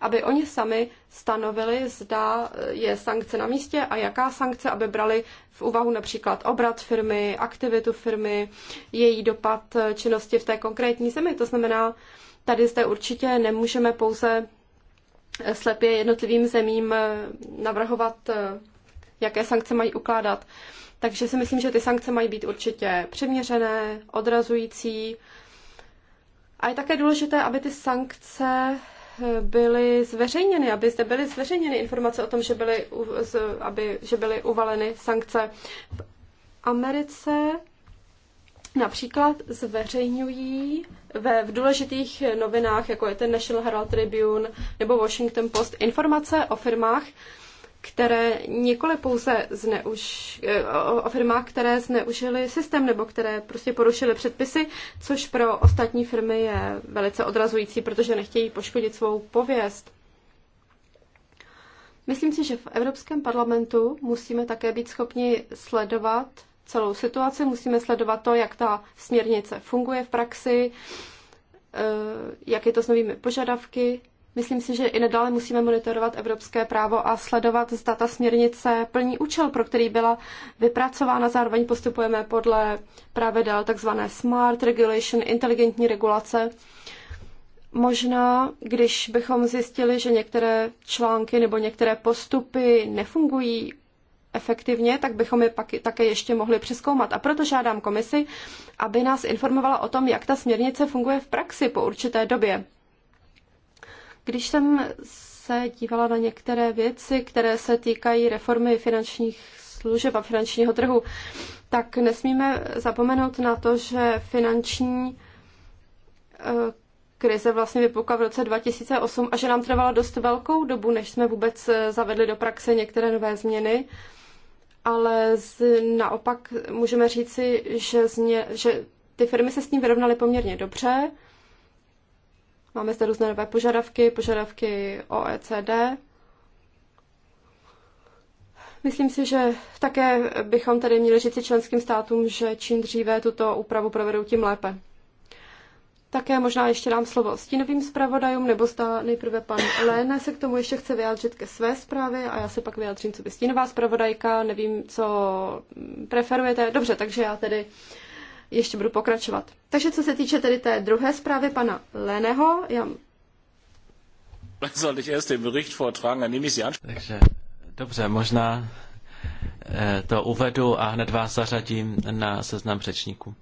aby oni sami stanovili, zda eh, je sankce na místě a jaká sankce, aby brali v úvahu například obrat firmy, aktivitu firmy, její dopad eh, činnosti v té konkrétní zemi. To znamená, tady zde určitě nemůžeme pouze eh, slepě jednotlivým zemím navrhovat, jaké sankce mají ukládat. Takže si myslím, že ty sankce mají být určitě přiměřené, odrazující. A je také důležité, aby ty sankce byly zveřejněny, aby zde byly zveřejněny informace o tom, že byly, aby, že byly uvaleny sankce. V Americe například zveřejňují ve, v důležitých novinách, jako je ten National Herald Tribune nebo Washington Post, informace o firmách, které nikoli pouze zneuž, eh, o firmách, které zneužily systém nebo které prostě porušily předpisy, což pro ostatní firmy je velice odrazující, protože nechtějí poškodit svou pověst. Myslím si, že v Evropském parlamentu musíme také být schopni sledovat celou situaci, musíme sledovat to, jak ta směrnice funguje v praxi, eh, jak je to s novými požadavky, Myslím si, že i nadále musíme monitorovat evropské právo a sledovat, zda ta směrnice plní účel, pro který byla vypracována. Zároveň postupujeme podle pravidel tzv. smart regulation, inteligentní regulace. Možná, když bychom zjistili, že některé články nebo některé postupy nefungují efektivně, tak bychom je pak také ještě mohli přeskoumat. A proto žádám komisi, aby nás informovala o tom, jak ta směrnice funguje v praxi po určité době. Když jsem se dívala na některé věci, které se týkají reformy finančních služeb a finančního trhu, tak nesmíme zapomenout na to, že finanční eh, krize vlastně vypukla v roce 2008 a že nám trvalo dost velkou dobu, než jsme vůbec eh, zavedli do praxe některé nové změny. Ale z, naopak můžeme říci, že, zně, že ty firmy se s tím vyrovnaly poměrně dobře, Máme zde různé nové požadavky, požadavky OECD. Myslím si, že také bychom tady měli říct členským státům, že čím dříve tuto úpravu provedou, tím lépe. Také možná ještě dám slovo stínovým zpravodajům, nebo zda nejprve pan Léne se k tomu ještě chce vyjádřit ke své zprávě a já se pak vyjádřím, co by stínová zpravodajka, nevím, co preferujete. Dobře, takže já tedy uh, ještě budu pokračovat. Takže co se týče tedy té druhé zprávy pana Leného, já... Sollte ich erst den Bericht vortragen, dann nehme ich Sie an. Takže, dobře, možná eh, to uvedu a hned vás zařadím na seznam řečníků.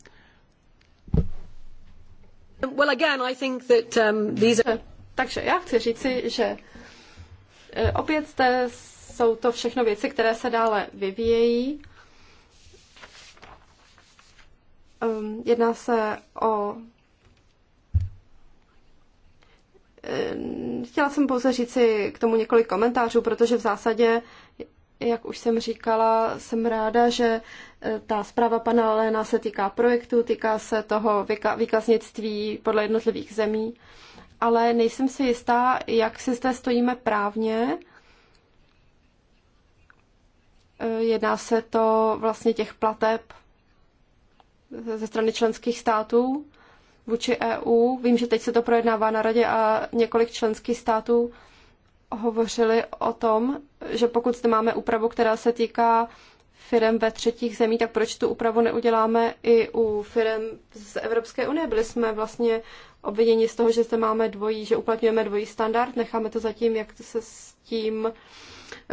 Well, again, I think that, um, these are... Takže já chci říci, že eh, opět jsou to všechno věci, které se dále vyvíjejí Ehm, jedná se o ehm, Chtěla jsem pouze říci k tomu několik komentářů, protože v zásadě, jak už jsem říkala, jsem ráda, že e, ta zpráva pana Léna se týká projektu, týká se toho výkaznictví podle jednotlivých zemí, ale nejsem si jistá, jak si zde stojíme právně. E, jedná se to vlastně těch plateb ze strany členských států vůči EU. Vím, že teď se to projednává na radě a několik členských států hovořili o tom, že pokud zde máme úpravu, která se týká firm ve třetích zemích, tak proč tu úpravu neuděláme i u firm z Evropské unie? Byli jsme vlastně obviněni z toho, že zde máme dvojí, že uplatňujeme dvojí standard, necháme to zatím, jak se s tím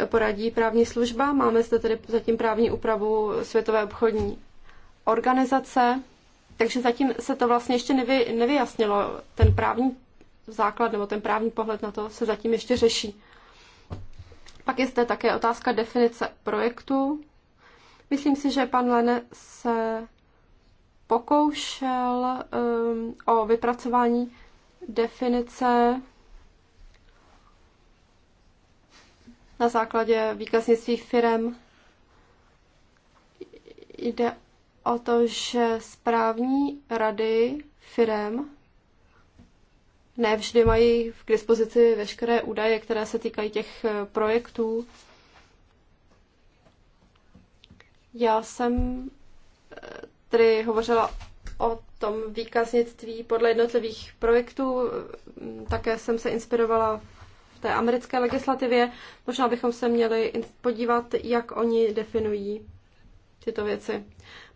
poradí právní služba. Máme zde tedy zatím právní úpravu Světové obchodní organizace, takže zatím se to vlastně ještě nevy, nevyjasnilo. Ten právní základ nebo ten právní pohled na to se zatím ještě řeší. Pak je zde také otázka definice projektu. Myslím si, že pan Lene se pokoušel um, o vypracování definice na základě výkaznictví firem. Jde o to, že správní rady firem nevždy mají k dispozici veškeré údaje, které se týkají těch eh, projektů. Já jsem eh, tedy hovořila o tom výkaznictví podle jednotlivých projektů. Eh, také jsem se inspirovala v té americké legislativě. Možná bychom se měli podívat, jak oni definují tyto věci.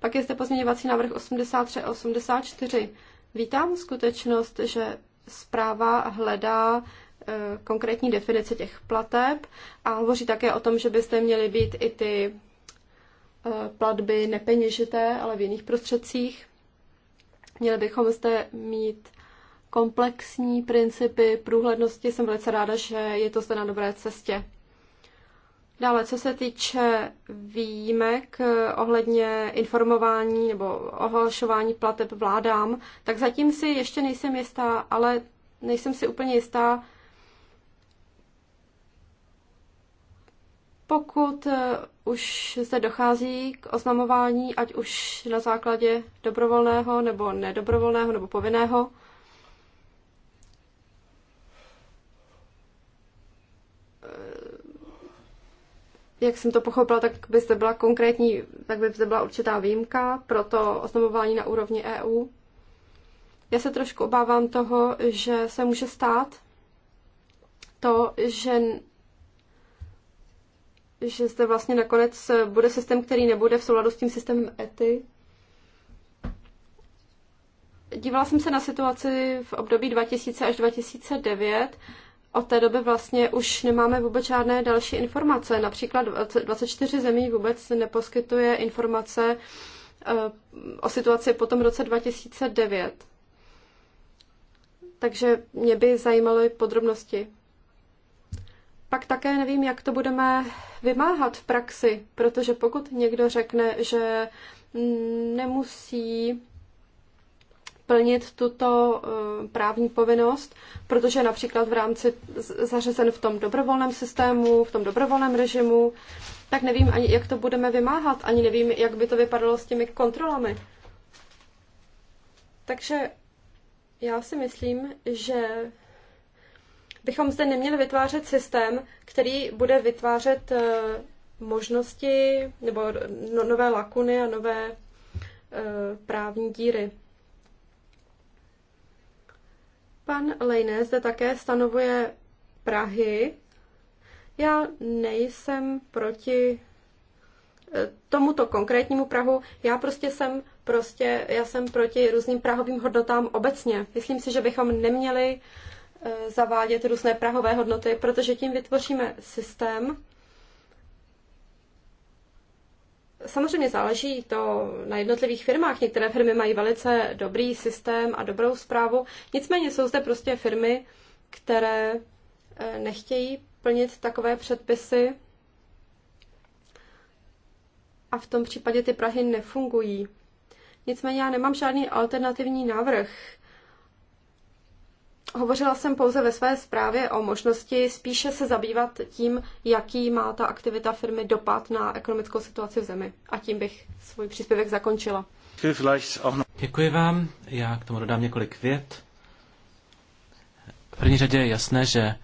Pak je zde pozměňovací návrh 83 a 84. Vítám skutečnost, že zpráva hledá eh, konkrétní definice těch plateb a hovoří také o tom, že byste měli být i ty eh, platby nepeněžité, ale v jiných prostředcích. Měli bychom zde mít komplexní principy průhlednosti. Jsem velice ráda, že je to zde na dobré cestě. Dále, co se týče výjimek eh, ohledně informování nebo ohlašování plateb vládám, tak zatím si ještě nejsem jistá, ale nejsem si úplně jistá, pokud eh, už se dochází k oznamování, ať už na základě dobrovolného nebo nedobrovolného nebo povinného, jak jsem to pochopila, tak by zde byla konkrétní, tak by zde byla určitá výjimka pro to oznamování na úrovni EU. Já se trošku obávám toho, že se může stát to, že že zde vlastně nakonec bude systém, který nebude v souladu s tím systémem ETI. Dívala jsem se na situaci v období 2000 až 2009 od té doby vlastně už nemáme vůbec žádné další informace. Například 24 zemí vůbec neposkytuje informace eh, o situaci po tom roce 2009. Takže mě by zajímaly podrobnosti. Pak také nevím, jak to budeme vymáhat v praxi, protože pokud někdo řekne, že nemusí plnit tuto eh, právní povinnost, protože například v rámci zařazen v tom dobrovolném systému, v tom dobrovolném režimu, tak nevím ani, jak to budeme vymáhat, ani nevím, jak by to vypadalo s těmi kontrolami. Takže já si myslím, že bychom zde neměli vytvářet systém, který bude vytvářet eh, možnosti nebo eh, no, nové lakuny a nové právní díry. Pan Lejné zde také stanovuje Prahy. Já nejsem proti eh, tomuto konkrétnímu Prahu. Já prostě jsem prostě, já jsem proti různým prahovým hodnotám obecně. Myslím si, že bychom neměli eh, zavádět různé prahové hodnoty, protože tím vytvoříme systém, Samozřejmě záleží to na jednotlivých firmách. Některé firmy mají velice dobrý systém a dobrou zprávu. Nicméně jsou zde prostě firmy, které eh, nechtějí plnit takové předpisy a v tom případě ty Prahy nefungují. Nicméně já nemám žádný alternativní návrh. Hovořila jsem pouze ve své zprávě o možnosti spíše se zabývat tím, jaký má ta aktivita firmy dopad na ekonomickou situaci v zemi. A tím bych svůj příspěvek zakončila. Děkuji vám. Já k tomu dodám několik vět. V první řadě je jasné, že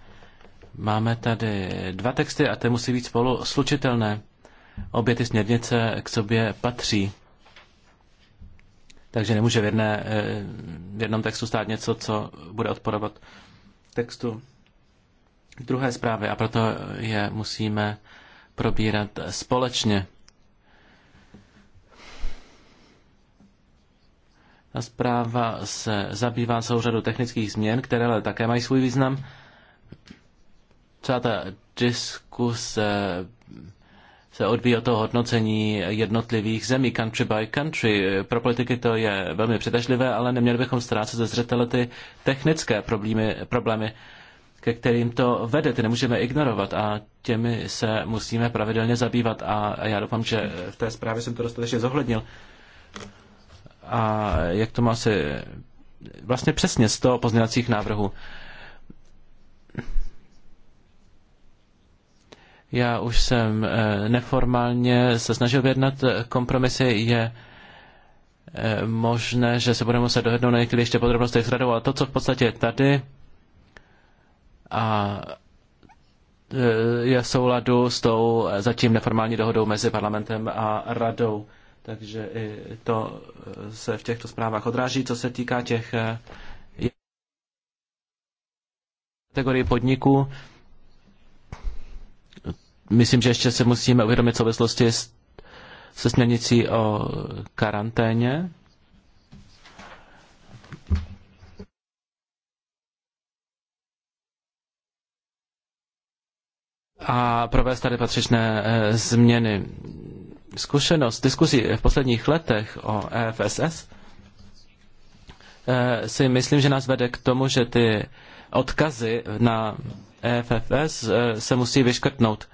máme tady dva texty a ty musí být spolu slučitelné. Obě ty směrnice k sobě patří. Takže nemůže v, jedné, eh, v jednom textu stát něco, co bude odporovat textu druhé zprávy a proto je musíme probírat společně. Ta zpráva se zabývá řadu technických změn, které ale také mají svůj význam. Třeba ta diskuse se odvíjí od toho hodnocení jednotlivých zemí, country by country. Pro politiky to je velmi přitažlivé, ale neměli bychom ztrácet ze zřetele ty technické problémy, problémy ke kterým to vede, ty nemůžeme ignorovat a těmi se musíme pravidelně zabývat a já doufám, že v té zprávě jsem to dostatečně zohlednil. A jak to má se vlastně přesně 100 pozměňovacích návrhů. Já už jsem eh, neformálně se snažil vyjednat eh, kompromisy. Je eh, možné, že se budeme muset dohodnout na některých ještě podrobnosti s radou, ale to, co v podstatě je tady a je v souladu s tou zatím neformální dohodou mezi parlamentem a radou. Takže i to se v těchto zprávách odráží, co se týká těch kategorii podniků myslím, že ještě se musíme uvědomit souvislosti se směrnicí o karanténě. A provést tady patřičné eh, změny. Zkušenost diskuzí v posledních letech o EFSS eh, si myslím, že nás vede k tomu, že ty odkazy na EFFS eh, se musí vyškrtnout.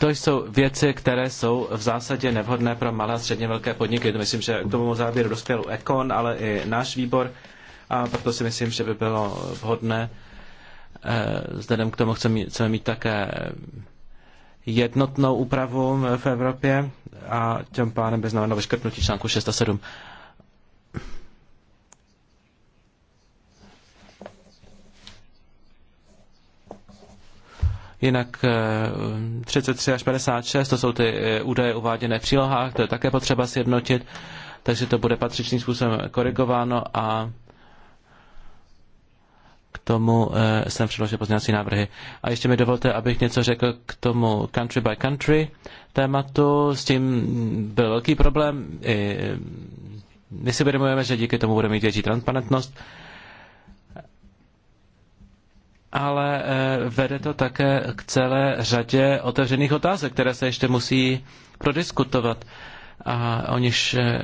To jsou věci, které jsou v zásadě nevhodné pro malé a středně velké podniky. To myslím, že k tomu závěru dospěl Ekon, ale i náš výbor. A proto si myslím, že by bylo vhodné, eh, vzhledem k tomu chceme mít, chceme mít také jednotnou úpravu v Evropě a tím pádem by znamenalo vyškrtnutí článku 6 a 7. Jinak 33 eh, až 56, to jsou ty eh, údaje uváděné v přílohách, to je také potřeba sjednotit, takže to bude patřičným způsobem korigováno a k tomu eh, jsem předložil pozměňovací návrhy. A ještě mi dovolte, abych něco řekl k tomu country by country tématu. S tím byl velký problém. I my si uvědomujeme, že díky tomu budeme mít větší transparentnost ale eh, vede to také k celé řadě otevřených otázek, které se ještě musí prodiskutovat a o niž eh,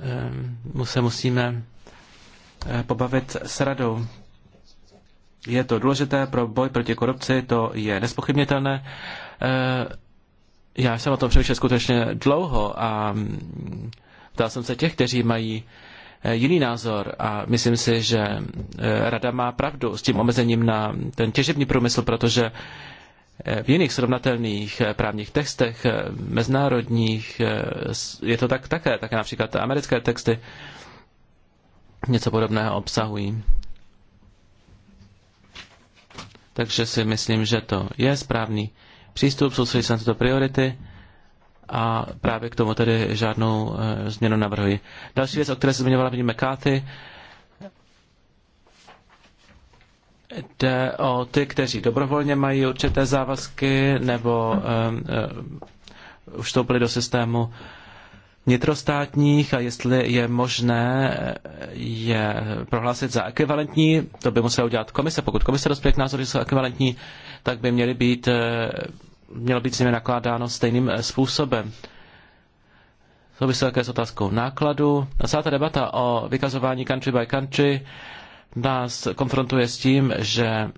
eh, se musíme pobavit s radou. Je to důležité pro boj proti korupci, to je nespochybnitelné. Já jsem o tom přemýšlel skutečně dlouho a mm, ptal jsem se těch, kteří mají Eh, jiný názor a myslím si, že eh, rada má pravdu s tím omezením na ten těžební průmysl, protože eh, v jiných srovnatelných právních textech mezinárodních je to tak také, také například americké texty něco podobného obsahují. Takže si myslím, že to je správný přístup, soustředit se na tyto priority a právě k tomu tedy žádnou eh, změnu navrhuji. Další věc, o které se zmiňovala paní Mekáty, jde o ty, kteří dobrovolně mají určité závazky nebo um, um, už vstoupili do systému vnitrostátních a jestli je možné je prohlásit za ekvivalentní, to by musela udělat komise. Pokud komise dospěje k názoru, že jsou ekvivalentní, tak by měly být mělo být s nimi nakládáno stejným eh, způsobem. se také s otázkou nákladu. Celá ta debata o vykazování country by country nás konfrontuje s tím, že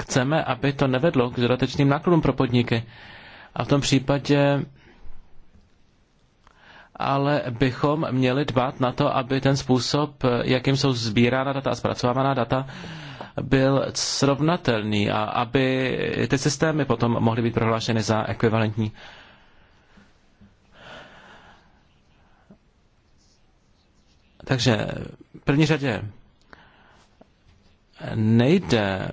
chceme, aby to nevedlo k dodatečným nákladům pro podniky. A v tom případě ale bychom měli dbát na to, aby ten způsob, eh, jakým jsou sbírána data a zpracovávaná data, byl srovnatelný a aby ty systémy potom mohly být prohlášeny za ekvivalentní. Takže v první řadě nejde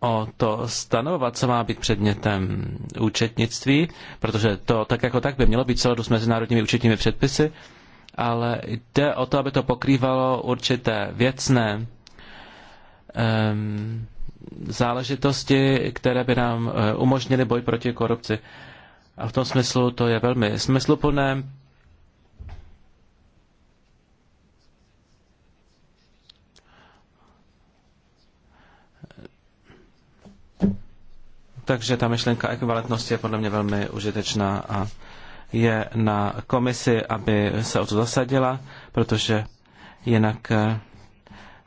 o to stanovovat, co má být předmětem účetnictví, protože to tak jako tak by mělo být celou s mezinárodními účetními předpisy, ale jde o to, aby to pokrývalo určité věcné záležitosti, které by nám eh, umožnily boj proti korupci. A v tom smyslu to je velmi smysluplné. Takže ta myšlenka ekvivalentnosti je podle mě velmi užitečná a je na komisi, aby se o to zasadila, protože jinak eh,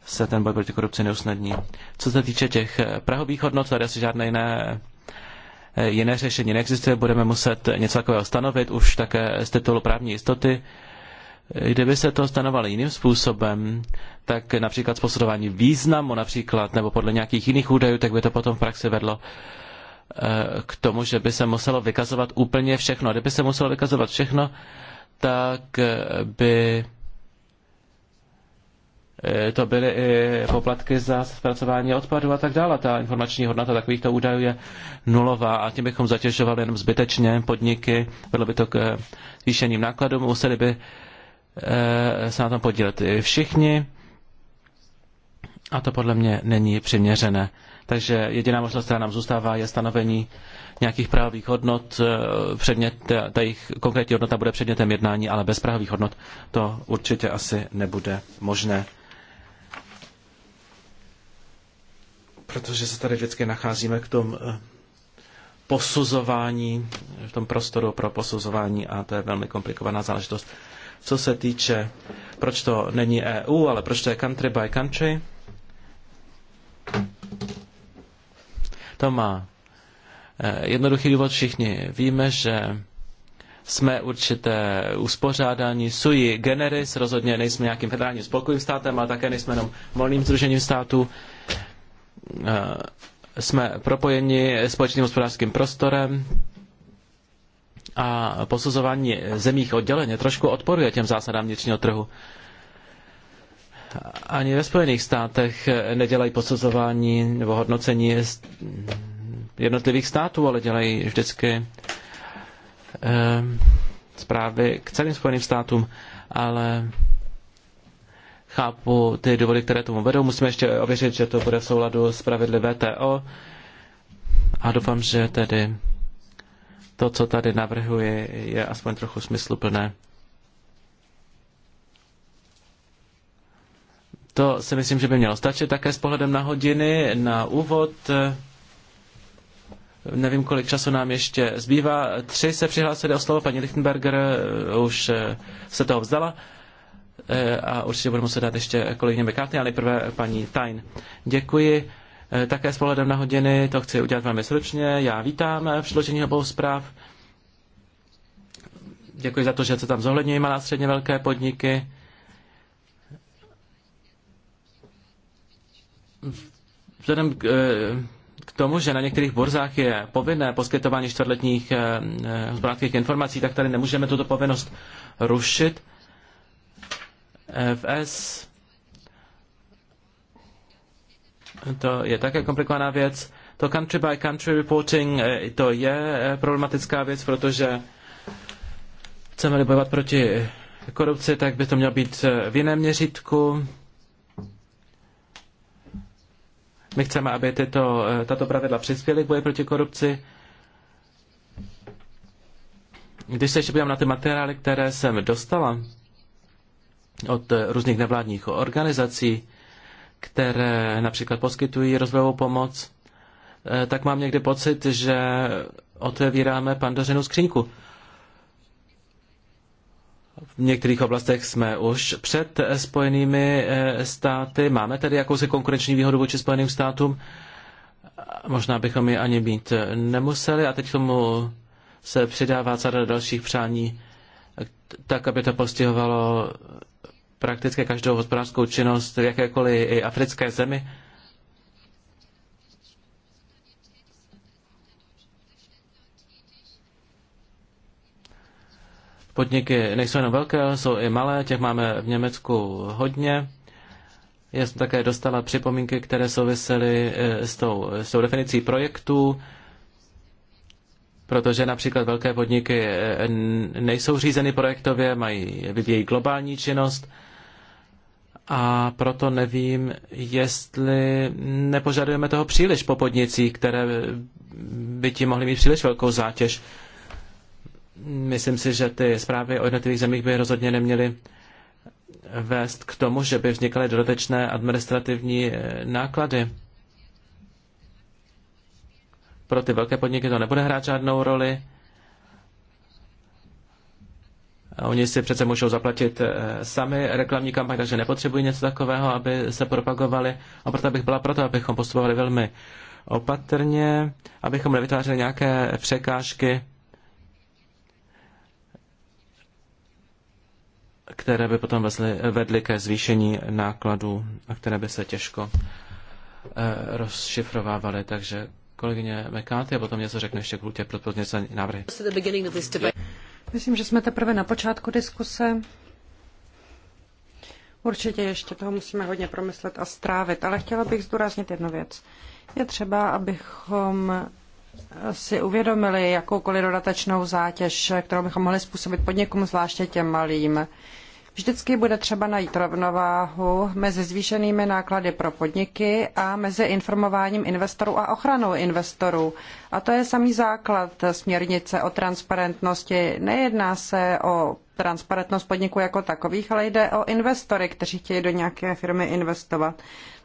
se ten boj proti korupci neusnadní. Co se týče těch eh, prahových hodnot, tady asi žádné jiné eh, jiné řešení neexistuje, budeme muset něco takového stanovit, už také z titulu právní jistoty. Kdyby se to stanovalo jiným způsobem, tak například z posudování významu například, nebo podle nějakých jiných údajů, tak by to potom v praxi vedlo eh, k tomu, že by se muselo vykazovat úplně všechno. Kdyby se muselo vykazovat všechno, tak by E, to byly i poplatky za zpracování odpadu a tak dále. Ta informační hodnota takovýchto údajů je nulová a tím bychom zatěžovali jenom zbytečně podniky, vedlo by to k e, zvýšením nákladů, museli by e, se na tom podílet i všichni a to podle mě není přiměřené. Takže jediná možnost, která nám zůstává, je stanovení nějakých právých hodnot. Předmět, ta jejich konkrétní hodnota bude předmětem jednání, ale bez právých hodnot to určitě asi nebude možné. protože se tady vždycky nacházíme k tomu eh, posuzování, v tom prostoru pro posuzování a to je velmi komplikovaná záležitost. Co se týče, proč to není EU, ale proč to je country by country, to má eh, jednoduchý důvod. Všichni víme, že jsme určité uspořádání sui generis, rozhodně nejsme nějakým federálním spolkovým státem, ale také nejsme jenom volným združením států. Eh, jsme propojeni společným hospodářským prostorem a posuzování zemích odděleně trošku odporuje těm zásadám vnitřního trhu. Ani ve Spojených státech nedělají posuzování nebo hodnocení jednotlivých států, ale dělají vždycky eh, zprávy k celým Spojeným státům, ale chápu ty důvody, které tomu vedou. Musíme ještě ověřit, že to bude v souladu s pravidly VTO a doufám, že tedy to, co tady navrhuji, je aspoň trochu smysluplné. To si myslím, že by mělo stačit také s pohledem na hodiny, na úvod. Nevím, kolik času nám ještě zbývá. Tři se přihlásili o slovo, paní Lichtenberger už se toho vzdala. Eh, a určitě budu muset dát ještě kolegyně Bekáty, ale nejprve paní Tain. Děkuji. Eh, také s pohledem na hodiny to chci udělat velmi stručně. Já vítám eh, složení obou zpráv. Děkuji za to, že se tam zohledňují malá středně velké podniky. Vzhledem k, k tomu, že na některých burzách je povinné poskytování čtvrtletních hospodářských informací, tak tady nemůžeme tuto povinnost rušit. FS. To je také komplikovaná věc. To country by country reporting, eh, to je eh, problematická věc, protože chceme-li bojovat proti korupci, tak by to mělo být eh, v jiném měřítku. My chceme, aby tyto, tato pravidla přispěly k boji proti korupci. Když se ještě podívám na ty materiály, které jsem dostala, od eh, různých nevládních organizací, které například poskytují rozvojovou pomoc, eh, tak mám někdy pocit, že otevíráme pandořinu skřínku. V některých oblastech jsme už před eh, Spojenými státy, máme tedy jakousi konkurenční výhodu vůči Spojeným státům, možná bychom ji ani mít nemuseli a teď k tomu se přidává celá dalších přání, tak aby to postihovalo prakticky každou hospodářskou činnost v jakékoliv i africké zemi. Podniky nejsou jenom velké, jsou i malé, těch máme v Německu hodně. Já jsem také dostala připomínky, které souvisely e, s tou, s tou definicí projektů, protože například velké podniky e, nejsou řízeny projektově, mají, vyvíjí globální činnost a proto nevím, jestli nepožadujeme toho příliš po podnicích, které by ti mohly mít příliš velkou zátěž. Myslím si, že ty zprávy o jednotlivých zemích by rozhodně neměly vést k tomu, že by vznikaly dodatečné administrativní eh, náklady. Pro ty velké podniky to nebude hrát žádnou roli Oni si přece můžou zaplatit eh, sami reklamní kampaň, takže nepotřebují něco takového, aby se propagovali. A proto bych byla proto, abychom postupovali velmi opatrně, abychom nevytvářeli nějaké překážky, které by potom vedly ke zvýšení nákladů a které by se těžko eh, rozšifrovávaly. Takže kolegyně Mekáty a potom něco řekne ještě k protože něco návrhy. Myslím, že jsme teprve na počátku diskuse. Určitě ještě toho musíme hodně promyslet a strávit, ale chtěla bych zdůraznit jednu věc. Je třeba, abychom si uvědomili jakoukoliv dodatečnou zátěž, kterou bychom mohli způsobit podnikům, zvláště těm malým. Vždycky bude třeba najít rovnováhu mezi zvýšenými náklady pro podniky a mezi informováním investorů a ochranou investorů. A to je samý základ směrnice o transparentnosti. Nejedná se o transparentnost podniků jako takových, ale jde o investory, kteří chtějí do nějaké firmy investovat.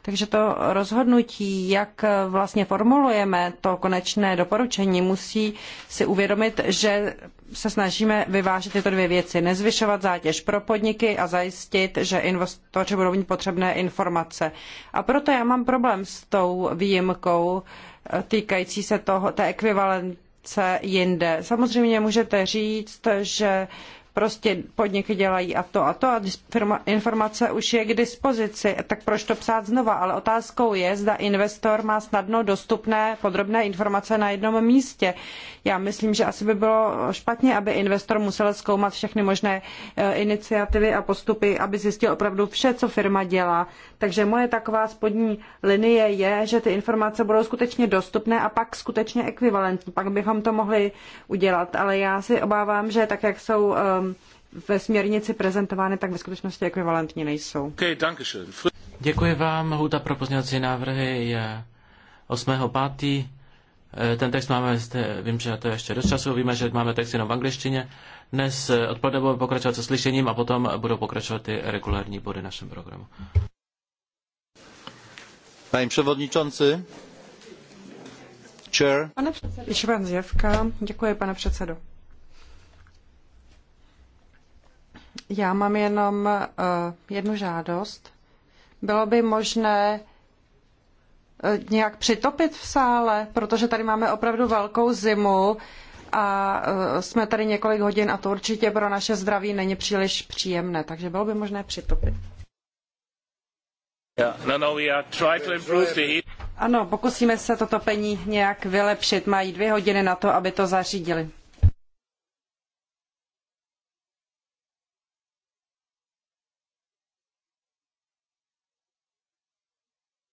Takže to rozhodnutí, jak vlastně formulujeme to konečné doporučení, musí si uvědomit, že se snažíme vyvážit tyto dvě věci. Nezvyšovat zátěž pro podniky a zajistit, že investoři budou mít potřebné informace. A proto já mám problém s tou výjimkou eh, týkající se toho, té ekvivalence jinde. Samozřejmě můžete říct, že prostě podniky dělají a to a to a informace už je k dispozici, tak proč to psát znova? Ale otázkou je, zda investor má snadno dostupné podrobné informace na jednom místě. Já myslím, že asi by bylo špatně, aby investor musel zkoumat všechny možné eh, iniciativy a postupy, aby zjistil opravdu vše, co firma dělá. Takže moje taková spodní linie je, že ty informace budou skutečně dostupné a pak skutečně ekvivalentní. Pak bychom to mohli udělat. Ale já si obávám, že tak, jak jsou eh, Um, ve směrnici prezentovány, tak ve skutečnosti ekvivalentní nejsou. Okay, Děkuji vám. Huta pro pozměňovací návrhy je 8.5. Eh, ten text máme, vím, že to je ještě dost času, víme, že máme text jenom v angličtině. Dnes eh, odpoledne budeme pokračovat se slyšením a potom budou pokračovat ty regulární body našem programu. Pane předsedající, Pane předsedo, děkuji, pane předsedo. Já mám jenom eh, jednu žádost. Bylo by možné eh, nějak přitopit v sále, protože tady máme opravdu velkou zimu a eh, jsme tady několik hodin a to určitě pro naše zdraví není příliš příjemné, takže bylo by možné přitopit. No, no, ano, pokusíme se to topení nějak vylepšit. Mají dvě hodiny na to, aby to zařídili.